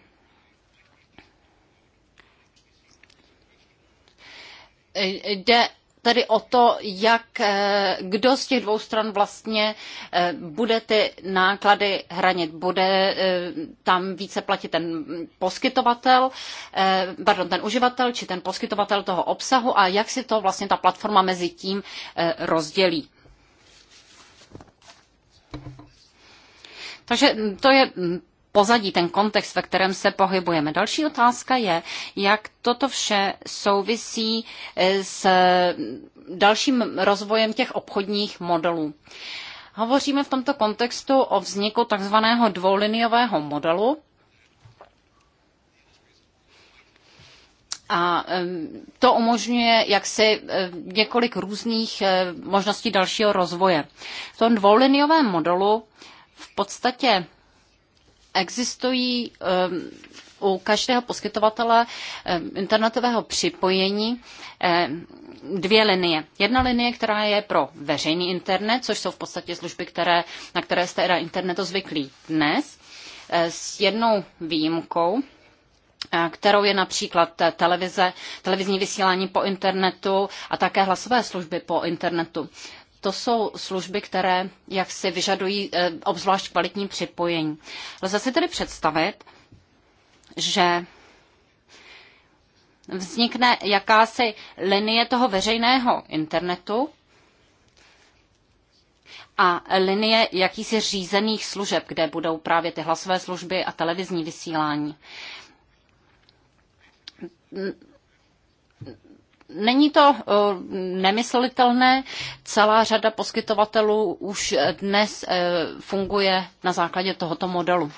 jde tedy o to, jak eh, kdo z těch dvou stran vlastně eh, bude ty náklady hranit. Bude eh, tam více platit ten poskytovatel, pardon, ten uživatel či ten poskytovatel toho obsahu a jak si to vlastně ta platforma mezi tím rozdělí. Takže to je mm, pozadí, ten kontext, ve kterém se pohybujeme. Další otázka je, jak toto vše souvisí eh, s dalším rozvojem těch obchodních modelů. Hovoříme v tomto kontextu o vzniku takzvaného dvouliniového modelu, A to umožňuje jaksi eh, několik různých eh, možností dalšího rozvoje. V tom dvouliniovém modelu v podstatě existují ehm, u každého poskytovatele ehm, internetového připojení ehm, dvě linie. Jedna linie, která je pro veřejný internet, což jsou v podstatě služby, které, na které jste na internetu zvyklí dnes, eh, s jednou výjimkou, eh, kterou je například televize, televizní vysílání po internetu a také hlasové služby po internetu to jsou služby, které jak si vyžadují eh, obzvlášť kvalitní připojení. Lze si tedy představit, že vznikne jakási linie toho veřejného internetu a linie jakýsi řízených služeb, kde budou právě ty hlasové služby a televizní vysílání Není to eh, nemyslitelné, celá řada poskytovatelů už dnes eh, funguje na základě tohoto modelu.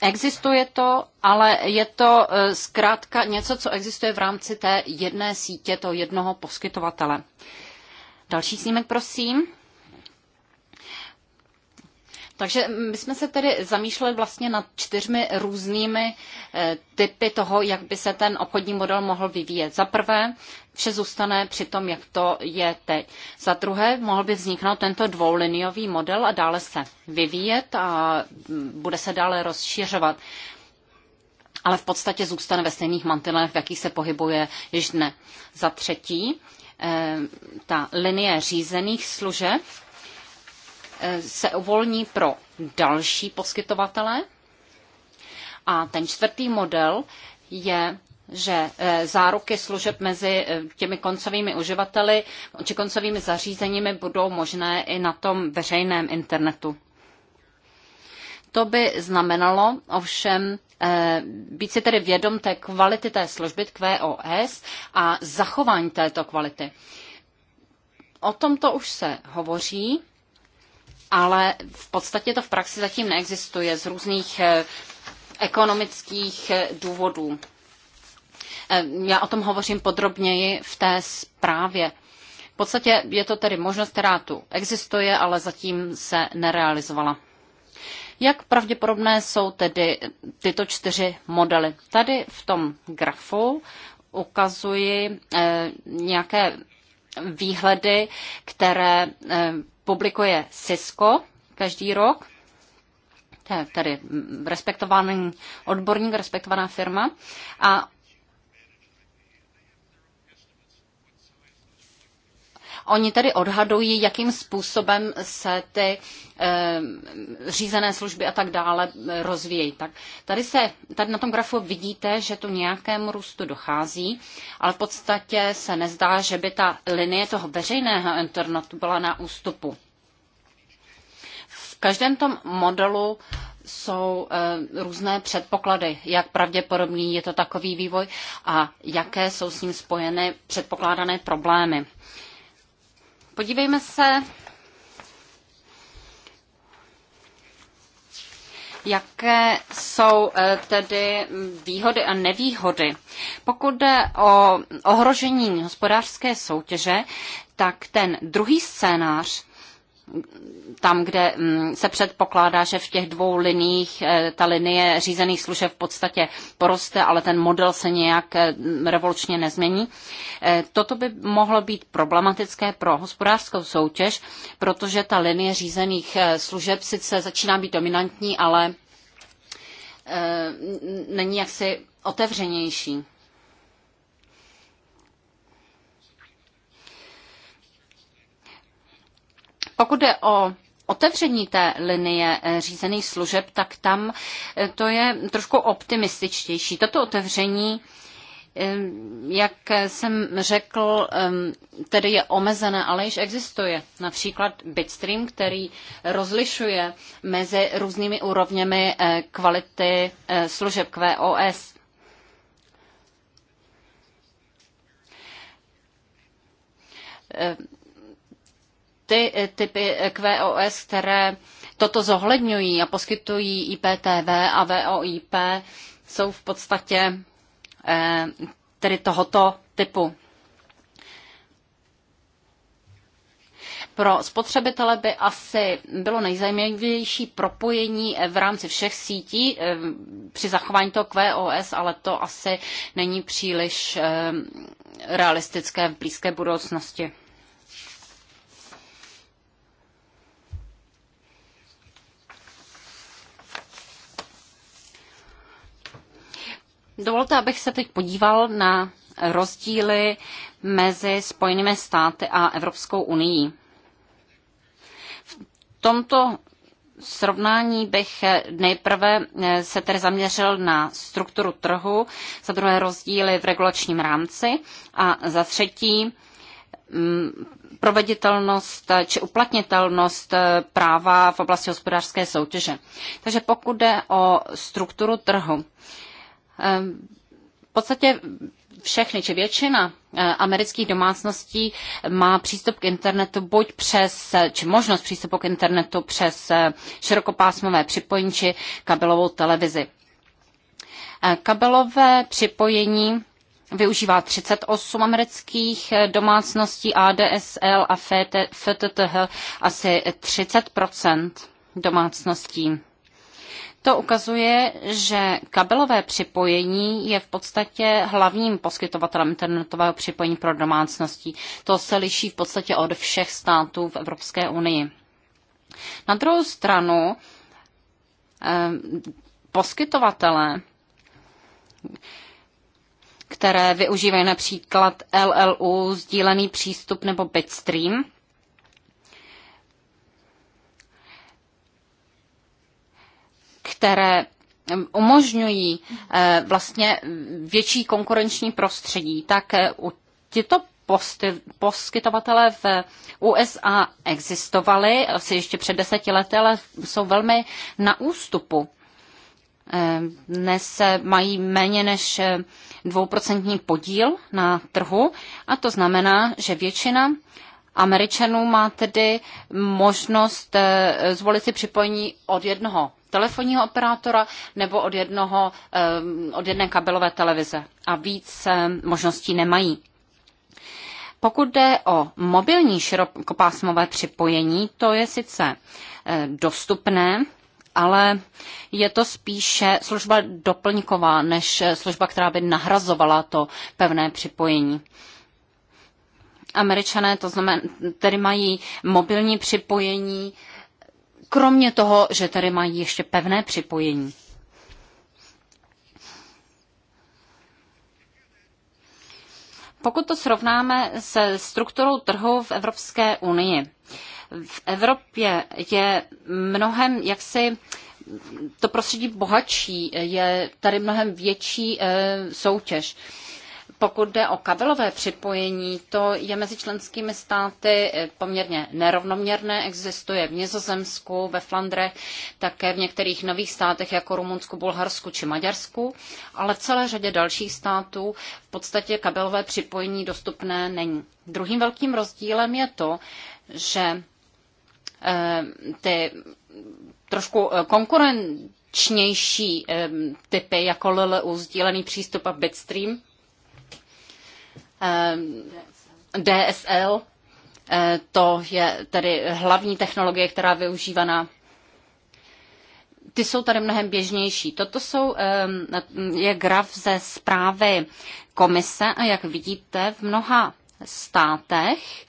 Existuje to, ale je to eh, zkrátka něco, co existuje v rámci té jedné sítě, toho jednoho poskytovatele. Další snímek, prosím. Takže my jsme se tedy zamýšleli vlastně nad čtyřmi různými eh, typy toho, jak by se ten obchodní model mohl vyvíjet. Za prvé, vše zůstane při tom, jak to je teď. Za druhé, mohl by vzniknout tento dvouliniový model a dále se vyvíjet a mm, bude se dále rozšiřovat ale v podstatě zůstane ve stejných mantinelech, v jakých se pohybuje již dne. Za třetí, eh, ta linie řízených služeb, se uvolní pro další poskytovatele. A ten čtvrtý model je že e, záruky služeb mezi e, těmi koncovými uživateli či koncovými zařízeními budou možné i na tom veřejném internetu. To by znamenalo ovšem e, být si tedy vědom té kvality té služby QoS a zachování této kvality. O tomto už se hovoří ale v podstatě to v praxi zatím neexistuje z různých eh, ekonomických eh, důvodů. Eh, já o tom hovořím podrobněji v té zprávě. V podstatě je to tedy možnost, která tu existuje, ale zatím se nerealizovala. Jak pravděpodobné jsou tedy tyto čtyři modely? Tady v tom grafu ukazuji nějaké výhledy, které eh, publikuje Cisco každý rok. Tady tedy respektovaný odborník, respektovaná firma. A Oni tedy odhadují, jakým způsobem se ty eh, řízené služby a tak dále eh, rozvíjejí. Tak tady, se, tady na tom grafu vidíte, že tu nějakému růstu dochází, ale v podstatě se nezdá, že by ta linie toho veřejného internetu byla na ústupu. V každém tom modelu jsou eh, různé předpoklady, jak pravděpodobný je to takový vývoj a jaké jsou s ním spojené předpokládané problémy. Podívejme se, jaké jsou eh, tedy výhody a nevýhody. Pokud jde o ohrožení hospodářské soutěže, tak ten druhý scénář tam, kde mm, se předpokládá, že v těch dvou liních eh, ta linie řízených služeb v podstatě poroste, ale ten model se nějak eh, revolučně nezmění. Eh, toto by mohlo být problematické pro hospodářskou soutěž, protože ta linie řízených služeb sice začíná být dominantní, ale není jaksi otevřenější. Pokud je o otevření té linie eh, řízených služeb, tak tam eh, to je trošku optimističtější. Toto otevření eh, jak jsem řekl, tedy je omezené, ale již existuje. Například Bitstream, který rozlišuje mezi různými úrovněmi kvality služeb QoS ty typy QoS, které toto zohledňují a poskytují IPTV a VOIP, jsou v podstatě eh, tedy tohoto typu. Pro spotřebitele by asi bylo nejzajímavější propojení eh, v rámci všech sítí eh, při zachování toho QoS, ale to asi není příliš realistické v blízké budoucnosti. Dovolte, abych se teď podíval na rozdíly mezi Spojenými státy a Evropskou unii. V tomto srovnání bych nejprve eh, se tedy zaměřil na strukturu trhu, za druhé rozdíly v regulačním rámci a za třetí mm, proveditelnost eh, či uplatnitelnost eh, práva v oblasti hospodářské soutěže. Takže pokud jde o strukturu trhu, Ehm, v podstatě všechny či většina eh, amerických domácností má přístup k internetu buď přes, eh, či možnost přístupu k internetu přes eh, širokopásmové připojení či kabelovou televizi. Kabelové připojení využívá 38 amerických domácností ADSL a FTTH asi 30 domácností. To ukazuje, že kabelové připojení je v podstatě hlavním poskytovatelem internetového připojení pro domácnosti. To se liší v podstatě od všech států v Evropské unii. Na druhou stranu, eh, poskytovatele, které využívají například LLU, sdílený přístup nebo bitstream, které umožňují eh, vlastně větší konkurenční prostředí, tak eh, u těto posty, poskytovatele v USA existovaly asi ještě před deseti lety, ale jsou velmi na ústupu. Eh, dnes mají méně než dvouprocentní podíl na trhu a to znamená, že většina Američanů má tedy možnost zvolit si připojení od jednoho telefonního operátora nebo od, jednoho, od jedné kabelové televize a víc možností nemají. Pokud jde o mobilní širokopásmové připojení, to je sice eh, dostupné, ale je to spíše služba doplňková, než služba, která by nahrazovala to pevné připojení. Američané to znamená, tedy mají mobilní připojení kromě toho, že tady mají ještě pevné připojení. Pokud to srovnáme se strukturou trhu v Evropské unii, v Evropě je mnohem jaksi to prostředí bohatší, je tady mnohem větší eh, soutěž. Pokud jde o kabelové připojení, to je mezi členskými státy eh, poměrně nerovnoměrné. Existuje v Nizozemsku, ve Flandrech, také v některých nových státech jako Rumunsku, Bulharsku či Maďarsku, ale v celé řadě dalších států v podstatě kabelové připojení dostupné není. Druhým velkým rozdílem je to, že eh, ty trošku eh, konkurenčnější typy jako LLU, sdílený přístup a Bitstream, Ehm, DSL, eh, to je tedy hlavní technologie, která je využívaná. Ty jsou tady mnohem běžnější. Toto jsou, ehm, je graf ze zprávy komise a jak vidíte, v mnoha státech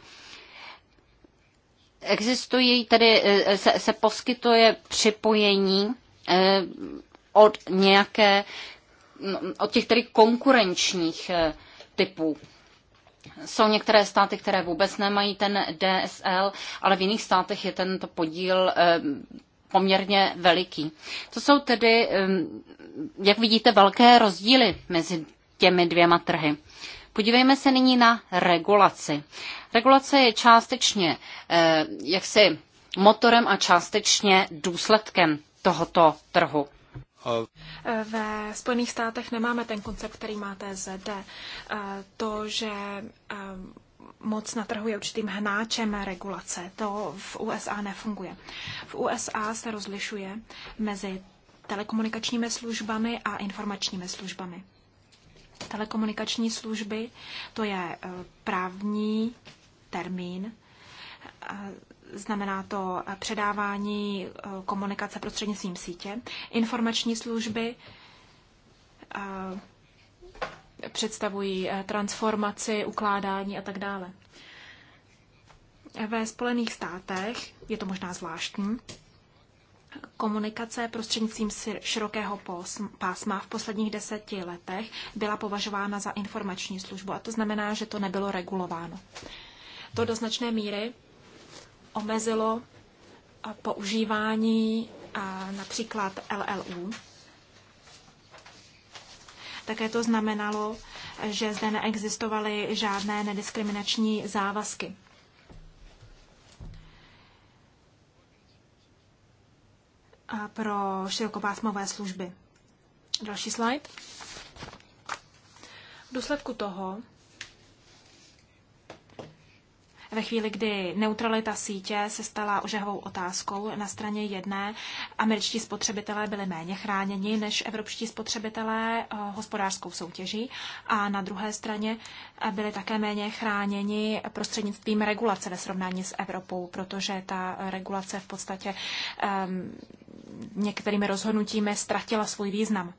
existují tedy, eh, se, se poskytuje připojení eh, od nějaké, no, od těch tedy konkurenčních typů jsou některé státy, které vůbec nemají ten DSL, ale v jiných státech je tento podíl eh, poměrně veliký. To jsou tedy, eh, jak vidíte, velké rozdíly mezi těmi dvěma trhy. Podívejme se nyní na regulaci. Regulace je částečně eh, jaksi motorem a částečně důsledkem tohoto trhu. Ve Spojených státech nemáme ten koncept, který máte ZD. Eh, to, že eh, moc na trhu je určitým hnáčem regulace. To v USA nefunguje. V USA se rozlišuje mezi telekomunikačními službami a informačními službami. Telekomunikační služby, to je eh, právní termín, znamená to předávání eh, komunikace prostřednictvím sítě, informační služby, eh, představují eh, transformaci, ukládání a tak dále. Ve Spojených státech je to možná zvláštní. Komunikace prostřednictvím širokého pásma v posledních deseti letech byla považována za informační službu a to znamená, že to nebylo regulováno. To do značné míry omezilo eh, používání eh, například LLU. Také to znamenalo, že zde neexistovaly žádné nediskriminační závazky. A pro širokopásmové služby. Další slide. V důsledku toho ve chvíli, kdy neutralita sítě se stala ožehovou otázkou na straně jedné, američtí spotřebitelé byli méně chráněni než evropští spotřebitelé eh, hospodářskou soutěží a na druhé straně eh, byli také méně chráněni prostřednictvím regulace ve srovnání s Evropou, protože ta regulace v podstatě um, některými rozhodnutími ztratila svůj význam.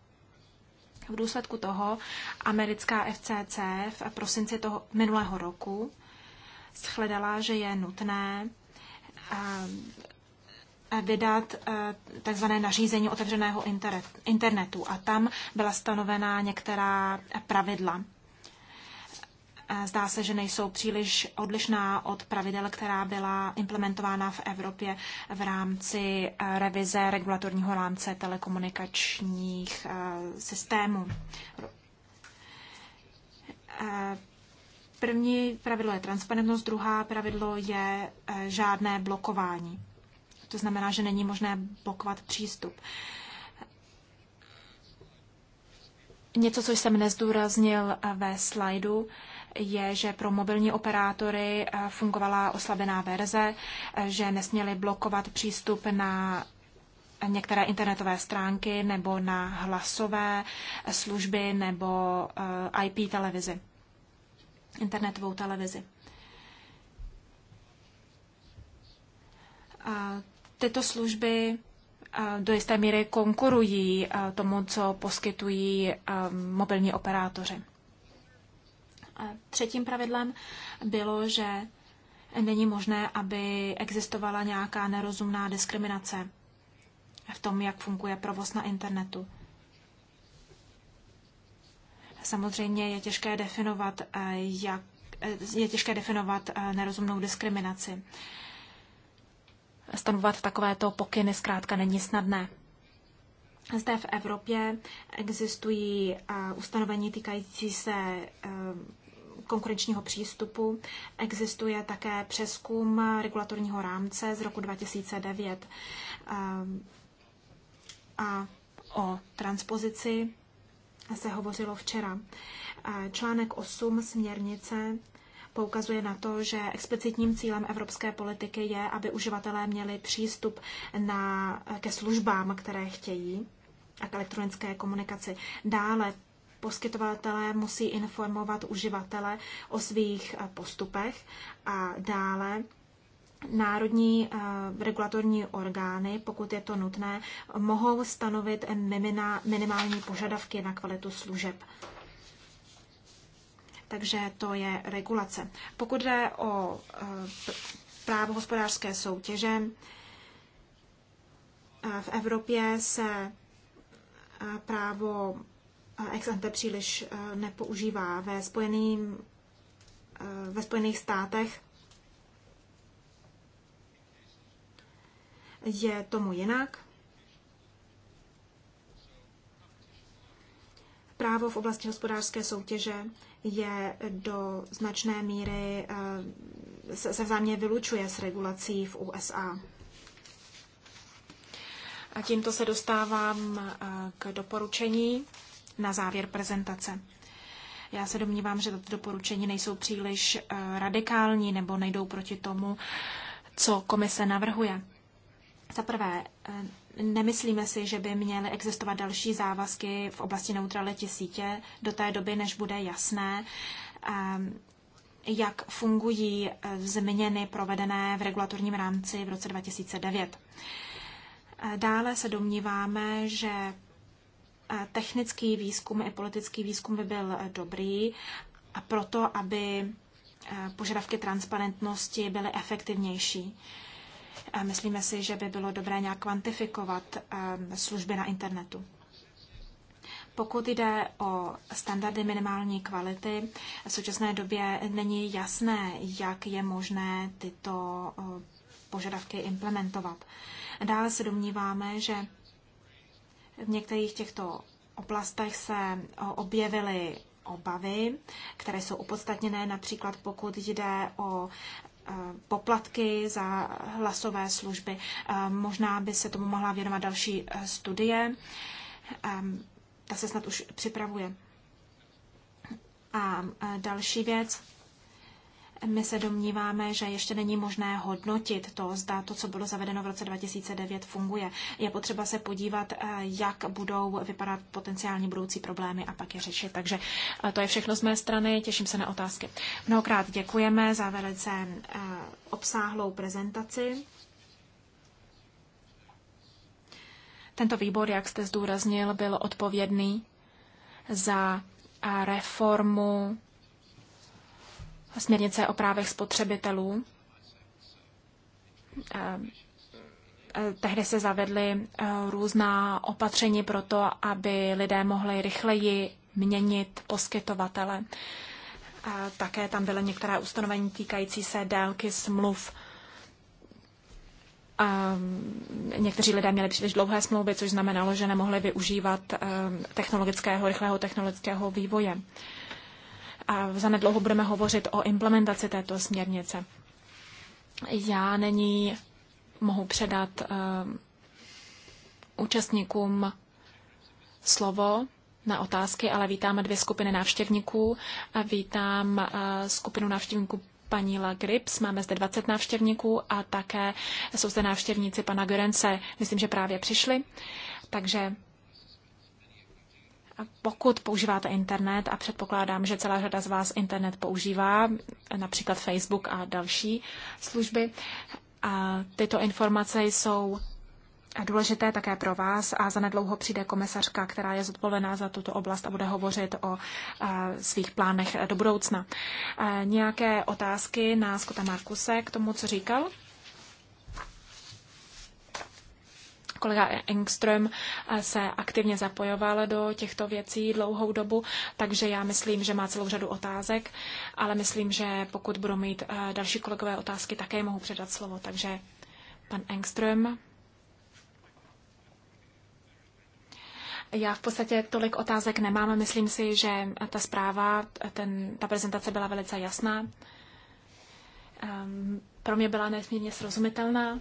V důsledku toho americká FCC v prosinci toho minulého roku shledala, že je nutné eh, vydat eh, takzvané nařízení otevřeného internetu a tam byla stanovená některá pravidla. Eh, zdá se, že nejsou příliš odlišná od pravidel, která byla implementována v Evropě v rámci revize regulatorního rámce telekomunikačních systémů První pravidlo je transparentnost, druhá pravidlo je eh, žádné blokování. To znamená, že není možné blokovat přístup. Něco, co jsem nezdůraznil eh, ve slajdu, je, že pro mobilní operátory eh, fungovala oslabená verze, že nesměli blokovat přístup na některé internetové stránky nebo na hlasové služby nebo IP televizi internetovou televizi. A tyto služby do jisté míry konkurují tomu, co poskytují mobilní operátoři. A třetím pravidlem bylo, že není možné, aby existovala nějaká nerozumná diskriminace v tom, jak funguje provoz na internetu. Samozřejmě je těžké definovat, eh, jak, eh, je těžké definovat eh, nerozumnou diskriminaci. Stanovat takovéto pokyny zkrátka není snadné. Zde v Evropě existují ustanovení týkající se konkurenčního přístupu. Existuje také přeskum regulatorního rámce z roku 2009 a o transpozici se hovořilo včera. Článek 8 směrnice poukazuje na to, že explicitním cílem evropské politiky je, aby uživatelé měli přístup na, ke službám, které chtějí a k elektronické komunikaci. Dále poskytovatelé musí informovat uživatele o svých postupech a dále národní eh, regulatorní orgány, pokud je to nutné, mohou stanovit minimální požadavky na kvalitu služeb. Takže to je regulace. Pokud jde o eh, právo hospodářské soutěže, eh, v Evropě se právo ex ante příliš nepoužívá. Ve, spojeným, ve Spojených státech je tomu jinak. Právo v oblasti hospodářské soutěže je do značné míry eh, se vzájemně vylučuje s regulací v USA. A tímto se dostávám eh, k doporučení na závěr prezentace. Já se domnívám, že tato doporučení nejsou příliš eh, radikální nebo nejdou proti tomu, co komise navrhuje. Za prvé, eh, nemyslíme si, že by měly existovat další závazky v oblasti neutrality sítě do té doby, než bude jasné, eh, jak fungují eh, změny provedené v regulatorním rámci v roce 2009. Dále se domníváme, že technický výzkum i politický výzkum by byl dobrý a proto, aby požadavky transparentnosti byly efektivnější. Myslíme si, že by bylo dobré nějak kvantifikovat ehm, služby na internetu. Pokud jde o standardy minimální kvality, v současné době není jasné, jak je možné tyto eh, požadavky implementovat. Dále se domníváme, že v některých těchto oblastech se eh, objevily obavy, které jsou opodstatněné, například pokud jde o Eh, poplatky za hlasové služby. Eh, možná by se tomu mohla věnovat další eh, studie. Ta se snad už připravuje. A další věc. My se domníváme, že ještě není možné hodnotit to, zda to, co bylo zavedeno v roce 2009, funguje. Je potřeba se podívat, eh, jak budou vypadat potenciální budoucí problémy a pak je řešit. Takže eh, to je všechno z mé strany, těším se na otázky. Mnohokrát děkujeme za velice eh, obsáhlou prezentaci. Tento výbor, jak jste zdůraznil, byl odpovědný za reformu směrnice o právech spotřebitelů. Eh, eh, tehdy se zavedly eh, různá opatření pro to, aby lidé mohli rychleji měnit poskytovatele. Také tam byly některé ustanovení týkající se délky smluv. A někteří lidé měli příliš dlouhé smlouvy, což znamenalo, že nemohli využívat technologického, rychlého technologického vývoje. A zanedlouho budeme hovořit o implementaci této směrnice. Já není mohu předat ehm, účastníkům slovo na otázky, ale vítáme dvě skupiny návštěvníků. A vítám eh, skupinu návštěvníků paní La Grips, máme zde 20 návštěvníků a také jsou zde návštěvníci pana Görence, myslím, že právě přišli. Takže pokud používáte internet, a předpokládám, že celá řada z vás internet používá, například Facebook a další služby, a tyto informace jsou důležité také pro vás a zanedlouho přijde komisařka, která je zodpovědná za tuto oblast a bude hovořit o svých plánech do budoucna. Nějaké otázky na Skota Markuse k tomu, co říkal? Kolega Engström eh, se aktivně zapojoval do těchto věcí dlouhou dobu, takže já myslím, že má celou řadu otázek, ale myslím, že pokud budou mít eh, další kolegové otázky, také mohu předat slovo. Takže pan Engström. Já v podstatě tolik otázek nemám. Myslím si, že ta zpráva, ten, ta prezentace byla velice jasná. Um, pro mě byla nesmírně srozumitelná.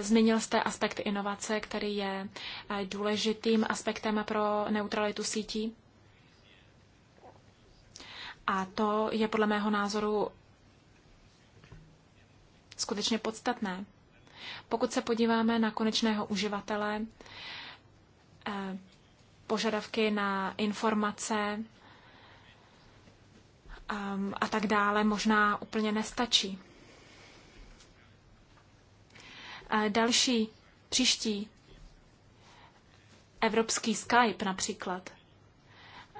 Zmínil jste aspekt inovace, který je e, důležitým aspektem pro neutralitu sítí. A to je podle mého názoru skutečně podstatné. Pokud se podíváme na konečného uživatele, e, požadavky na informace e, a tak dále možná úplně nestačí. Další příští evropský Skype například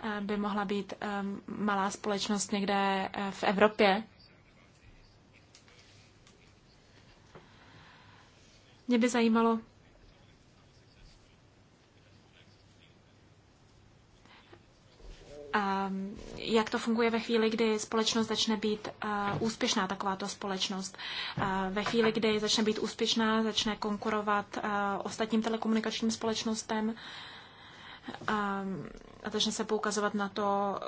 eh, by mohla být eh, malá společnost někde eh, v Evropě. Mě by zajímalo, Ehm, jak to funguje ve chvíli, kdy společnost začne být eh, úspěšná, takováto společnost. Eh, ve chvíli, kdy začne být úspěšná, začne konkurovat eh, ostatním telekomunikačním společnostem ehm, a začne se poukazovat na to,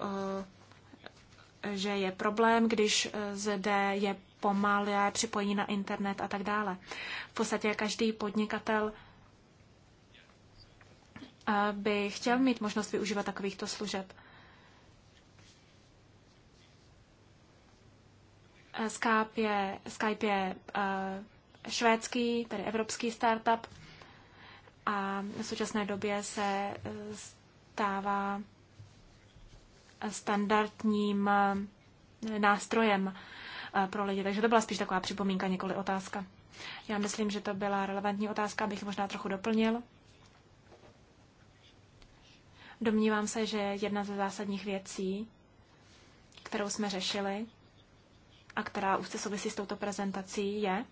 že je problém, když zde je pomalé připojení na internet a tak dále. V podstatě každý podnikatel by chtěl mít možnost využívat takovýchto služeb. Skype je, Skype je eh, švédský, tedy evropský startup a v současné době se eh, stává standardním eh, nástrojem pro lidi. Takže to byla spíš taková připomínka, několik otázka. Já myslím, že to byla relevantní otázka, abych možná trochu doplnil. Domnívám se, že jedna ze zásadních věcí, kterou jsme řešili, a která už se souvisí s touto prezentací, je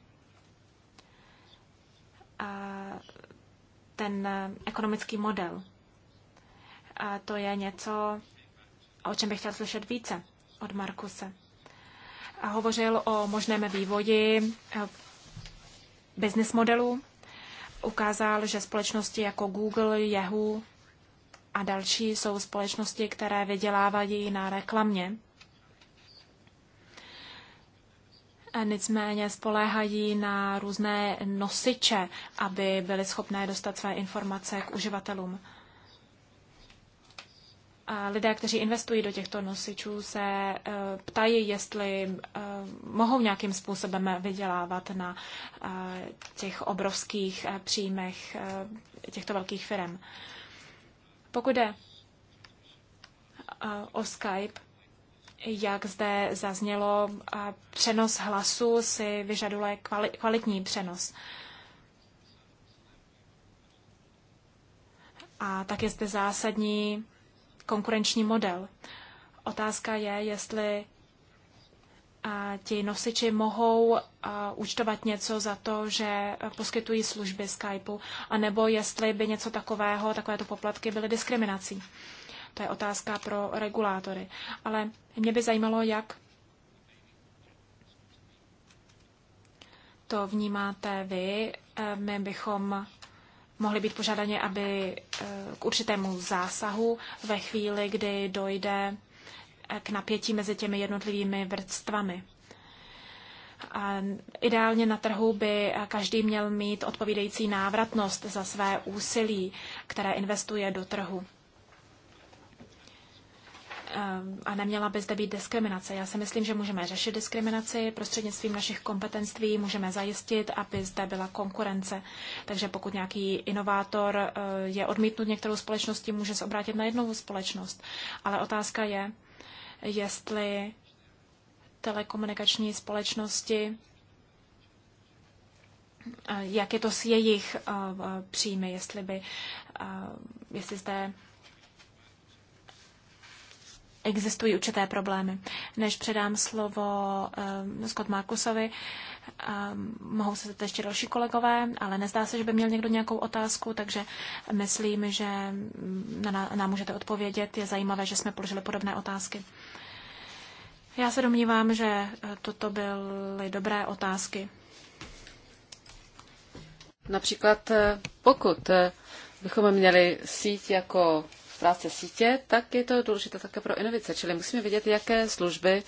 ten ekonomický model. A to je něco, o čem bych chtěl slyšet více od Markuse. A hovořil o možném vývoji eh, business modelu. Ukázal, že společnosti jako Google, Yahoo a další jsou společnosti, které vydělávají na reklamě Nicméně spoléhají na různé nosiče, aby byly schopné dostat své informace k uživatelům. A lidé, kteří investují do těchto nosičů, se eh, ptají, jestli eh, mohou nějakým způsobem vydělávat na eh, těch obrovských příjmech těchto velkých firm. Pokud jde o Skype, jak zde zaznělo, přenos hlasu si vyžaduje kvalitní přenos. A tak je zde zásadní konkurenční model. Otázka je, jestli a ti nosiči mohou a, účtovat něco za to, že poskytují služby Skypeu, anebo jestli by něco takového, takovéto poplatky byly diskriminací. To je otázka pro regulátory. Ale mě by zajímalo, jak to vnímáte vy. Eh, my bychom mohli být požádaně, aby eh, k určitému zásahu ve chvíli, kdy dojde eh, k napětí mezi těmi jednotlivými vrstvami. A ideálně na trhu by každý měl mít odpovídající návratnost za své úsilí, které investuje do trhu. Ehm, a neměla by zde být diskriminace. Já si myslím, že můžeme řešit diskriminaci prostřednictvím našich kompetenství, můžeme zajistit, aby zde byla konkurence. Takže pokud nějaký inovátor eh, je odmítnut některou společností, může se obrátit na jednou společnost. Ale otázka je, jestli telekomunikační společnosti eh, jak je to s jejich eh, příjmy, jestli by, jestli zde existují určité problémy. Než předám slovo um, Scott Markusovi, um, mohou se zeptat ještě další kolegové, ale nezdá se, že by měl někdo nějakou otázku, takže myslím, že na, nám můžete odpovědět. Je zajímavé, že jsme položili podobné otázky. Já se domnívám, že eh, toto byly dobré otázky. Například pokud bychom měli síť jako správce sítě, tak je to důležité také pro inovice. Čili musíme vidět, jaké služby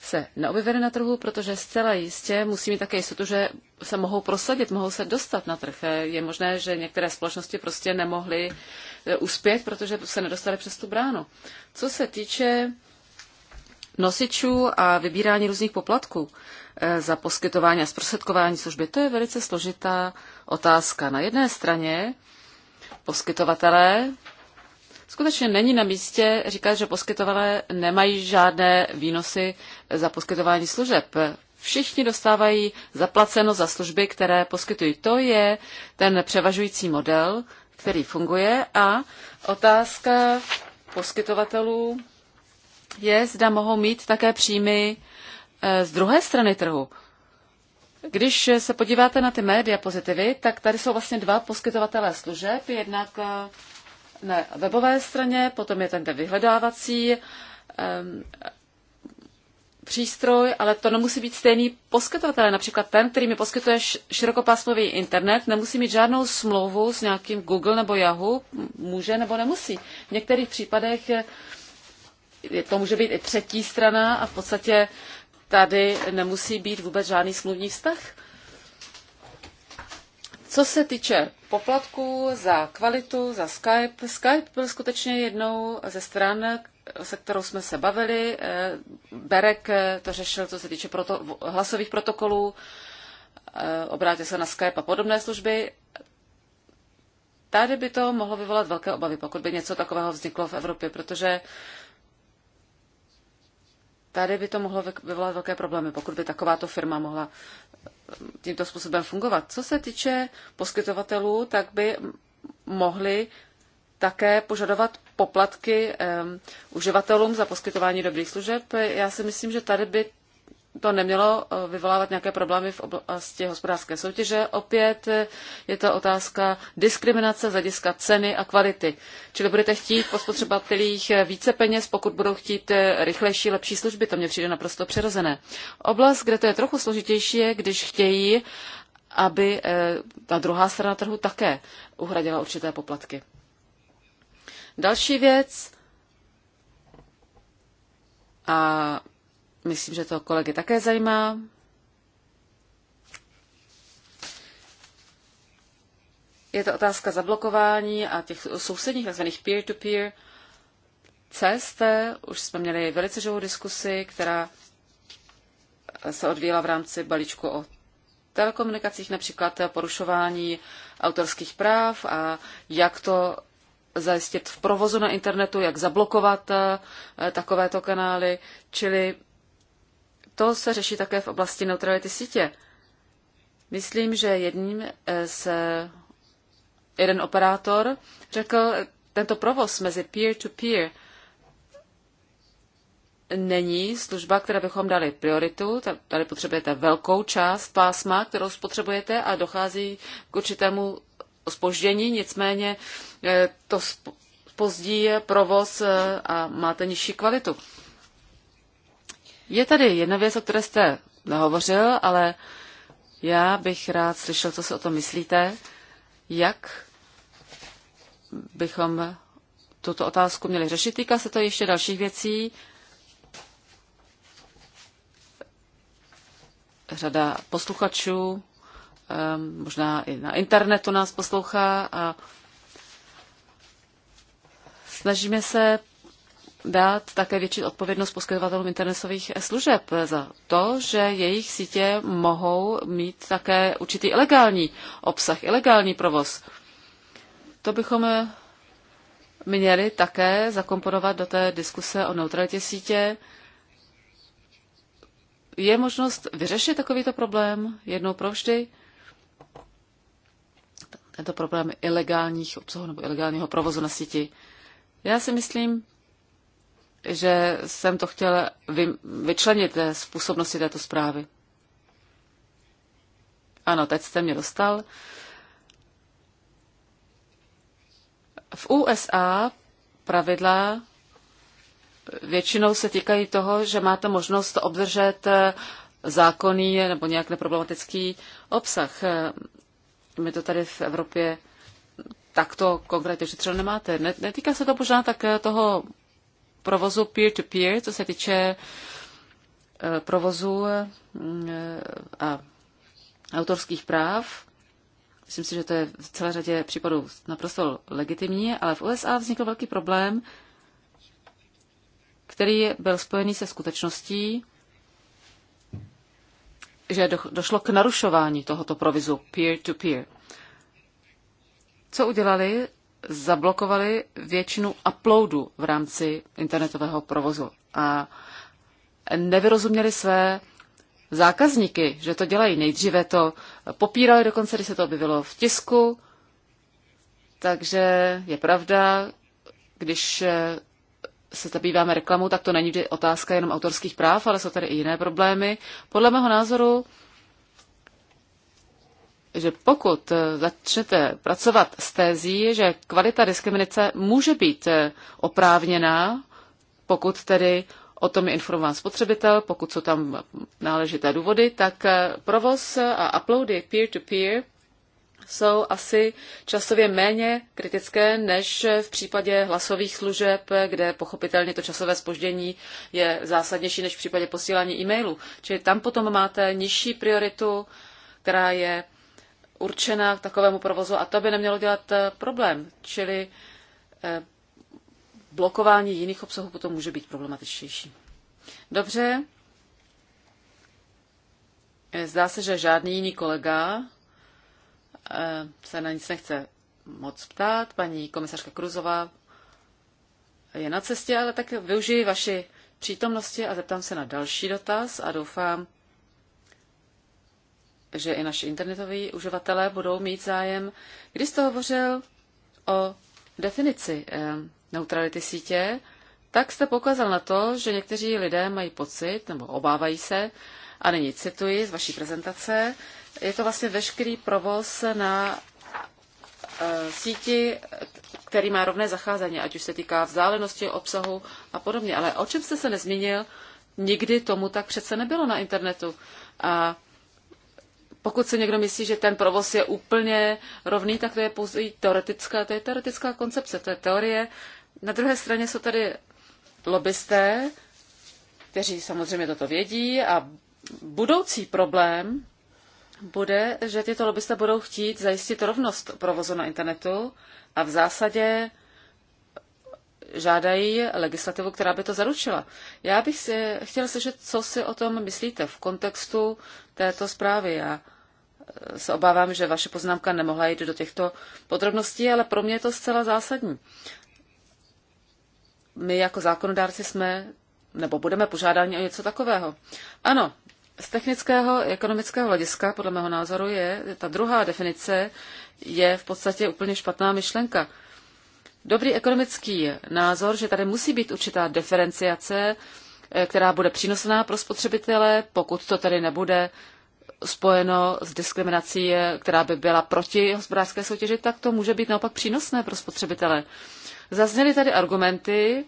se neobjevily na trhu, protože zcela jistě musí mít také jistotu, že se mohou prosadit, mohou se dostat na trh. Je možné, že některé společnosti prostě nemohly e, uspět, protože se nedostaly přes tu bránu. Co se týče nosičů a vybírání různých poplatků e, za poskytování a zprostředkování služby, to je velice složitá otázka. Na jedné straně poskytovatelé Skutečně není na místě říkat, že poskytovalé nemají žádné výnosy za poskytování služeb. Všichni dostávají zaplaceno za služby, které poskytují. To je ten převažující model, který funguje a otázka poskytovatelů je, zda mohou mít také příjmy eh, z druhé strany trhu. Když se podíváte na ty média pozitivy, tak tady jsou vlastně dva poskytovatelé služeb. Jednak eh, na webové straně, potom je ten vyhledávací um, přístroj, ale to nemusí být stejný poskytovatel. Například ten, který mi poskytuje širokopásmový internet, nemusí mít žádnou smlouvu s nějakým Google nebo Yahoo, může nebo nemusí. V některých případech to může být i třetí strana a v podstatě tady nemusí být vůbec žádný smluvní vztah. Co se týče poplatků za kvalitu, za Skype, Skype byl skutečně jednou ze stran, se kterou jsme se bavili. Eh, Berek eh, to řešil, co se týče proto, hlasových protokolů, eh, obrátil se na Skype a podobné služby. Tady by to mohlo vyvolat velké obavy, pokud by něco takového vzniklo v Evropě, protože tady by to mohlo vyvolat velké problémy, pokud by takováto firma mohla tímto způsobem fungovat. Co se týče poskytovatelů, tak by mohli také požadovat poplatky um, uživatelům za poskytování dobrých služeb. Já si myslím, že tady by to nemělo eh, vyvolávat nějaké problémy v oblasti hospodářské soutěže. Opět eh, je to otázka diskriminace z hlediska ceny a kvality. Čili budete chtít po spotřebatelích eh, více peněz, pokud budou chtít rychlejší, lepší služby. To mně přijde naprosto přirozené. Oblast, kde to je trochu složitější, je, když chtějí, aby ta druhá strana trhu také uhradila určité poplatky. Další věc, a Myslím, že to kolegy také zajímá. Je to otázka zablokování a těch sousedních tzv. peer-to-peer cest. Už jsme měli velice živou diskusi, která se odvíjela v rámci balíčku o telekomunikacích, například porušování autorských práv a jak to zajistit v provozu na internetu, jak zablokovat eh, takovéto kanály, čili to se řeší také v oblasti neutrality sítě. Myslím, že jedním eh, z jeden operátor řekl, tento provoz mezi peer-to-peer není služba, které bychom dali prioritu. Tady potřebujete velkou část pásma, kterou spotřebujete a dochází k určitému spoždění, nicméně eh, to spozdí provoz eh, a máte nižší kvalitu. Je tady jedna věc, o které jste nehovořil, ale já bych rád slyšel, co si o tom myslíte, jak bychom tuto otázku měli řešit. Týká se to ještě dalších věcí. Řada posluchačů, ehm, možná i na internetu nás poslouchá a snažíme se dát také větší odpovědnost poskytovatelům internetových služeb za to, že jejich sítě mohou mít také určitý ilegální obsah, ilegální provoz. To bychom měli také zakomponovat do té diskuse o neutralitě sítě. Je možnost vyřešit takovýto problém jednou provždy? Tento problém ilegálních obsahů nebo ilegálního provozu na síti. Já si myslím, že jsem to chtěl vyčlenit z působnosti této zprávy. Ano, teď jste mě dostal. V USA pravidla většinou se týkají toho, že máte možnost obdržet eh, zákonný nebo nějak neproblematický obsah. My to tady v Evropě takto konkrétně třeba nemáte. Netýká se to možná tak eh, toho provozu peer-to-peer, -peer, co se týče eh, provozu mm, eh, a autorských práv. Myslím si, že to je v celé řadě případů naprosto legitimní, ale v USA vznikl velký problém, který byl spojený se skutečností, že došlo k narušování tohoto provizu peer-to-peer. -to -peer. Co udělali? zablokovali většinu uploadu v rámci internetového provozu a nevyrozuměli své zákazníky, že to dělají. Nejdříve to popírali, dokonce když se to objevilo v tisku, takže je pravda, když se zabýváme reklamou, tak to není otázka jenom autorských práv, ale jsou tady i jiné problémy. Podle mého názoru že pokud eh, začnete pracovat s tézí, že kvalita diskriminace může být eh, oprávněná, pokud tedy o tom je informován spotřebitel, pokud jsou tam náležité důvody, tak eh, provoz a uploady peer-to-peer -peer jsou asi časově méně kritické než v případě hlasových služeb, kde pochopitelně to časové spoždění je zásadnější než v případě posílání e-mailu. Čili tam potom máte nižší prioritu, která je určena k takovému provozu a to by nemělo dělat eh, problém. Čili eh, blokování jiných obsahů potom může být problematičtější. Dobře. Eh, zdá se, že žádný jiný kolega se na nic nechce moc ptát. Paní komisařka Kruzová je na cestě, ale tak využiji vaši přítomnosti a zeptám se na další dotaz a doufám, že i naši internetoví uživatelé budou mít zájem. Když jste hovořil o definici eh, neutrality sítě, tak jste poukázal na to, že někteří lidé mají pocit nebo obávají se, a nyní cituji z vaší prezentace, je to vlastně veškerý provoz na eh, síti, který má rovné zacházení, ať už se týká vzdálenosti, obsahu a podobně. Ale o čem jste se nezmínil, nikdy tomu tak přece nebylo na internetu. A pokud se někdo myslí, že ten provoz je úplně rovný, tak to je pouze teoretická, to je teoretická koncepce, to je teorie. Na druhé straně jsou tady lobbysté, kteří samozřejmě toto vědí a budoucí problém bude, že tyto lobbysté budou chtít zajistit rovnost provozu na internetu a v zásadě žádají legislativu, která by to zaručila. Já bych si chtěla slyšet, co si o tom myslíte v kontextu této zprávy. Já se obávám, že vaše poznámka nemohla jít do těchto podrobností, ale pro mě je to zcela zásadní. My jako zákonodárci jsme nebo budeme požádáni o něco takového. Ano, z technického ekonomického hlediska, podle mého názoru, je ta druhá definice je v podstatě úplně špatná myšlenka. Dobrý ekonomický názor, že tady musí být určitá diferenciace, eh, která bude přínosná pro spotřebitele, pokud to tady nebude spojeno s diskriminací, eh, která by byla proti hospodářské soutěži, tak to může být naopak přínosné pro spotřebitele. Zazněly tady argumenty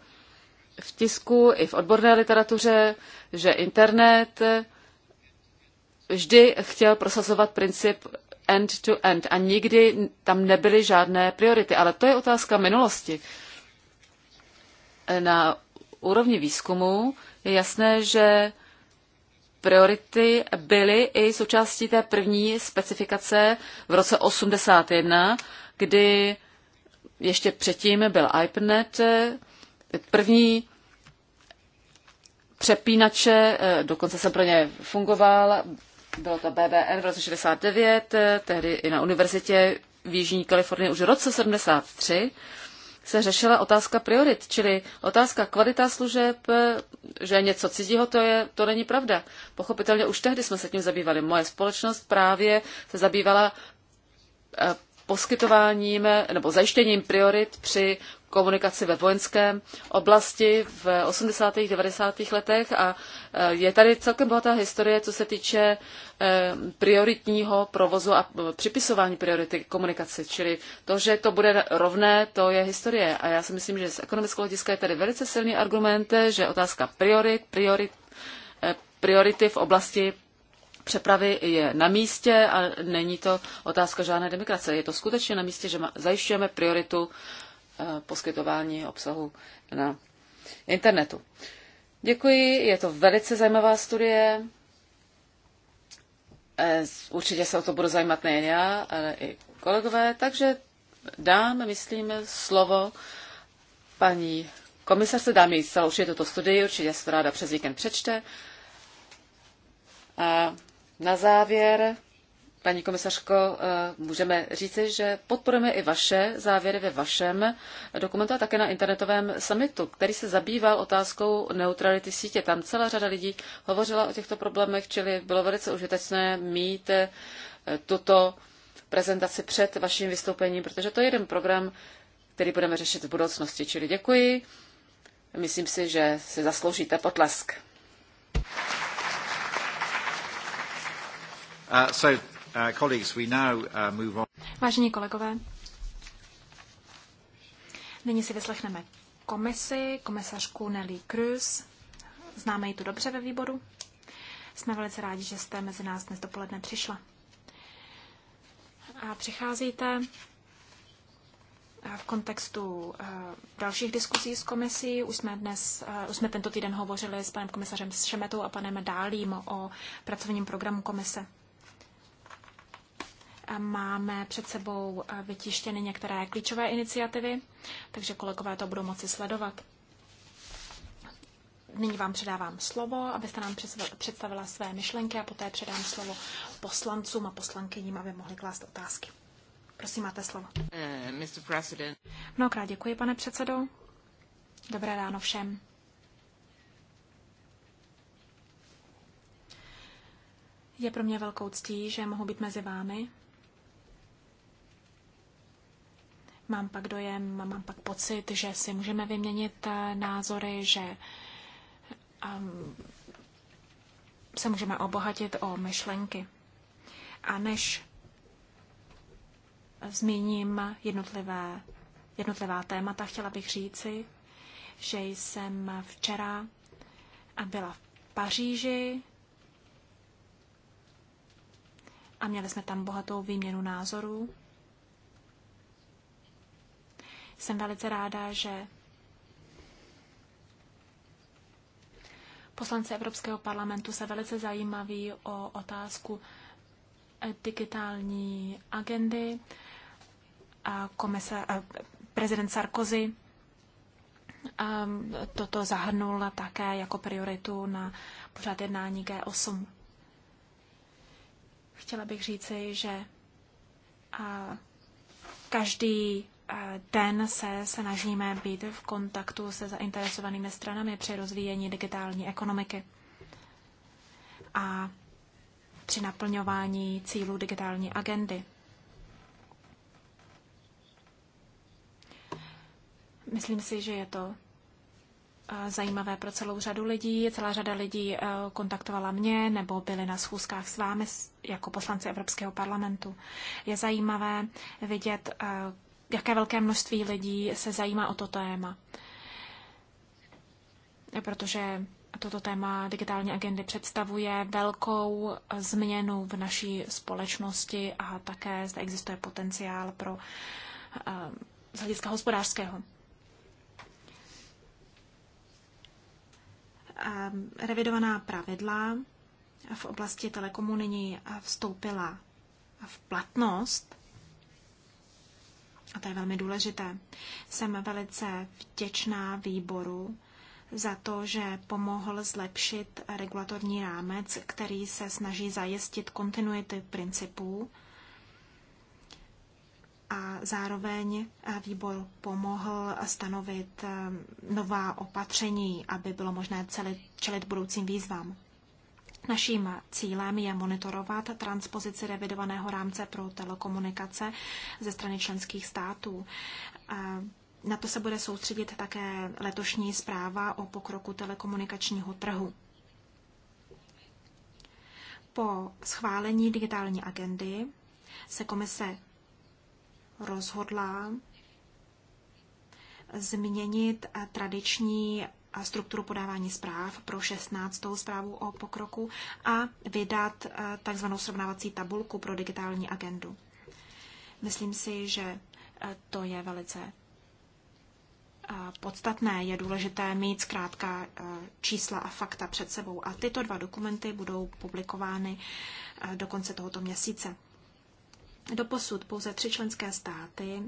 v tisku i v odborné literatuře, že internet vždy chtěl prosazovat princip end-to-end a nikdy tam nebyly žádné priority. Ale to je otázka minulosti. Na úrovni výzkumu je jasné, že priority byly i součástí té první specifikace v roce 81, kdy ještě předtím byl iPnet, první přepínače, eh, dokonce jsem pro ně fungoval, bylo to BBN v roce 69, eh, tehdy i na univerzitě v Jižní Kalifornii už v roce 73 se řešila otázka priorit, čili otázka kvalita služeb, že něco cizího, to, je, to není pravda. Pochopitelně už tehdy jsme se tím zabývali. Moje společnost právě se zabývala eh, poskytováním nebo zajištěním priorit při komunikaci ve vojenské oblasti v 80. a 90. letech a eh, je tady celkem bohatá historie, co se týče eh, prioritního provozu a eh, připisování priority komunikaci. Čili to, že to bude rovné, to je historie. A já si myslím, že z ekonomického hlediska je tady velice silný argument, že otázka priorit, priorit, priority v oblasti přepravy je na místě a není to otázka žádné demokracie. Je to skutečně na místě, že zajišťujeme prioritu eh, poskytování obsahu na internetu. Děkuji, je to velice zajímavá studie. Eh, určitě se o to budu zajímat nejen já, ale i kolegové. Takže dám, myslím, slovo paní komisařce, dám jí celou určitě tuto studii, určitě se to ráda přes víkend přečte. A na závěr, paní komisařko, eh, můžeme říci, že podporujeme i vaše závěry ve vašem dokumentu a také na internetovém summitu, který se zabýval otázkou neutrality sítě. Tam celá řada lidí hovořila o těchto problémech, čili bylo velice užitečné mít eh, tuto prezentaci před vaším vystoupením, protože to je jeden program, který budeme řešit v budoucnosti. Čili děkuji. Myslím si, že si zasloužíte potlesk. Uh, uh, uh, Vážení kolegové, nyní si vyslechneme komisi, komisařku Nelly Cruz. Známe ji tu dobře ve výboru. Jsme velice rádi, že jste mezi nás dnes dopoledne přišla. A přicházíte eh, v kontextu eh, dalších diskusí s komisí. Už jsme, dnes, eh, už jsme tento týden hovořili s panem komisařem Šemetou a panem Dálím o pracovním programu komise. Máme před sebou eh, vytištěny některé klíčové iniciativy, takže kolegové to budou moci sledovat. Nyní vám předávám slovo, abyste nám představila své myšlenky a poté předám slovo poslancům a poslankyním, aby mohli klást otázky. Prosím, máte slovo. Eh, Mnohokrát děkuji, pane předsedo. Dobré ráno všem. Je pro mě velkou ctí, že mohu být mezi vámi Mám pak dojem, mám pak pocit, že si můžeme vyměnit eh, názory, že ehm, se můžeme obohatit o myšlenky. A než zmíním jednotlivé, jednotlivá témata, chtěla bych říci, že jsem včera byla v Paříži a měli jsme tam bohatou výměnu názorů. Jsem velice ráda, že poslanci Evropského parlamentu se velice zajímaví o otázku digitální agendy. A komisa, prezident Sarkozy a toto zahrnul také jako prioritu na pořád jednání G8. Chtěla bych říci, že každý den eh, se snažíme být v kontaktu se zainteresovanými stranami při rozvíjení digitální ekonomiky a při naplňování cílů digitální agendy. Myslím si, že je to eh, zajímavé pro celou řadu lidí. Celá řada lidí eh, kontaktovala mě nebo byli na schůzkách s vámi jako poslanci Evropského parlamentu. Je zajímavé vidět, jaké velké množství lidí se zajímá o to téma. Protože toto téma digitální agendy představuje velkou změnu v naší společnosti a také zde existuje potenciál pro eh, z hlediska hospodářského. Revidovaná pravidla v oblasti telekomu nyní vstoupila v platnost a to je velmi důležité. Jsem velice vděčná výboru za to, že pomohl zlepšit regulatorní rámec, který se snaží zajistit kontinuity principů a zároveň výbor pomohl stanovit eh, nová opatření, aby bylo možné celit, čelit budoucím výzvám. Naším cílem je monitorovat transpozici revidovaného rámce pro telekomunikace ze strany členských států. Na to se bude soustředit také letošní zpráva o pokroku telekomunikačního trhu. Po schválení digitální agendy se komise rozhodla změnit tradiční strukturu podávání zpráv pro 16. zprávu o pokroku a vydat eh, takzvanou srovnávací tabulku pro digitální agendu. Myslím si, že eh, to je velice eh, podstatné. Je důležité mít zkrátka čísla a fakta před sebou a tyto dva dokumenty budou publikovány do konce tohoto měsíce. Doposud pouze tři členské státy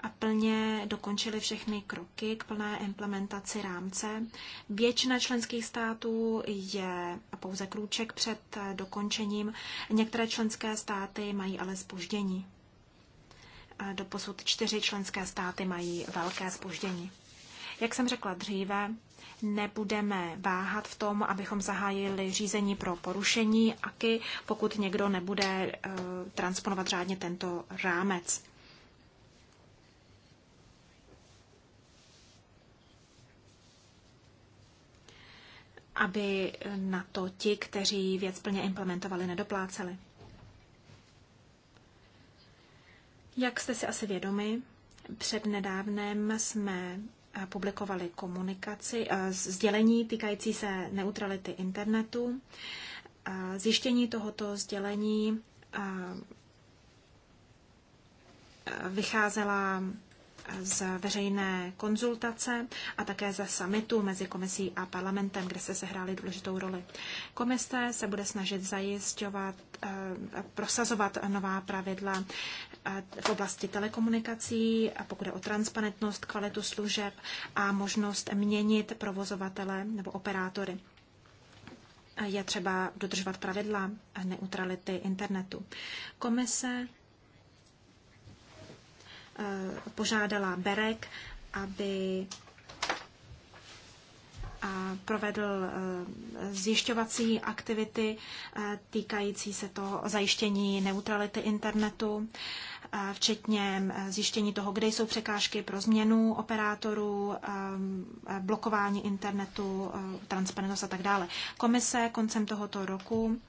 a plně dokončili všechny kroky k plné implementaci rámce. Většina členských států je pouze krůček před dokončením. Některé členské státy mají ale spoždění. Doposud čtyři členské státy mají velké spoždění. Jak jsem řekla dříve, nebudeme váhat v tom, abychom zahájili řízení pro porušení AKY, pokud někdo nebude eh, transponovat řádně tento rámec. aby na to ti, kteří věc plně implementovali, nedopláceli. Jak jste si asi vědomi, před nedávnem jsme eh, publikovali komunikaci, eh, sdělení týkající se neutrality internetu. Eh, zjištění tohoto sdělení vycházela z veřejné konzultace a také ze samitu mezi komisí a parlamentem, kde se sehrály důležitou roli. Komise se bude snažit zajišťovat, eh, prosazovat nová pravidla eh, v oblasti telekomunikací, pokud je o transparentnost, kvalitu služeb a možnost měnit provozovatele nebo operátory je třeba dodržovat pravidla neutrality internetu. Komise Eh, požádala Berek, aby provedl eh, zjišťovací aktivity eh, týkající se toho zajištění neutrality internetu, včetně zjištění toho, kde jsou překážky pro změnu operátorů, blokování internetu, transparentnost a tak dále. Komise koncem tohoto roku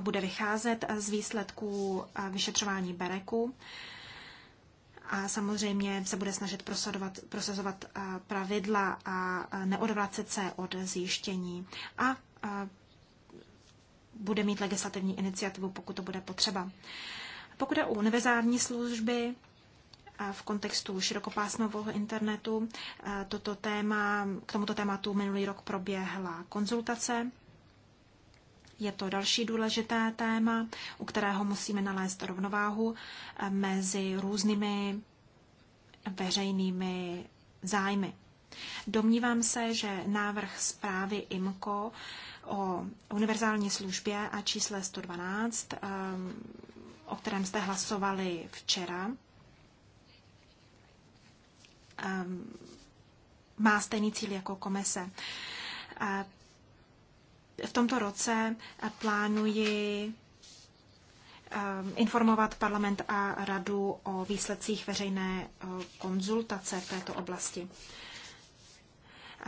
bude vycházet z výsledků vyšetřování Bereku a samozřejmě se bude snažit prosazovat, prosazovat eh, pravidla a eh, neodvracet se od zjištění a eh, bude mít legislativní iniciativu, pokud to bude potřeba. Pokud je o univerzální služby, v kontextu širokopásmového internetu toto téma, k tomuto tématu minulý rok proběhla konzultace je to další důležité téma, u kterého musíme nalézt rovnováhu eh, mezi různými veřejnými zájmy. Domnívám se, že návrh zprávy IMCO o univerzální službě a čísle 112, eh, o kterém jste hlasovali včera, eh, má stejný cíl jako komise v tomto roce eh, plánuji ehm, informovat parlament a radu o výsledcích veřejné eh, konzultace v této oblasti.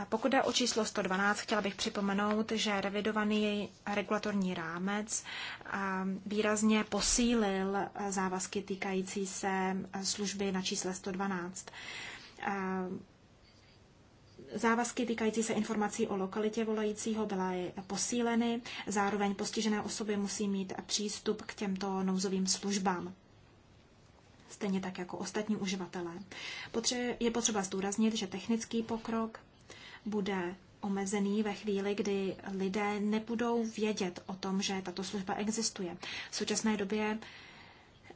Pokud jde o číslo 112, chtěla bych připomenout, že revidovaný regulatorní rámec ehm, výrazně posílil eh, závazky týkající se služby na čísle 112. Závazky týkající se informací o lokalitě volajícího byly posíleny, zároveň postižené osoby musí mít přístup k těmto nouzovým službám stejně tak jako ostatní uživatelé. Je potřeba zdůraznit, že technický pokrok bude omezený ve chvíli, kdy lidé nebudou vědět o tom, že tato služba existuje. V současné době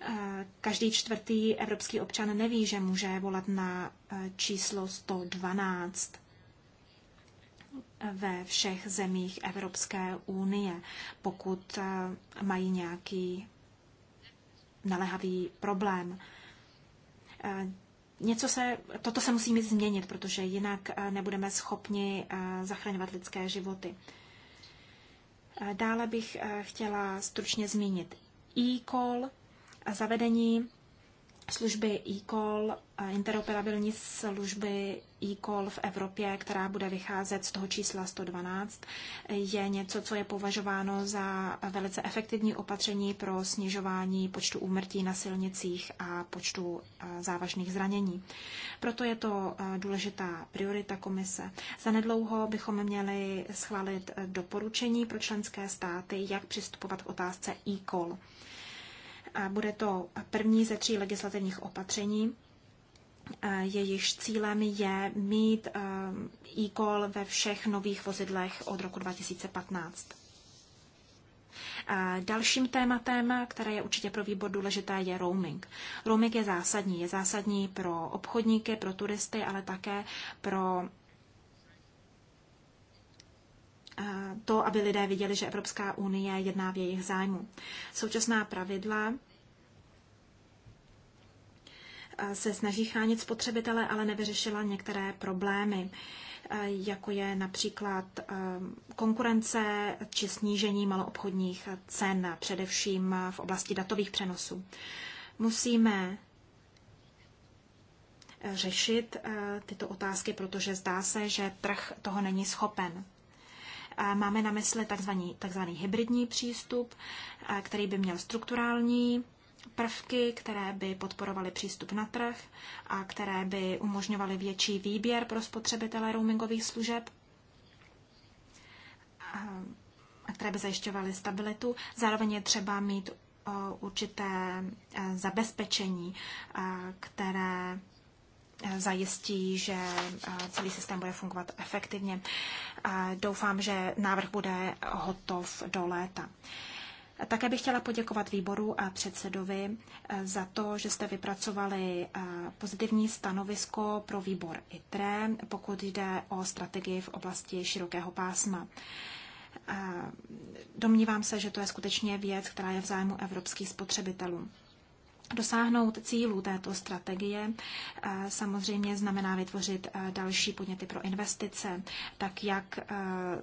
eh, každý čtvrtý evropský občan neví, že může volat na eh, číslo 112 ve všech zemích Evropské unie, pokud eh, mají nějaký nalehavý problém. Eh, něco se, toto se musí změnit, protože jinak eh, nebudeme schopni zachraňovat lidské životy. Dále bych chtěla stručně zmínit e-call, zavedení služby e-call, interoperabilní služby e-call v Evropě, která bude vycházet z toho čísla 112, je něco, co je považováno za velice efektivní opatření pro snižování počtu úmrtí na silnicích a počtu e, závažných zranění. Proto je to e, důležitá priorita komise. Za nedlouho bychom měli schválit e, doporučení pro členské státy, jak přistupovat k otázce e-call. A bude to první ze tří legislativních opatření. Jejichž cílem je mít eh, e-call ve všech nových vozidlech od roku 2015. Dalším tématem, které je určitě pro výbor důležité, je roaming. Roaming je zásadní. Je zásadní pro obchodníky, pro turisty, ale také pro to, aby lidé viděli, že Evropská unie jedná v jejich zájmu. Současná pravidla e, se snaží chránit spotřebitele, ale nevyřešila některé problémy, e, jako je například e, konkurence či snížení maloobchodních cen, především v oblasti datových přenosů. Musíme řešit tyto otázky, protože zdá se, že trh toho není schopen. Máme na mysli takzvaný, takzvaný hybridní přístup, eh, který by měl strukturální prvky, které by podporovaly přístup na trh a které by umožňovaly větší výběr pro spotřebitele roamingových služeb eh, a které by zajišťovaly stabilitu. Zároveň je třeba mít eh, určité zabezpečení, které zajistí, že eh, celý systém bude fungovat efektivně. Doufám, že návrh bude hotov do léta. Také bych chtěla poděkovat výboru a předsedovi eh, za to, že jste vypracovali eh, pozitivní stanovisko pro výbor ITRE, pokud jde o strategii v oblasti širokého pásma. Domnívám se, že to je skutečně věc, která je v zájmu evropských spotřebitelů. Dosáhnout cílů této strategie e, samozřejmě znamená vytvořit e, další podněty pro investice, tak jak e,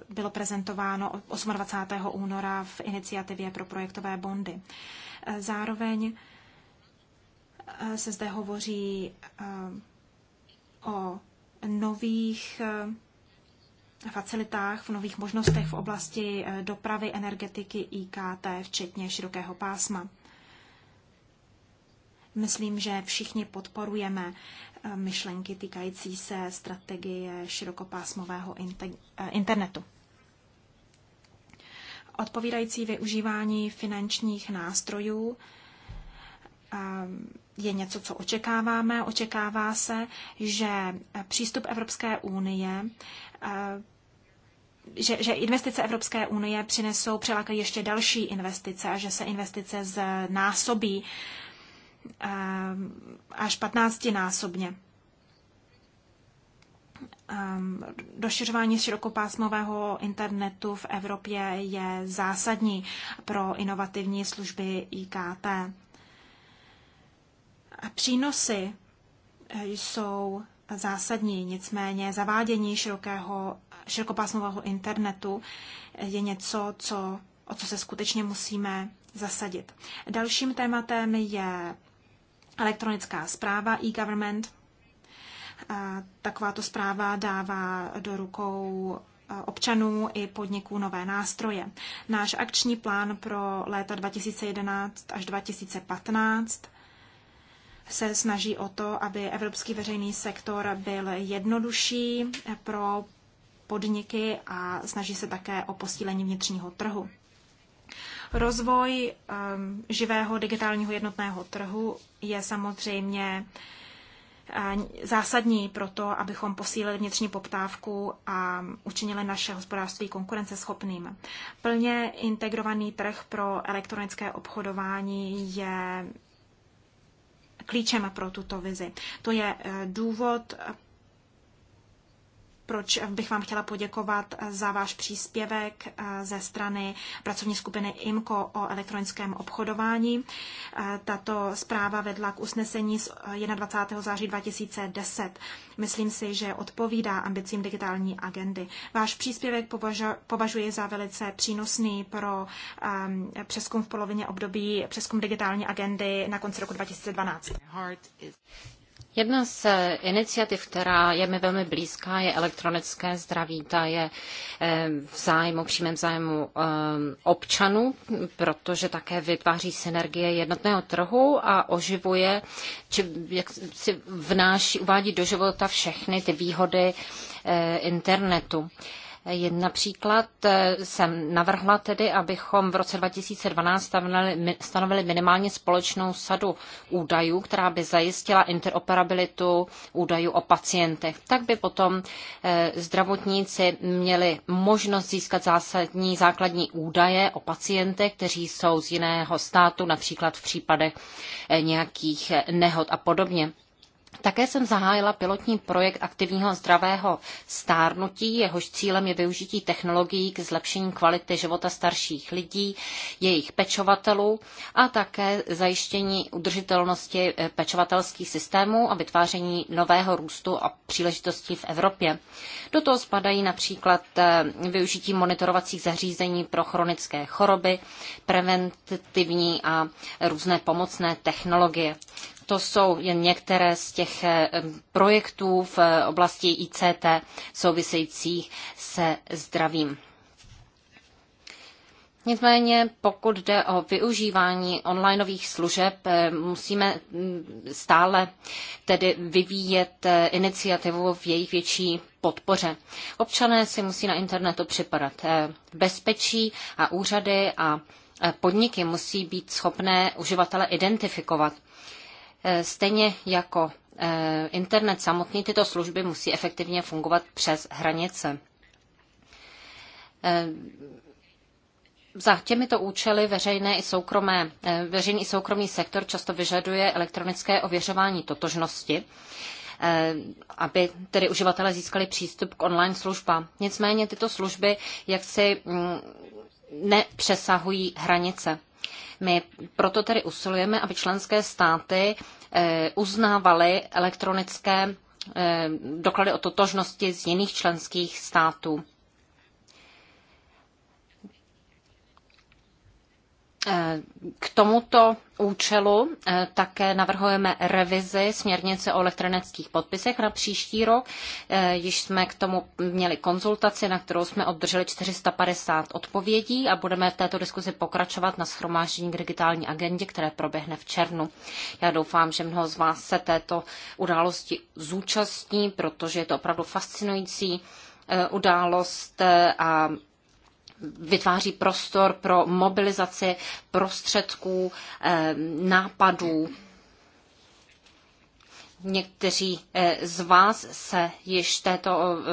bylo prezentováno 28. února v iniciativě pro projektové bondy. Zároveň se zde hovoří o nových facilitách, v nových možnostech v oblasti dopravy, energetiky, IKT, včetně širokého pásma. Myslím, že všichni podporujeme eh, myšlenky týkající se strategie širokopásmového eh, internetu. Odpovídající využívání finančních nástrojů eh, je něco, co očekáváme. Očekává se, že přístup Evropské unie že, že investice Evropské unie přinesou, přilákají ještě další investice a že se investice znásobí Ehm, až 15 násobně. Došiřování ehm, širokopásmového internetu v Evropě je zásadní pro inovativní služby IKT. Přínosy eh, jsou zásadní, nicméně zavádění širokého, širokopásmového internetu je něco, co, o co se skutečně musíme zasadit. Dalším tématem je elektronická zpráva, e-government. Takováto zpráva dává do rukou e, občanů i podniků nové nástroje. Náš akční plán pro léta 2011 až 2015 se snaží o to, aby evropský veřejný sektor byl jednodušší pro podniky a snaží se také o posílení vnitřního trhu. Rozvoj ehm, živého digitálního jednotného trhu je samozřejmě ehm, zásadní pro to, abychom posílili vnitřní poptávku a učinili naše hospodářství konkurenceschopným. Plně integrovaný trh pro elektronické obchodování je klíčem pro tuto vizi. To je eh, důvod, proč bych vám chtěla poděkovat za váš příspěvek eh, ze strany pracovní skupiny IMCO o elektronickém obchodování. Eh, tato zpráva vedla k usnesení z 21. Eh, září 2010. Myslím si, že odpovídá ambicím digitální agendy. Váš příspěvek považuji za velice přínosný pro ehm, přeskum v polovině období přeskum digitální agendy na konci roku 2012. Jedna z eh, iniciativ, která je mi velmi blízká, je elektronické zdraví. Ta je eh, v zájmu, přímém zájmu eh, občanů, protože také vytváří synergie jednotného trhu a oživuje, či jak si vnáší, uvádí do života všechny ty výhody internetu. Například eh, jsem navrhla tedy, abychom v roce 2012 stanovili, stanovili minimálně společnou sadu údajů, která by zajistila interoperabilitu údajů o pacientech. Tak by potom eh, zdravotníci měli možnost získat zásadní základní údaje o pacientech, kteří jsou z jiného státu, například v případech eh, nějakých nehod a podobně. Také jsem zahájila pilotní projekt aktivního zdravého stárnutí, jehož cílem je využití technologií k zlepšení kvality života starších lidí, jejich pečovatelů a také zajištění udržitelnosti eh, pečovatelských systémů a vytváření nového růstu a příležitostí v Evropě. Do toho spadají například eh, využití monitorovacích zařízení pro chronické choroby, preventivní a různé pomocné technologie. To jsou jen některé z těch eh, projektů v eh, oblasti ICT souvisejících se zdravím. Nicméně, pokud jde o využívání onlineových služeb, eh, musíme mm, stále tedy vyvíjet iniciativu v jejich větší podpoře. Občané si musí na internetu připadat bezpečí a úřady a podniky musí být schopné uživatele identifikovat. Eh, stejně jako eh, internet samotný, tyto služby musí efektivně fungovat přes hranice. Eh, za těmito účely veřejné i soukromé, veřejný i soukromý sektor často vyžaduje elektronické ověřování totožnosti, aby tedy uživatelé získali přístup k online službám. Nicméně tyto služby jaksi mm, nepřesahují hranice. My proto tedy usilujeme, aby členské státy eh, uznávaly elektronické eh, doklady o totožnosti z jiných členských států. Eh, k tomuto účelu eh, také navrhujeme revizi směrnice o elektronických podpisech na příští rok. Eh, již jsme k tomu měli konzultaci, na kterou jsme obdrželi 450 odpovědí a budeme v této diskuzi pokračovat na schromáždění k digitální agendě, které proběhne v červnu. Já doufám, že mnoho z vás se této události zúčastní, protože je to opravdu fascinující událost a vytváří prostor pro mobilizaci prostředků, eh, nápadů. Někteří eh, z vás se již této eh,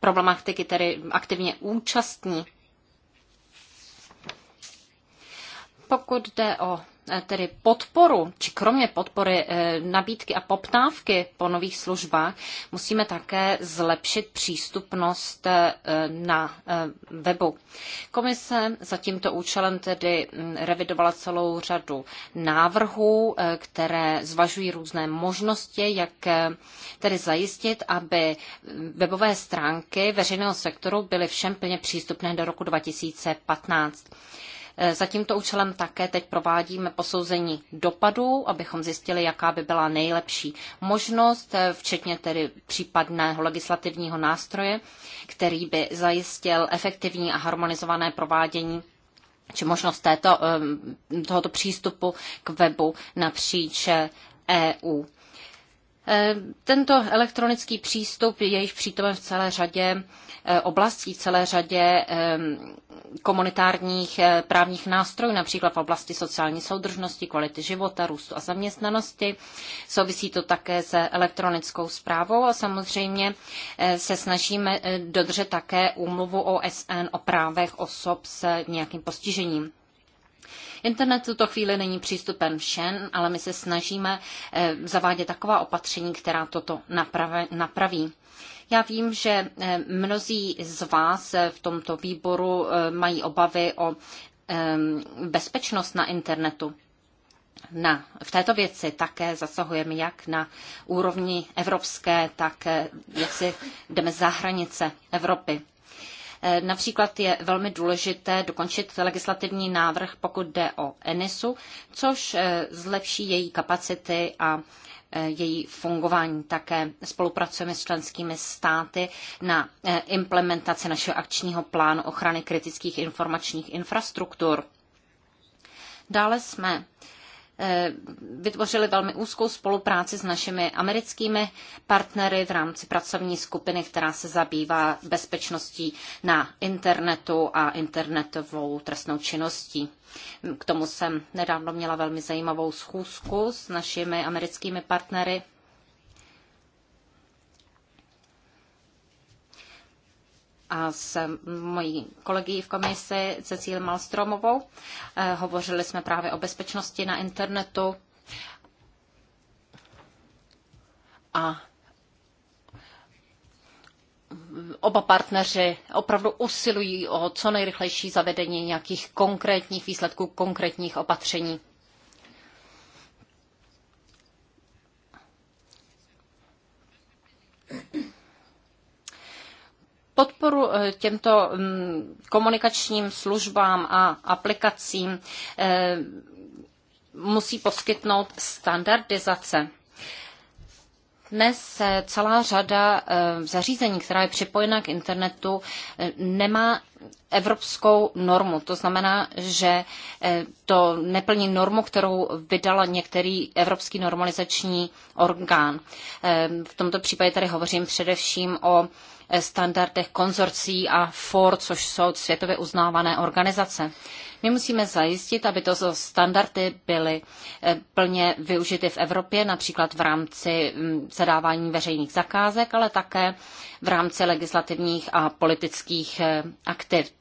problematiky tedy aktivně účastní. Pokud jde o E, tedy podporu, či kromě podpory e, nabídky a poptávky po nových službách, musíme také zlepšit přístupnost e, na webu. Komise za tímto účelem tedy revidovala celou řadu návrhů, které zvažují různé možnosti, jak tedy zajistit, aby webové stránky veřejného sektoru byly všem plně přístupné do roku 2015. Eh, za tímto účelem také teď provádíme posouzení dopadů, abychom zjistili, jaká by byla nejlepší možnost, eh, včetně tedy případného legislativního nástroje, který by zajistil efektivní a harmonizované provádění či možnost této, eh, tohoto přístupu k webu napříč EU. E tento elektronický přístup je již přítomen v celé řadě eh, oblastí, v celé řadě eh, komunitárních eh, právních nástrojů, například v oblasti sociální soudržnosti, kvality života, růstu a zaměstnanosti. Souvisí to také se elektronickou zprávou a samozřejmě se snažíme dodržet také úmluvu OSN o právech osob s nějakým postižením. Internet v tuto chvíli není přístupen všem, ale my se snažíme eh, zavádět taková opatření, která toto napraví. Já vím, že eh, mnozí z vás eh, v tomto výboru mají obavy o bezpečnost na internetu. Na, v této věci také zasahujeme jak na úrovni evropské, tak jak si jdeme za hranice Evropy. Eh, například je velmi důležité dokončit legislativní návrh, pokud jde o ENISu, což eh, zlepší její kapacity a eh, její fungování. Také spolupracujeme s členskými státy na implementaci našeho akčního plánu ochrany kritických informačních infrastruktur. Dále jsme Eh, vytvořili velmi úzkou spolupráci s našimi americkými partnery v rámci pracovní skupiny, která se zabývá bezpečností na internetu a internetovou trestnou činností. K tomu jsem nedávno měla velmi zajímavou schůzku s našimi americkými partnery a s mojí kolegy v komisi Cecíl Malstromovou. Eh, hovořili jsme právě o bezpečnosti na internetu a oba partneři opravdu usilují o co nejrychlejší zavedení nějakých konkrétních výsledků, konkrétních opatření. podporu eh, těmto mm, komunikačním službám a aplikacím eh, musí poskytnout standardizace. Dnes celá řada eh, zařízení, která je připojena k internetu, nemá evropskou normu. To znamená, že to neplní normu, kterou vydala některý evropský normalizační orgán. V tomto případě tady hovořím především o standardech konzorcí a FOR, což jsou světově uznávané organizace. My musíme zajistit, aby tyto standardy byly eh, plně využity v Evropě, například v rámci mm, zadávání veřejných zakázek, ale také v rámci legislativních a politických eh, aktivit.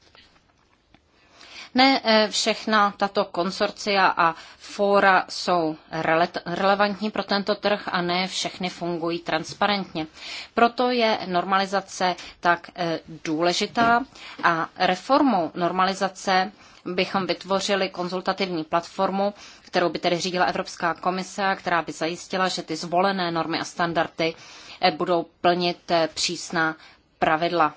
Ne eh, všechna tato konsorcia a fóra jsou rele relevantní pro tento trh a ne všechny fungují transparentně. Proto je normalizace tak eh, důležitá a reformou normalizace bychom vytvořili konzultativní platformu, kterou by tedy řídila Evropská komise, která by zajistila, že ty zvolené normy a standardy eh, budou plnit přísná pravidla.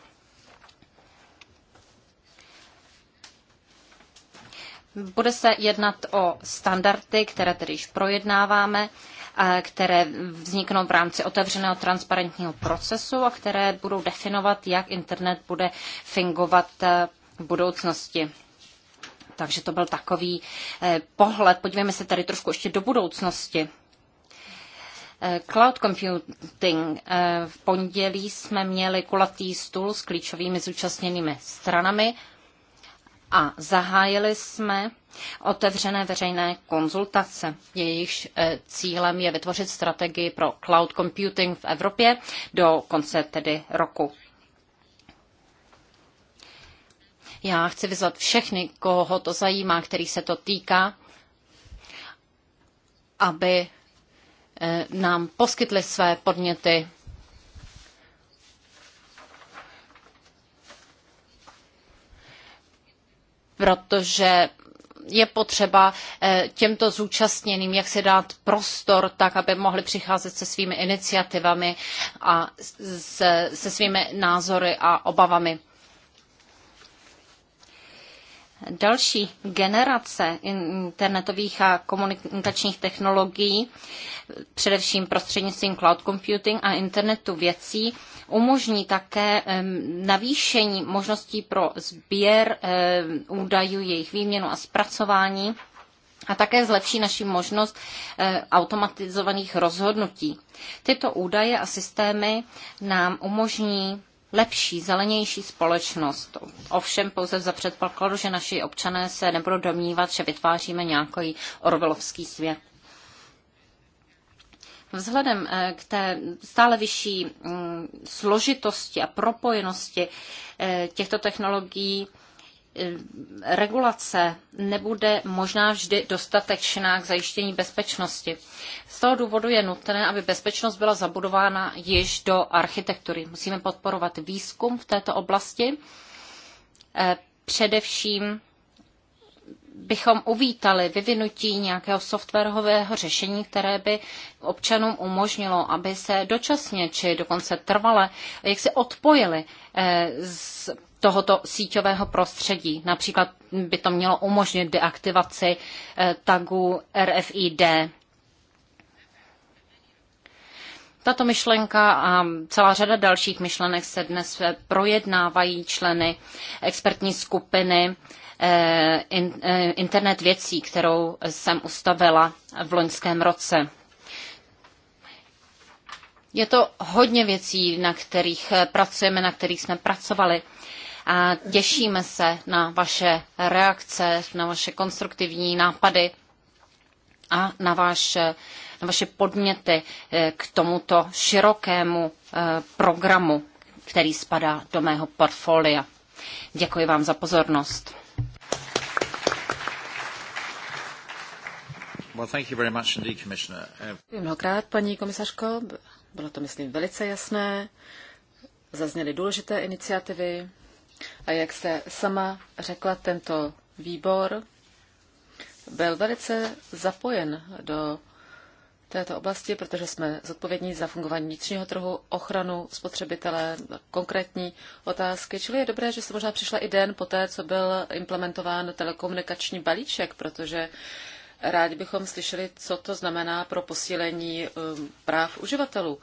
Bude se jednat o standardy, které tedy již projednáváme, které vzniknou v rámci otevřeného transparentního procesu a které budou definovat, jak internet bude fungovat eh, v budoucnosti. Takže to byl takový eh, pohled. Podívejme se tady trošku ještě do budoucnosti. Eh, cloud computing. V pondělí jsme měli kulatý stůl s klíčovými zúčastněnými stranami a zahájili jsme otevřené veřejné konzultace. Jejichž eh, cílem je vytvořit strategii pro cloud computing v Evropě do konce tedy roku. Já chci vyzvat všechny, koho to zajímá, který se to týká, aby eh, nám poskytli své podněty protože je potřeba eh, těmto zúčastněným, jak se dát prostor, tak aby mohli přicházet se svými iniciativami a se, se svými názory a obavami další generace internetových a komunikačních technologií, především prostřednictvím cloud computing a internetu věcí, umožní také navýšení možností pro sběr údajů, jejich výměnu a zpracování a také zlepší naši možnost eh, automatizovaných rozhodnutí. Tyto údaje a systémy nám umožní lepší, zelenější společnost. Ovšem pouze za předpokladu, že naši občané se nebudou domnívat, že vytváříme nějaký orvelovský svět. Vzhledem eh, k té stále vyšší mm, složitosti a propojenosti eh, těchto technologií Eh, regulace nebude možná vždy dostatečná k zajištění bezpečnosti. Z toho důvodu je nutné, aby bezpečnost byla zabudována již do architektury. Musíme podporovat výzkum v této oblasti. Eh, především bychom uvítali vyvinutí nějakého softwarového řešení, které by občanům umožnilo, aby se dočasně či dokonce trvale, jak se odpojili eh, z tohoto síťového prostředí. Například by to mělo umožnit deaktivaci eh, tagu RFID. Tato myšlenka a celá řada dalších myšlenek se dnes eh, projednávají členy expertní skupiny eh, Internet věcí, kterou jsem ustavila v loňském roce. Je to hodně věcí, na kterých pracujeme, na kterých jsme pracovali a těšíme se na vaše reakce, na vaše konstruktivní nápady a na, váš, na vaše podněty eh, k tomuto širokému eh, programu, který spadá do mého portfolia. Děkuji vám za pozornost. Uh, Děkuji Mnohokrát, paní komisařko, bylo to, myslím, velice jasné. Zazněly důležité iniciativy, a jak jste sama řekla, tento výbor byl velice zapojen do této oblasti, protože jsme zodpovědní za fungování vnitřního trhu, ochranu spotřebitele, konkrétní otázky. Čili je dobré, že se možná přišla i den poté, co byl implementován telekomunikační balíček, protože rádi bychom slyšeli, co to znamená pro posílení um, práv uživatelů,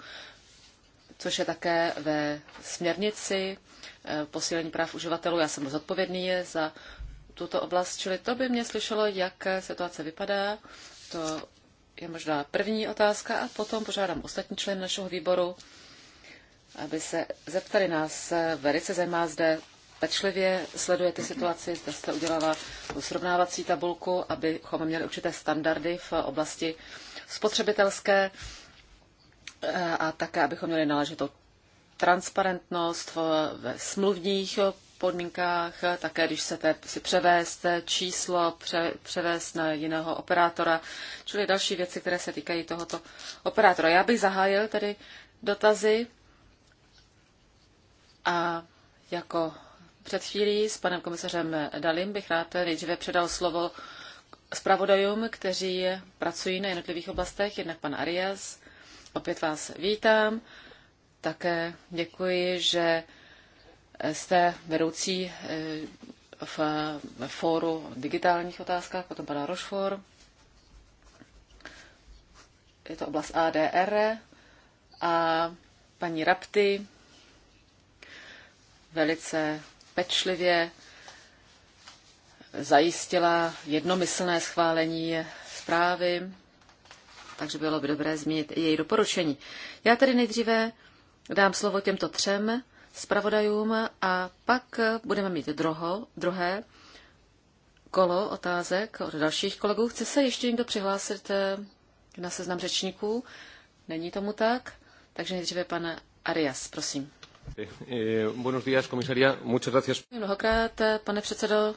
což je také ve směrnici Eh, posílení práv uživatelů. Já jsem zodpovědný za tuto oblast, čili to by mě slyšelo, jak situace vypadá. To je možná první otázka a potom požádám ostatní členy našeho výboru, aby se zeptali nás. Eh, velice zajímá zde pečlivě sledujete situaci, zda jste udělala srovnávací tabulku, abychom měli určité standardy v oblasti spotřebitelské eh, a také, abychom měli náležitou transparentnost ve smluvních podmínkách, také když chcete si převést číslo, pře, převést na jiného operátora, čili další věci, které se týkají tohoto operátora. Já bych zahájil tedy dotazy a jako před chvílí s panem komisařem Dalim bych rád nejdříve předal slovo zpravodajům, kteří pracují na jednotlivých oblastech, jednak pan Arias. Opět vás vítám také děkuji, že jste vedoucí eh, v eh, fóru digitálních otázkách, potom pana Rošfor. Je to oblast ADR a paní Rapty velice pečlivě zajistila jednomyslné schválení zprávy, takže bylo by dobré zmínit i její doporučení. Já tedy nejdříve dám slovo těmto třem zpravodajům a pak budeme mít droho, druhé kolo otázek od dalších kolegů. Chce se ještě někdo přihlásit eh, na seznam řečníků? Není tomu tak? Takže nejdříve pan Arias, prosím. Eh, eh, buenos días, komisaria. Muchas gracias. Mnohokrát, pane předsedo.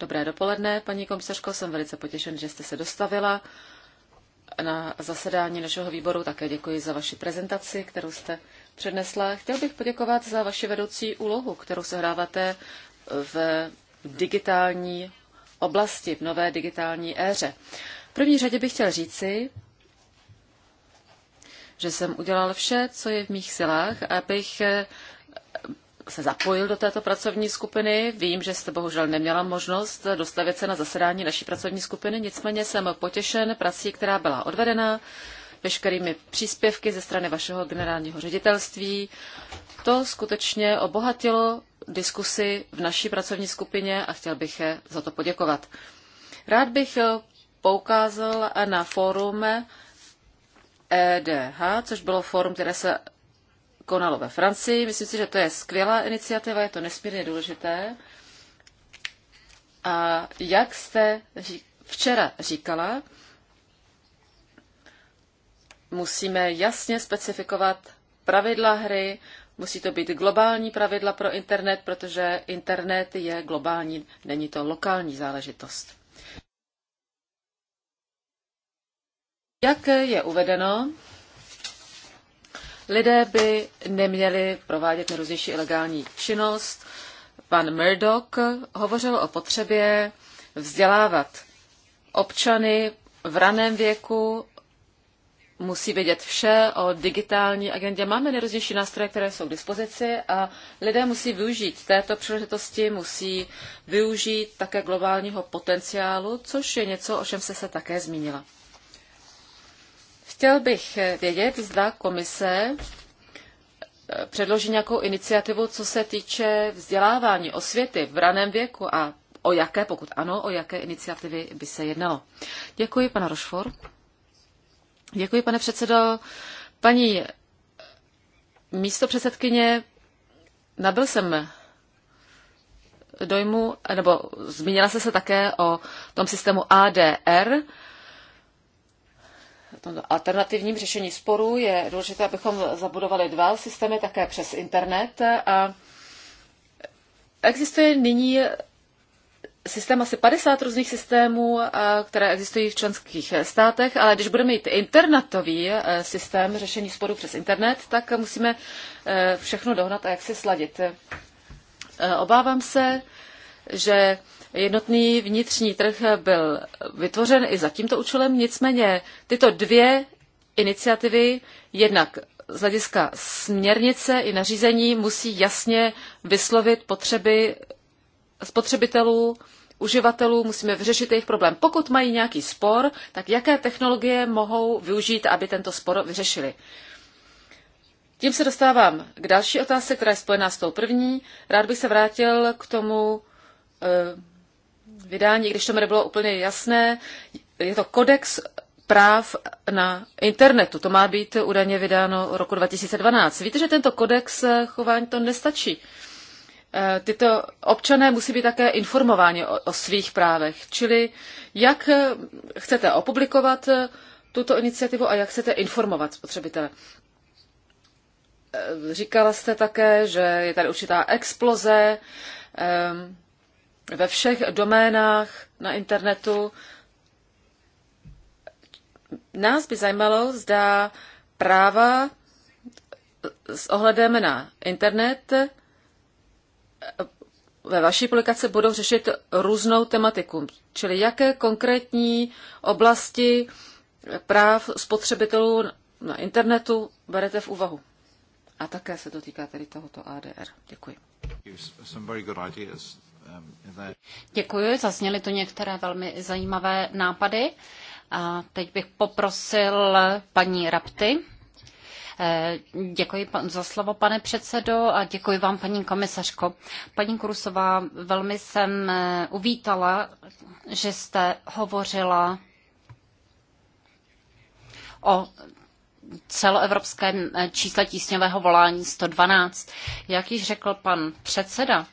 Dobré dopoledne, paní komisařko, jsem velice potěšen, že jste se dostavila na zasedání našeho výboru. Také děkuji za vaši prezentaci, kterou jste přednesla. Chtěl bych poděkovat za vaši vedoucí úlohu, kterou sehráváte v digitální oblasti, v nové digitální éře. V první řadě bych chtěl říci, že jsem udělal vše, co je v mých silách, abych se zapojil do této pracovní skupiny. Vím, že jste bohužel neměla možnost dostavit se na zasedání naší pracovní skupiny, nicméně jsem potěšen prací, která byla odvedena, veškerými příspěvky ze strany vašeho generálního ředitelství. To skutečně obohatilo diskusy v naší pracovní skupině a chtěl bych je za to poděkovat. Rád bych poukázal na fórum EDH, což bylo fórum, které se konalo ve Francii. Myslím si, že to je skvělá iniciativa, je to nesmírně důležité. A jak jste včera říkala, musíme jasně specifikovat pravidla hry, musí to být globální pravidla pro internet, protože internet je globální, není to lokální záležitost. Jak je uvedeno, Lidé by neměli provádět nejrůznější ilegální činnost. Pan Murdoch hovořil o potřebě vzdělávat občany v raném věku, musí vědět vše o digitální agendě. Máme nejrůznější nástroje, které jsou k dispozici a lidé musí využít této příležitosti, musí využít také globálního potenciálu, což je něco, o čem se se také zmínila. Chtěl bych vědět, zda komise eh, předloží nějakou iniciativu, co se týče vzdělávání, osvěty v raném věku a o jaké, pokud ano, o jaké iniciativy by se jednalo. Děkuji, pana Rošfor. Děkuji, pane předsedo. Paní eh, místo předsedkyně, nabil jsem dojmu, nebo zmínila se se také o tom systému ADR, tomto alternativním řešení sporů je důležité, abychom zabudovali dva systémy také přes internet. A existuje nyní systém asi 50 různých systémů, které existují v členských státech, ale když budeme mít internetový e, systém řešení sporů přes internet, tak musíme e, všechno dohnat a jak si sladit. E, obávám se, že Jednotný vnitřní trh byl vytvořen i za tímto účelem, nicméně tyto dvě iniciativy, jednak z hlediska směrnice i nařízení, musí jasně vyslovit potřeby spotřebitelů, uživatelů, musíme vyřešit jejich problém. Pokud mají nějaký spor, tak jaké technologie mohou využít, aby tento spor vyřešili. Tím se dostávám k další otázce, která je spojená s tou první. Rád bych se vrátil k tomu eh, vydání, když to mi nebylo úplně jasné. Je to kodex práv na internetu. To má být údajně vydáno roku 2012. Víte, že tento kodex eh, chování to nestačí. Eh, tyto občané musí být také informováni o, o svých právech. Čili jak eh, chcete opublikovat tuto iniciativu a jak chcete informovat spotřebitele. Říkala jste také, že je tady určitá exploze ehm, ve všech doménách na internetu. Nás by zajímalo, zda práva s ohledem na internet ve vaší publikaci budou řešit různou tematiku, čili jaké konkrétní oblasti práv spotřebitelů na internetu berete v úvahu. A také se to týká tedy tohoto ADR. Děkuji. Děkuji, zazněly tu některé velmi zajímavé nápady. A teď bych poprosil paní Rapty. Eh, děkuji za slovo, pane předsedo, a děkuji vám, paní komisařko. Paní Krusová, velmi jsem eh, uvítala, že jste hovořila o celoevropském eh, čísle tísňového volání 112. Jak již řekl pan předseda,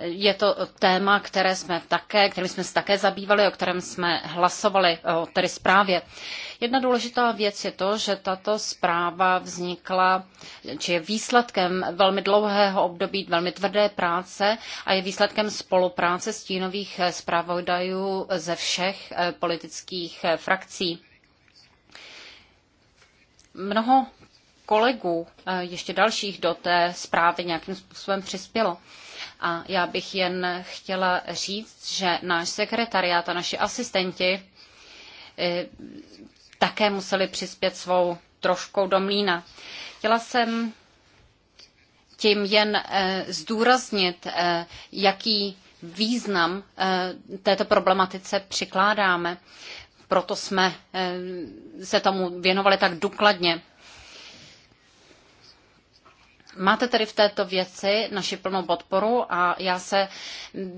je to téma, které jsme také, kterým jsme se také zabývali, o kterém jsme hlasovali, o tedy zprávě. Jedna důležitá věc je to, že tato zpráva vznikla, či je výsledkem velmi dlouhého období, velmi tvrdé práce a je výsledkem spolupráce stínových zpravodajů ze všech eh, politických eh, frakcí. Mnoho kolegů, eh, ještě dalších do té zprávy nějakým způsobem přispělo. A já bych jen chtěla říct, že náš sekretariát a naši asistenti eh, také museli přispět svou troškou do mlína. Chtěla jsem tím jen eh, zdůraznit, eh, jaký význam této problematice přikládáme. Proto jsme se tomu věnovali tak důkladně. Máte tedy v této věci naši plnou podporu a já, se,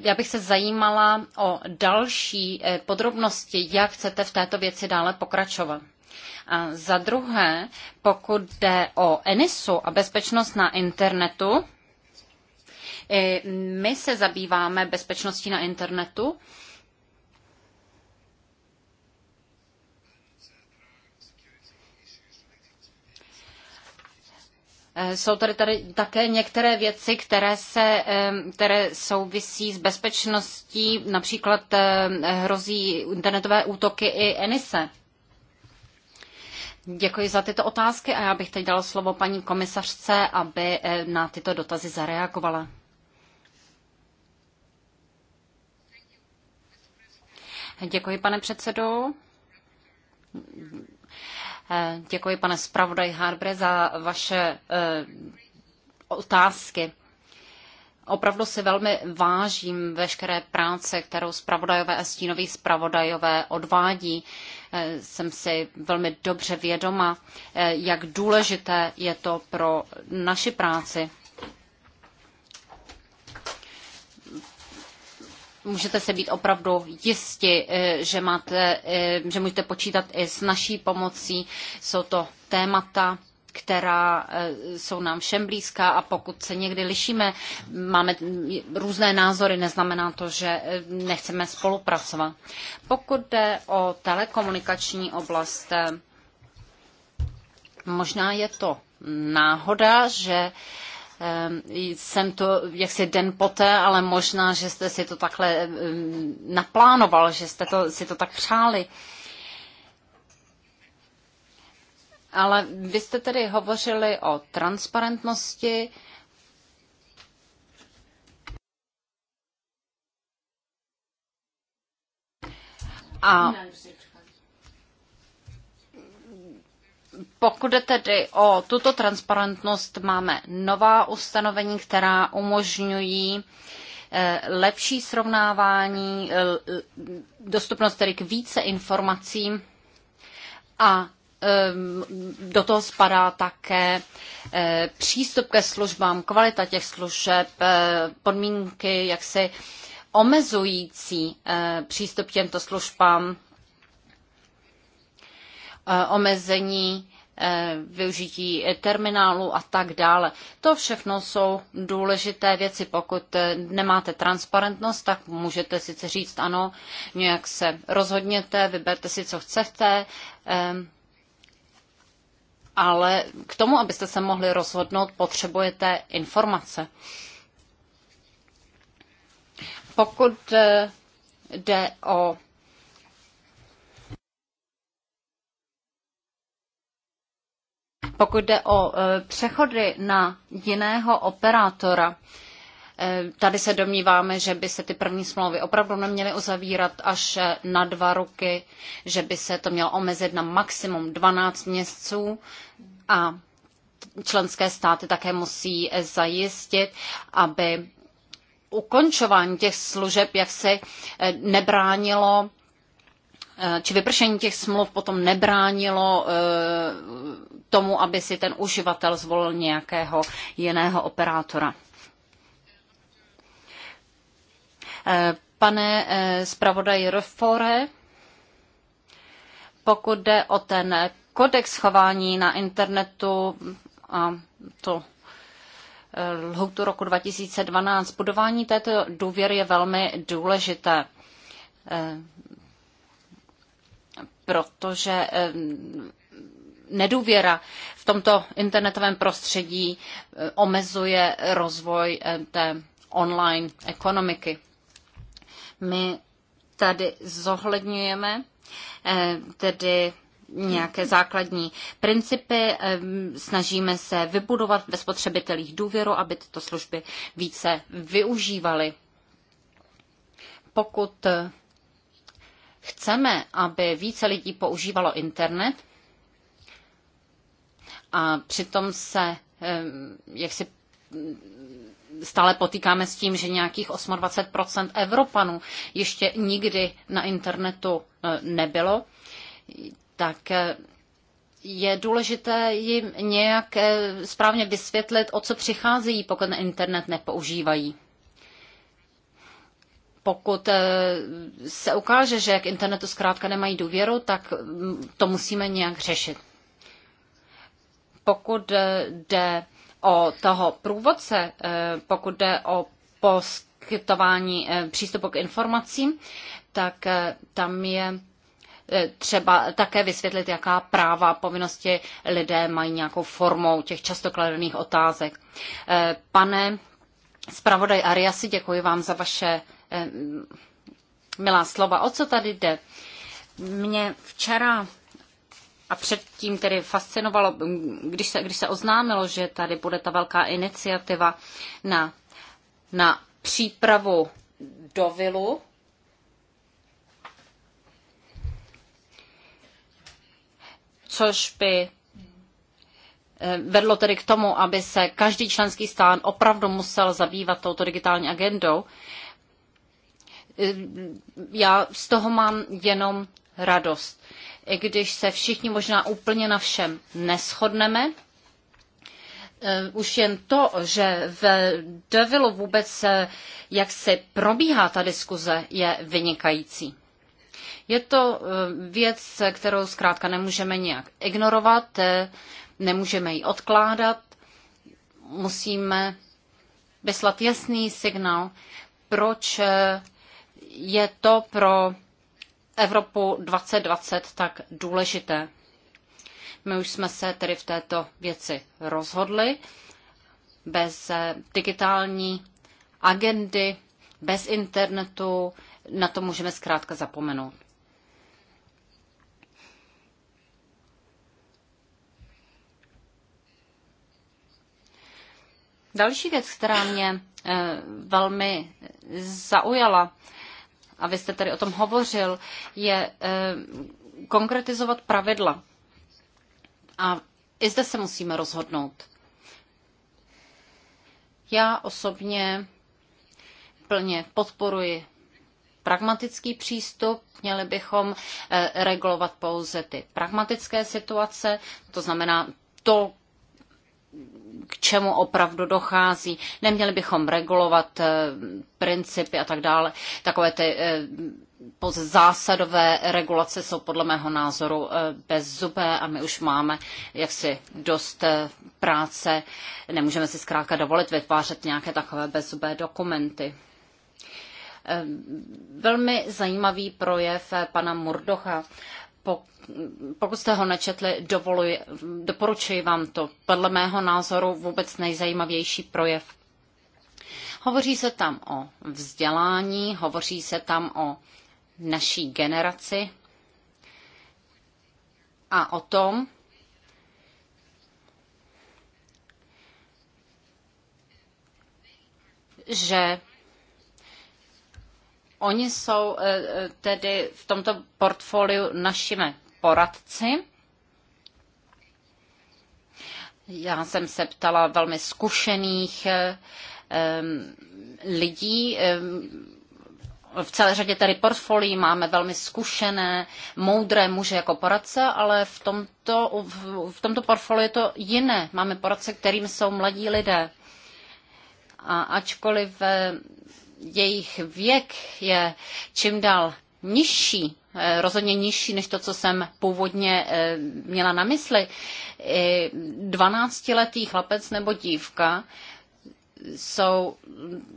já bych se zajímala o další eh, podrobnosti, jak chcete v této věci dále pokračovat. A za druhé, pokud jde o ENISu a bezpečnost na internetu, eh, my se zabýváme bezpečností na internetu Eh, jsou tady, tady také některé věci, které, se, které souvisí s bezpečností, například eh, hrozí internetové útoky i Enise. Děkuji za tyto otázky a já bych teď dala slovo paní komisařce, aby eh, na tyto dotazy zareagovala. Děkuji, pane předsedo. Děkuji, pane zpravodaj Harbre, za vaše eh, otázky. Opravdu si velmi vážím veškeré práce, kterou zpravodajové a stínoví zpravodajové odvádí. Eh, jsem si velmi dobře vědoma, eh, jak důležité je to pro naši práci. můžete se být opravdu jisti, eh, že, máte, eh, že můžete počítat i s naší pomocí. Jsou to témata, která eh, jsou nám všem blízká a pokud se někdy lišíme, máme různé názory, neznamená to, že nechceme spolupracovat. Pokud jde o telekomunikační oblast, možná je to náhoda, že Ehm, jsem to jaksi den poté, ale možná, že jste si to takhle ehm, naplánoval, že jste to, si to tak přáli. Ale vy jste tedy hovořili o transparentnosti, a Pokud jde tedy o tuto transparentnost, máme nová ustanovení, která umožňují eh, lepší srovnávání, eh, dostupnost tedy k více informacím a eh, do toho spadá také přístup ke službám, kvalita těch služeb, podmínky jaksi omezující přístup k těmto službám, omezení Eh, využití terminálu a tak dále. To všechno jsou důležité věci. Pokud eh, nemáte transparentnost, tak můžete sice říct ano, nějak se rozhodněte, vyberte si, co chcete, ale k tomu, abyste se mohli rozhodnout, potřebujete informace. Pokud eh, jde o Pokud jde o e, přechody na jiného operátora, e, Tady se domníváme, že by se ty první smlouvy opravdu neměly uzavírat až e, na dva roky, že by se to mělo omezit na maximum 12 měsíců a členské státy také musí zajistit, aby ukončování těch služeb jaksi nebránilo či vypršení těch smluv potom nebránilo tomu, aby si ten uživatel zvolil nějakého jiného operátora. Eh, pane eh, zpravodaj Refore, pokud jde o ten kodex chování na internetu a to eh, lhoutu roku 2012, budování této důvěry je velmi důležité protože nedůvěra v tomto internetovém prostředí eh, omezuje rozvoj eh, té online ekonomiky. My tady zohledňujeme eh, tedy nějaké základní principy. Snažíme se vybudovat ve spotřebitelích důvěru, aby tyto služby více využívaly. Pokud chceme, aby více lidí používalo internet, a přitom se eh, jak si stále potýkáme s tím, že nějakých 28% Evropanů ještě nikdy na internetu eh, nebylo, tak eh, je důležité jim nějak správně vysvětlit, o co přicházejí, pokud na internet nepoužívají. Pokud se ukáže, že k internetu zkrátka nemají důvěru, tak mm, to musíme nějak řešit pokud jde o toho průvodce, eh, pokud jde o poskytování eh, přístupu k informacím, tak eh, tam je třeba také vysvětlit, jaká práva povinnosti lidé mají nějakou formou těch často kladených otázek. Pane zpravodaj Ariasi, děkuji vám za vaše milá slova. O co tady jde? Mě včera a předtím tedy fascinovalo, když se, když se oznámilo, že tady bude ta velká iniciativa na, na přípravu do vilu. což by eh, vedlo tedy k tomu, aby se každý členský stát opravdu musel zabývat touto digitální agendou. Eh, já z toho mám jenom radost i když se všichni možná úplně na všem neschodneme, eh, už jen to, že v Devilu vůbec eh, jak se probíhá ta diskuze, je vynikající. Je to eh, věc, kterou zkrátka nemůžeme nějak ignorovat, nemůžeme ji odkládat, musíme vyslat jasný signál, proč je to pro Evropu 2020 tak důležité. My už jsme se tedy v této věci rozhodli. Bez eh, digitální agendy, bez internetu, na to můžeme zkrátka zapomenout. Další věc, která mě eh, velmi zaujala, a vy jste tady o tom hovořil, je eh, konkretizovat pravidla. A i zde se musíme rozhodnout. Já osobně plně podporuji pragmatický přístup. Měli bychom eh, regulovat pouze ty pragmatické situace, to znamená to, k čemu opravdu dochází. Neměli bychom regulovat eh, principy a tak dále. Takové ty eh, zásadové regulace jsou podle mého názoru eh, bez zubé a my už máme jaksi dost práce. Nemůžeme si zkrátka dovolit vytvářet nějaké takové bezzubé dokumenty. Velmi zajímavý projev pana Murdocha pokud jste ho nečetli, dovoluji, doporučuji vám to. Podle mého názoru vůbec nejzajímavější projev. Hovoří se tam o vzdělání, hovoří se tam o naší generaci a o tom, že Oni jsou eh, eh, tedy v tomto portfoliu našimi poradci. Já jsem se ptala velmi zkušených eh, lidí. V celé řadě tedy portfolií máme velmi zkušené, moudré muže jako poradce, ale v tomto, v tomto portfoliu je to jiné. Máme poradce, kterým jsou mladí lidé. A ačkoliv jejich věk je čím dál nižší, eh, rozhodně nižší než to, co jsem původně eh, měla na mysli. 12-letý eh, chlapec nebo dívka jsou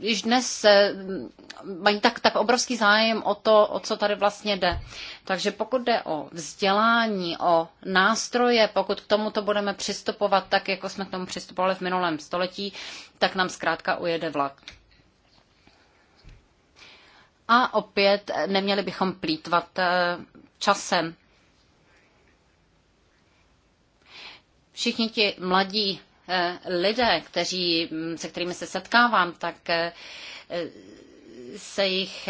již dnes mají tak, tak obrovský zájem o to, o co tady vlastně jde. Takže pokud jde o vzdělání, o nástroje, pokud k tomuto budeme přistupovat tak, jako jsme k tomu přistupovali v minulém století, tak nám zkrátka ujede vlak. A opět eh, neměli bychom plítvat eh, časem. Všichni ti mladí eh, lidé, kteří, mm, se kterými se setkávám, tak se jich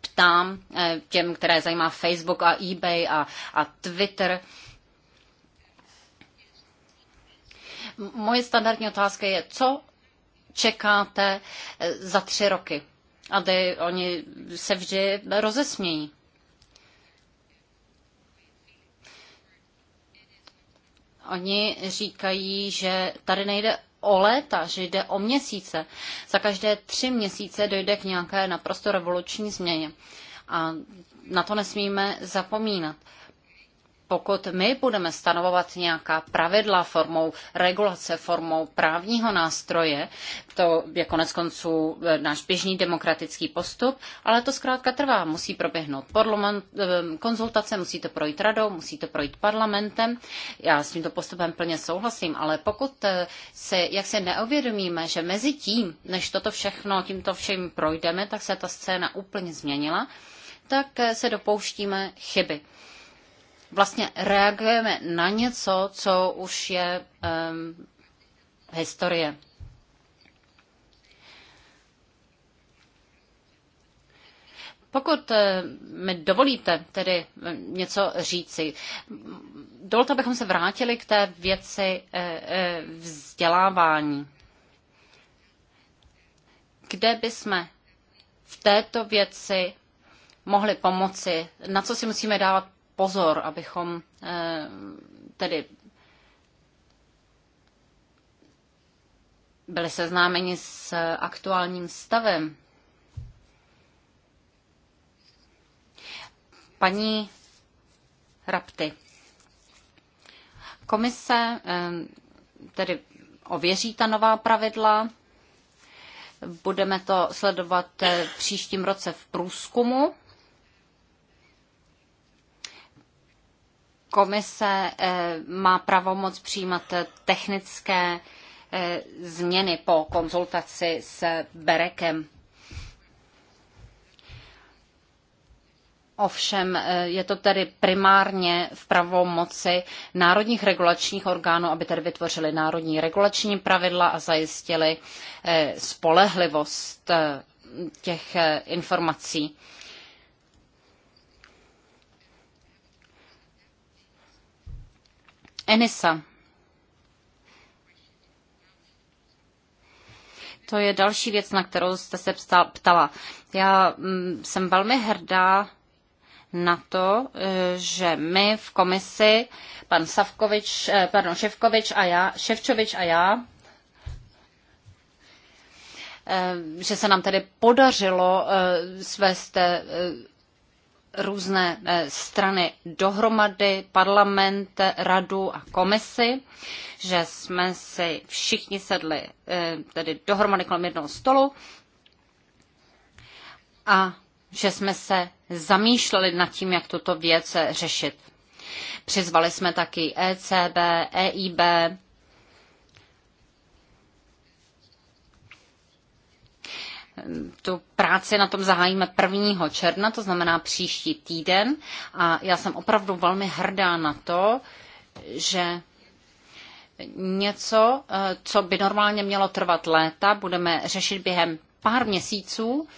ptám, těm, které zajímá Facebook a eBay a, a Twitter. Moje standardní otázka je, co čekáte za tři roky? a de, oni se vždy rozesmějí. Oni říkají, že tady nejde o léta, že jde o měsíce. Za každé tři měsíce dojde k nějaké naprosto revoluční změně. A na to nesmíme zapomínat. Uh, pokud my budeme stanovovat nějaká pravidla formou regulace, formou právního nástroje, to je konec konců eh, náš běžný demokratický postup, ale to zkrátka trvá. Musí proběhnout podloman, eh, konzultace, musí to projít radou, musí to projít parlamentem. Já s tímto postupem plně souhlasím, ale pokud eh, se, jak se neovědomíme, že mezi tím, než toto všechno, tímto všem projdeme, tak se ta scéna úplně změnila, tak se dopouštíme chyby vlastně reagujeme na něco, co už je um, historie. Pokud eh, mi dovolíte tedy něco říci, dovolte, abychom se vrátili k té věci eh, eh, vzdělávání. Kde bychom v této věci mohli pomoci? Na co si musíme dávat pozor, abychom eh, tedy byli seznámeni s aktuálním stavem. Paní Rapty, komise eh, tedy ověří ta nová pravidla, budeme to sledovat eh, v příštím roce v průzkumu komise eh, má pravomoc přijímat technické eh, změny po konzultaci s Berekem. Ovšem eh, je to tedy primárně v pravomoci národních regulačních orgánů, aby tedy vytvořili národní regulační pravidla a zajistili spolehlivost těch informací. ENISA. To je další věc, na kterou jste se ptala. Já mm, jsem velmi hrdá na to, eh, že my v komisi, pan Savkovič, eh, pardon, Ševkovič a já, Ševčovič a já, eh, že se nám tedy podařilo svést různé eh, strany dohromady, parlament, radu a komisi, že jsme si všichni sedli eh, tedy dohromady kolem jednoho stolu a že jsme se zamýšleli nad tím, jak tuto věc řešit. Přizvali jsme taky ECB, EIB, tu práci na tom zahájíme 1. června, to znamená příští týden. A já jsem opravdu velmi hrdá na to, že něco, eh, co by normálně mělo trvat léta, budeme řešit během pár měsíců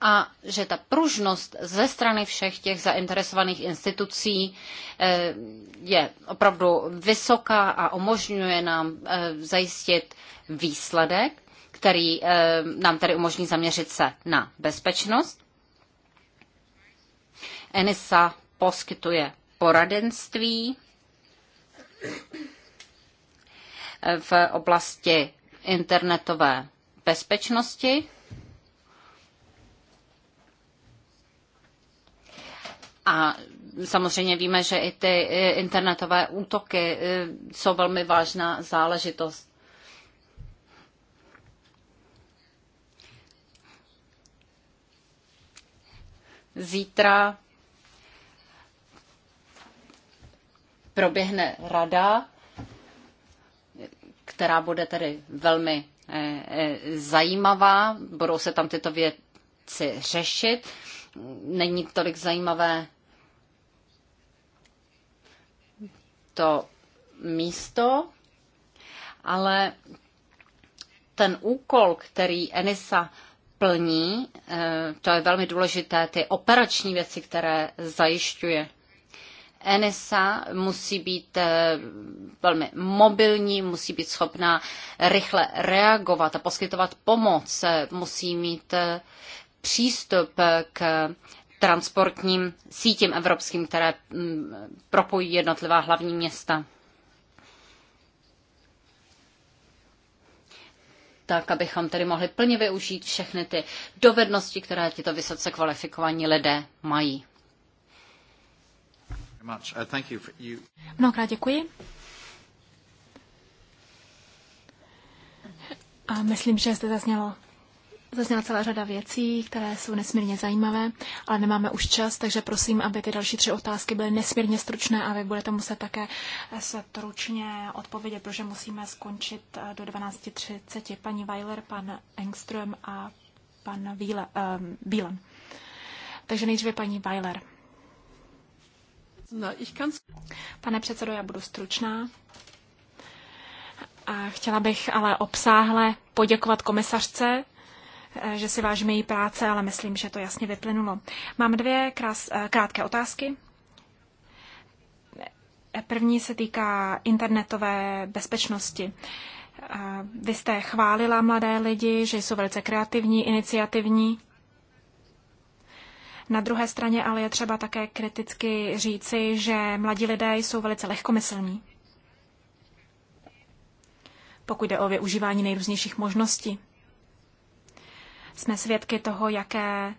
a že ta pružnost ze strany všech těch zainteresovaných institucí eh, je opravdu vysoká a umožňuje nám eh, zajistit výsledek který eh, nám tady umožní zaměřit se na bezpečnost. ENISA poskytuje poradenství eh, v oblasti internetové bezpečnosti. A samozřejmě víme, že i ty eh, internetové útoky jsou velmi vážná záležitost. Zítra proběhne rada, která bude tedy velmi eh, eh, zajímavá. Budou se tam tyto věci řešit. Není tolik zajímavé to místo, ale ten úkol, který Enisa plní. Eh, to je velmi důležité, ty operační věci, které zajišťuje. Enesa musí být eh, velmi mobilní, musí být schopná rychle reagovat a poskytovat pomoc, eh, musí mít přístup k transportním sítím evropským, které mm, propojí jednotlivá hlavní města. tak abychom tedy mohli plně využít všechny ty dovednosti, které tyto vysoce kvalifikovaní lidé mají. Mnohokrát děkuji. A myslím, že jste zaznělo Zazněla celá řada věcí, které jsou nesmírně zajímavé, ale nemáme už čas, takže prosím, aby ty další tři otázky byly nesmírně stručné a vy budete muset také stručně odpovědět, protože musíme skončit eh, do 12.30. Paní Weiler, pan Engström a pan Bílan. Eh, takže nejdříve paní Weiler. No, Pane předsedo, já budu stručná. A chtěla bych ale obsáhle poděkovat komisařce Eh, že si vážíme její práce, ale myslím, že to jasně vyplynulo. Mám dvě krás, eh, krátké otázky. První se týká internetové bezpečnosti. Eh, vy jste chválila mladé lidi, že jsou velice kreativní, iniciativní. Na druhé straně ale je třeba také kriticky říci, že mladí lidé jsou velice lehkomyslní, pokud jde o využívání nejrůznějších možností. Jsme svědky toho, jaké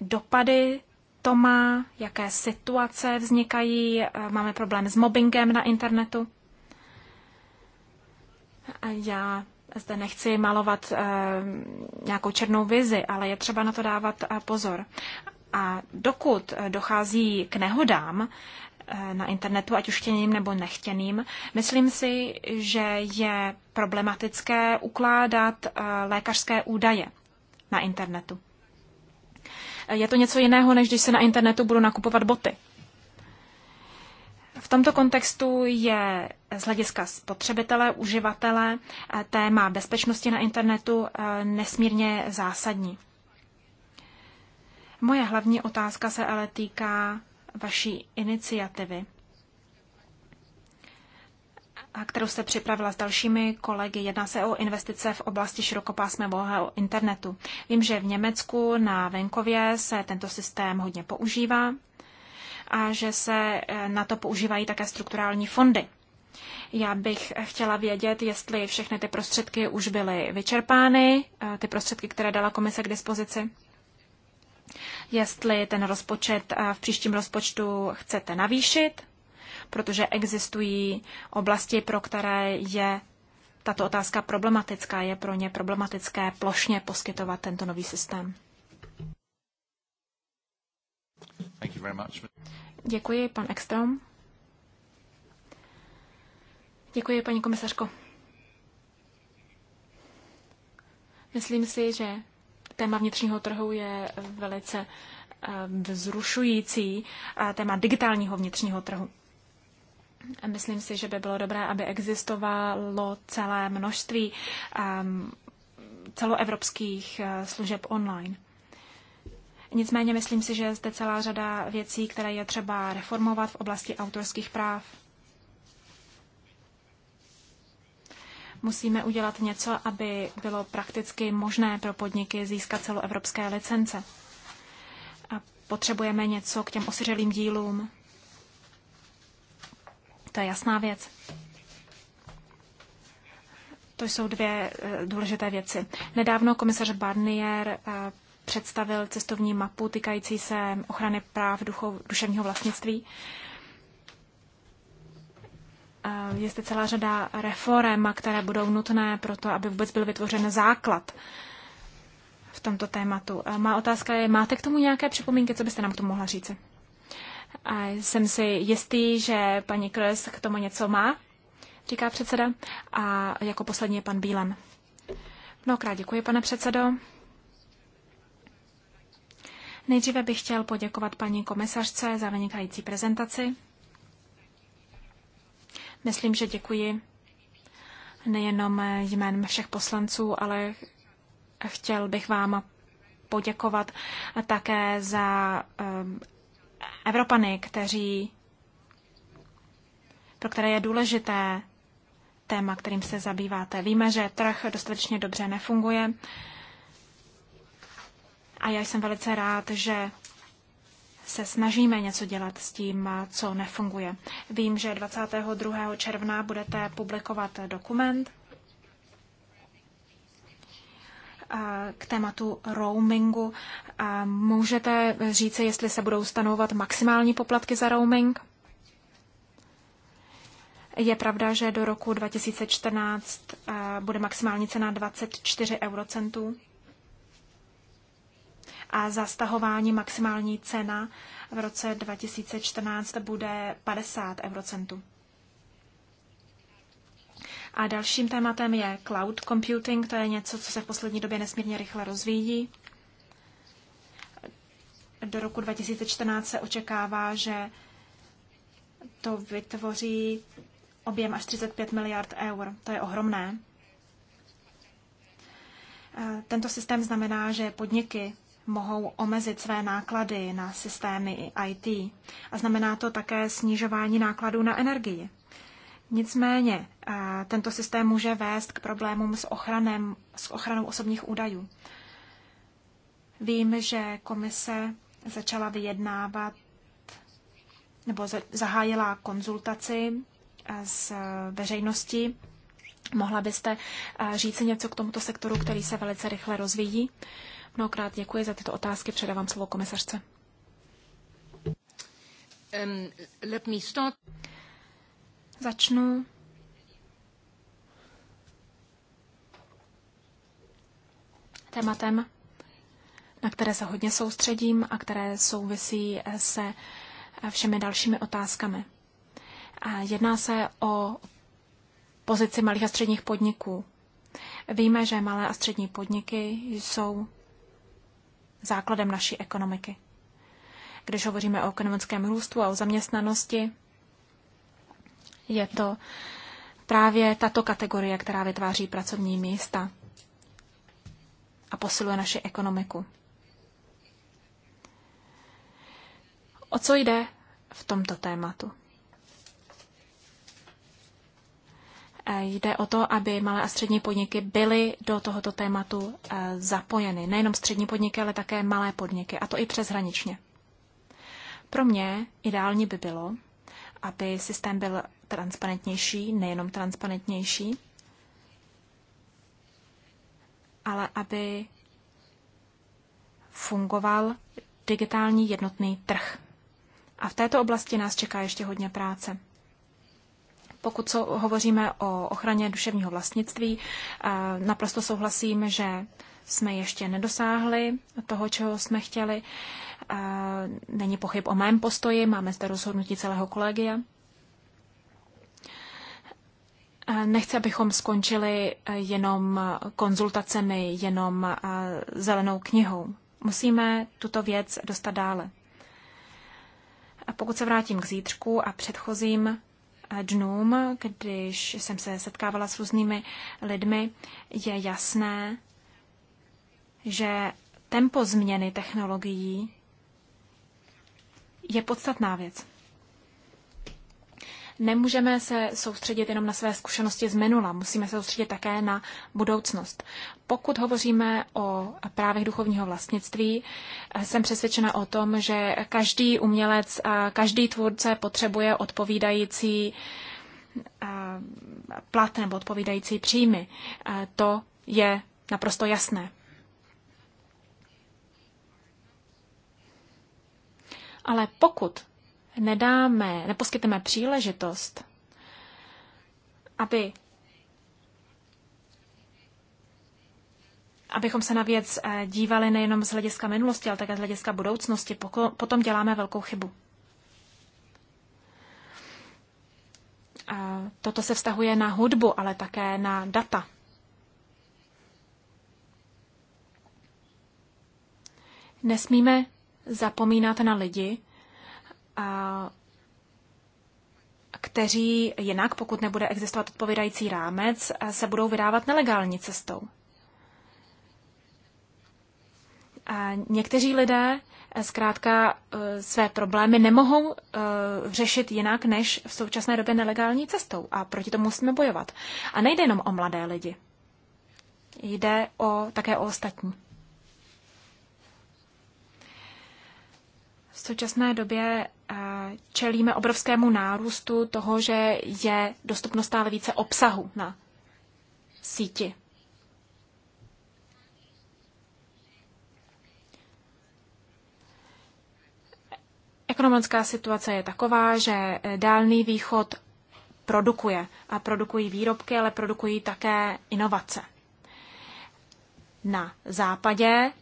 dopady to má, jaké situace vznikají, máme problém s mobbingem na internetu. Já zde nechci malovat eh, nějakou černou vizi, ale je třeba na to dávat eh, pozor. A dokud eh, dochází k nehodám na internetu, ať už chtěným nebo nechtěným, myslím si, že je problematické ukládat lékařské údaje na internetu. Je to něco jiného, než když se na internetu budu nakupovat boty. V tomto kontextu je z hlediska spotřebitele, uživatele eh, téma bezpečnosti na internetu eh, nesmírně zásadní. Moje hlavní otázka se ale týká vaší iniciativy kterou jste připravila s dalšími kolegy. Jedná se o investice v oblasti širokopásmového internetu. Vím, že v Německu na venkově se tento systém hodně používá a že se eh, na to používají také strukturální fondy. Já bych chtěla vědět, jestli všechny ty prostředky už byly vyčerpány, eh, ty prostředky, které dala komise k dispozici jestli ten rozpočet eh, v příštím rozpočtu chcete navýšit protože existují oblasti, pro které je tato otázka problematická, je pro ně problematické plošně poskytovat tento nový systém. Děkuji, pan Ekstrom. Děkuji, paní komisařko. Myslím si, že téma vnitřního trhu je velice eh, vzrušující téma digitálního vnitřního trhu. Myslím si, že by bylo dobré, aby existovalo celé množství um, celoevropských eh, služeb online. Nicméně myslím si, že je zde celá řada věcí, které je třeba reformovat v oblasti autorských práv. Musíme udělat něco, aby bylo prakticky možné pro podniky získat celoevropské licence. A potřebujeme něco k těm osiřelým dílům. To je jasná věc. To jsou dvě eh, důležité věci. Nedávno komisař Barnier eh, představil cestovní mapu týkající se ochrany práv duchov, duševního vlastnictví. Eh, je zde celá řada reform, které budou nutné pro to, aby vůbec byl vytvořen základ v tomto tématu. Má otázka je, máte k tomu nějaké připomínky, co byste nám k tomu mohla říci? A jsem si jistý, že paní Kroes k tomu něco má, říká předseda. A jako poslední je pan Bílan. Mnohokrát děkuji, pane předsedo. Nejdříve bych chtěl poděkovat paní komisařce za vynikající prezentaci. Myslím, že děkuji nejenom jménem všech poslanců, ale chtěl bych vám poděkovat také za Evropany, kteří, pro které je důležité téma, kterým se zabýváte. Víme, že trh dostatečně dobře nefunguje a já jsem velice rád, že se snažíme něco dělat s tím, co nefunguje. Vím, že 22. června budete publikovat dokument, k tématu roamingu. Můžete říci, jestli se budou stanovat maximální poplatky za roaming? Je pravda, že do roku 2014 bude maximální cena 24 eurocentů a za stahování maximální cena v roce 2014 bude 50 eurocentů. A dalším tématem je cloud computing, to je něco, co se v poslední době nesmírně rychle rozvíjí. Do roku 2014 se očekává, že to vytvoří objem až 35 miliard eur. To je ohromné. Tento systém znamená, že podniky mohou omezit své náklady na systémy IT. A znamená to také snižování nákladů na energii. Nicméně eh, tento systém může vést k problémům s, ochranem, s ochranou osobních údajů. Vím, že komise začala vyjednávat nebo zahájila konzultaci eh, s veřejností. Mohla byste eh, říct něco k tomuto sektoru, který se velice rychle rozvíjí? Mnohokrát děkuji za tyto otázky, předávám slovo komisařce. Um, let me start. Začnu tématem, na které se hodně soustředím a které souvisí se všemi dalšími otázkami. Jedná se o pozici malých a středních podniků. Víme, že malé a střední podniky jsou základem naší ekonomiky. Když hovoříme o ekonomickém růstu a o zaměstnanosti, je to právě tato kategorie, která vytváří pracovní místa a posiluje naši ekonomiku. O co jde v tomto tématu? E, jde o to, aby malé a střední podniky byly do tohoto tématu e, zapojeny. Nejenom střední podniky, ale také malé podniky, a to i přeshraničně. Pro mě ideální by bylo, aby systém byl transparentnější, nejenom transparentnější, ale aby fungoval digitální jednotný trh. A v této oblasti nás čeká ještě hodně práce. Pokud co hovoříme o ochraně duševního vlastnictví, eh, naprosto souhlasím, že jsme ještě nedosáhli toho, čeho jsme chtěli. Eh, není pochyb o mém postoji, máme zde rozhodnutí celého kolegia. Nechci, abychom skončili eh, jenom konzultacemi, jenom eh, zelenou knihou. Musíme tuto věc dostat dále. A pokud se vrátím k zítřku a předchozím eh, dnům, když jsem se setkávala s různými lidmi, je jasné, že tempo změny technologií je podstatná věc. Nemůžeme se soustředit jenom na své zkušenosti z minula, musíme se soustředit také na budoucnost. Pokud hovoříme o právech duchovního vlastnictví, jsem přesvědčena o tom, že každý umělec, každý tvůrce potřebuje odpovídající plat nebo odpovídající příjmy. To je naprosto jasné. Ale pokud nedáme, neposkytneme příležitost, aby abychom se na věc eh, dívali nejenom z hlediska minulosti, ale také z hlediska budoucnosti, potom děláme velkou chybu. A toto se vztahuje na hudbu, ale také na data. Nesmíme zapomínat na lidi, kteří jinak, pokud nebude existovat odpovídající rámec, se budou vydávat nelegální cestou. A někteří lidé zkrátka e, své problémy nemohou e, řešit jinak než v současné době nelegální cestou a proti tomu musíme bojovat. A nejde jenom o mladé lidi. Jde o, také o ostatní. V současné době eh, čelíme obrovskému nárůstu toho, že je dostupnost stále více obsahu na síti. Ekonomická situace je taková, že eh, dálný východ produkuje a produkují výrobky, ale produkují také inovace. Na západě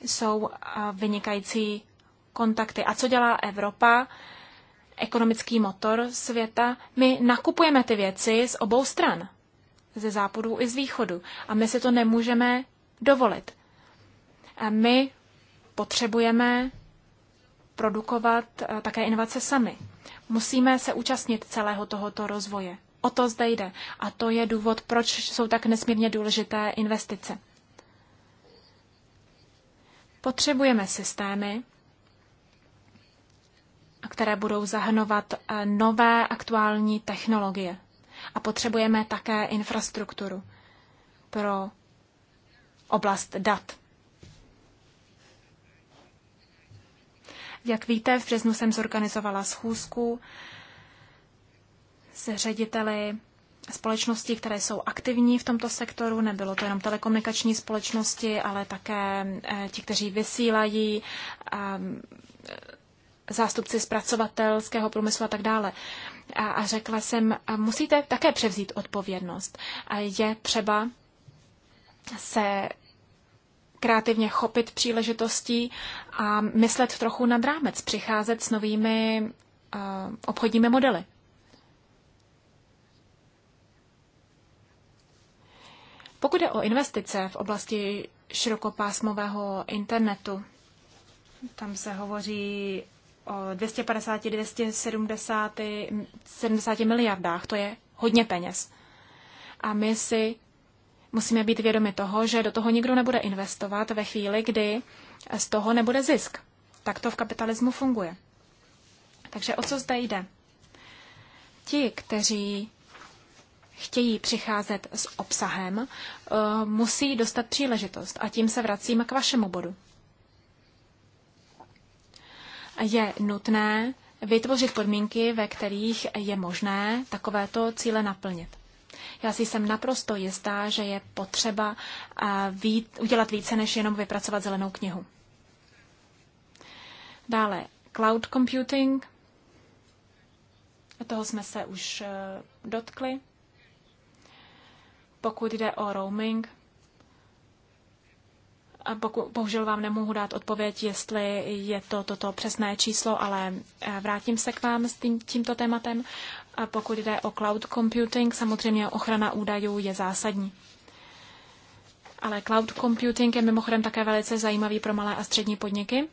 jsou vynikající kontakty. A co dělá Evropa? Ekonomický motor světa. My nakupujeme ty věci z obou stran. Ze západu i z východu. A my si to nemůžeme dovolit. A my potřebujeme produkovat e, také inovace sami. Musíme se účastnit celého tohoto rozvoje. O to zde jde. A to je důvod, proč jsou tak nesmírně důležité investice. Potřebujeme systémy, které budou zahrnovat eh, nové aktuální technologie. A potřebujeme také infrastrukturu pro oblast dat. Jak víte, v březnu jsem zorganizovala schůzku se řediteli společnosti, které jsou aktivní v tomto sektoru. Nebylo to jenom telekomunikační společnosti, ale také eh, ti, kteří vysílají, ehm, zástupci zpracovatelského průmyslu a tak dále. A, řekla jsem, musíte také převzít odpovědnost. A je třeba se kreativně chopit příležitostí a myslet trochu nad rámec, přicházet s novými uh, obchodními modely. Pokud je o investice v oblasti širokopásmového internetu, tam se hovoří o 250-270 70 miliardách, to je hodně peněz. A my si musíme být vědomi toho, že do toho nikdo nebude investovat ve chvíli, kdy z toho nebude zisk. Tak to v kapitalismu funguje. Takže o co zde jde? Ti, kteří chtějí přicházet s obsahem, eh, musí dostat příležitost. A tím se vracím k vašemu bodu. Je nutné vytvořit podmínky, ve kterých je možné takovéto cíle naplnit. Já si jsem naprosto jistá, že je potřeba eh, vít, udělat více, než jenom vypracovat zelenou knihu. Dále cloud computing, toho jsme se už eh, dotkli. Pokud jde o roaming, a poku, bohužel vám nemohu dát odpověď, jestli je to toto to přesné číslo, ale eh, vrátím se k vám s tím, tímto tématem. A pokud jde o cloud computing, samozřejmě ochrana údajů je zásadní. Ale cloud computing je mimochodem také velice zajímavý pro malé a střední podniky.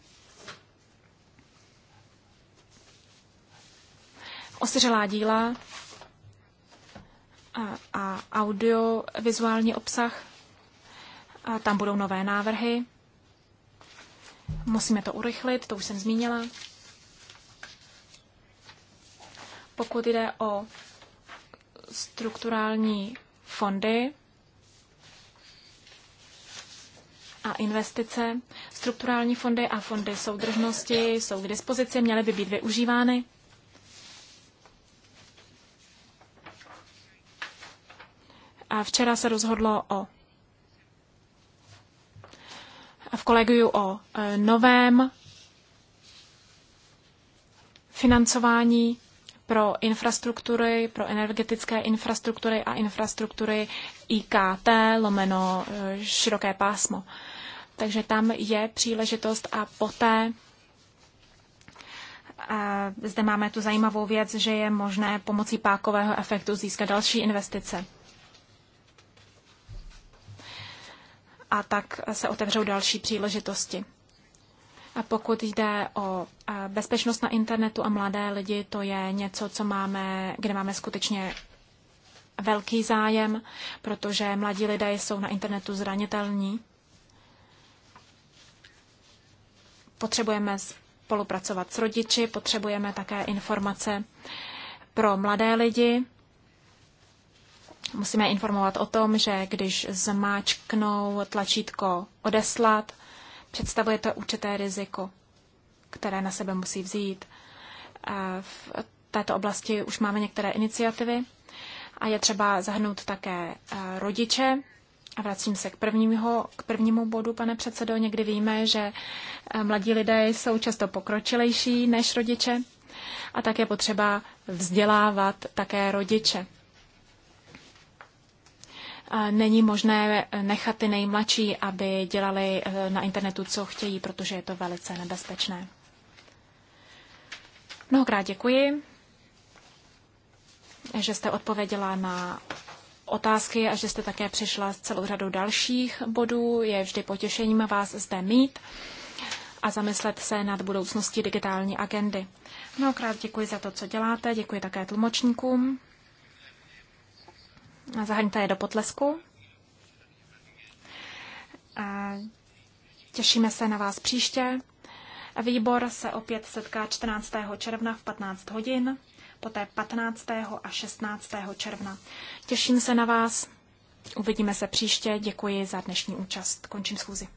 Osiřelá díla a audiovizuální obsah. A tam budou nové návrhy. Musíme to urychlit, to už jsem zmínila. Pokud jde o strukturální fondy a investice, strukturální fondy a fondy soudržnosti jsou k dispozici, měly by být využívány. A včera se rozhodlo o v kolegiu o e, novém financování pro infrastruktury, pro energetické infrastruktury a infrastruktury IKT, lomeno e, široké pásmo. Takže tam je příležitost a poté a zde máme tu zajímavou věc, že je možné pomocí pákového efektu získat další investice. a tak se otevřou další příležitosti. A pokud jde o bezpečnost na internetu a mladé lidi, to je něco, co máme, kde máme skutečně velký zájem, protože mladí lidé jsou na internetu zranitelní. Potřebujeme spolupracovat s rodiči, potřebujeme také informace pro mladé lidi Musíme informovat o tom, že když zmáčknou tlačítko odeslat, představuje to určité riziko, které na sebe musí vzít. V této oblasti už máme některé iniciativy a je třeba zahrnout také e, rodiče. A vracím se k, prvního, k prvnímu bodu, pane předsedo. Někdy víme, že e, mladí lidé jsou často pokročilejší než rodiče a tak je potřeba vzdělávat také rodiče není možné nechat ty nejmladší, aby dělali eh, na internetu, co chtějí, protože je to velice nebezpečné. Mnohokrát děkuji, že jste odpověděla na otázky a že jste také přišla s celou řadou dalších bodů. Je vždy potěšením vás zde mít a zamyslet se nad budoucností digitální agendy. Mnohokrát děkuji za to, co děláte, děkuji také tlumočníkům. Zahrňte je do potlesku. Těšíme se na vás příště. Výbor se opět setká 14. června v 15 hodin, poté 15. a 16. června. Těším se na vás. Uvidíme se příště. Děkuji za dnešní účast. Končím schůzi.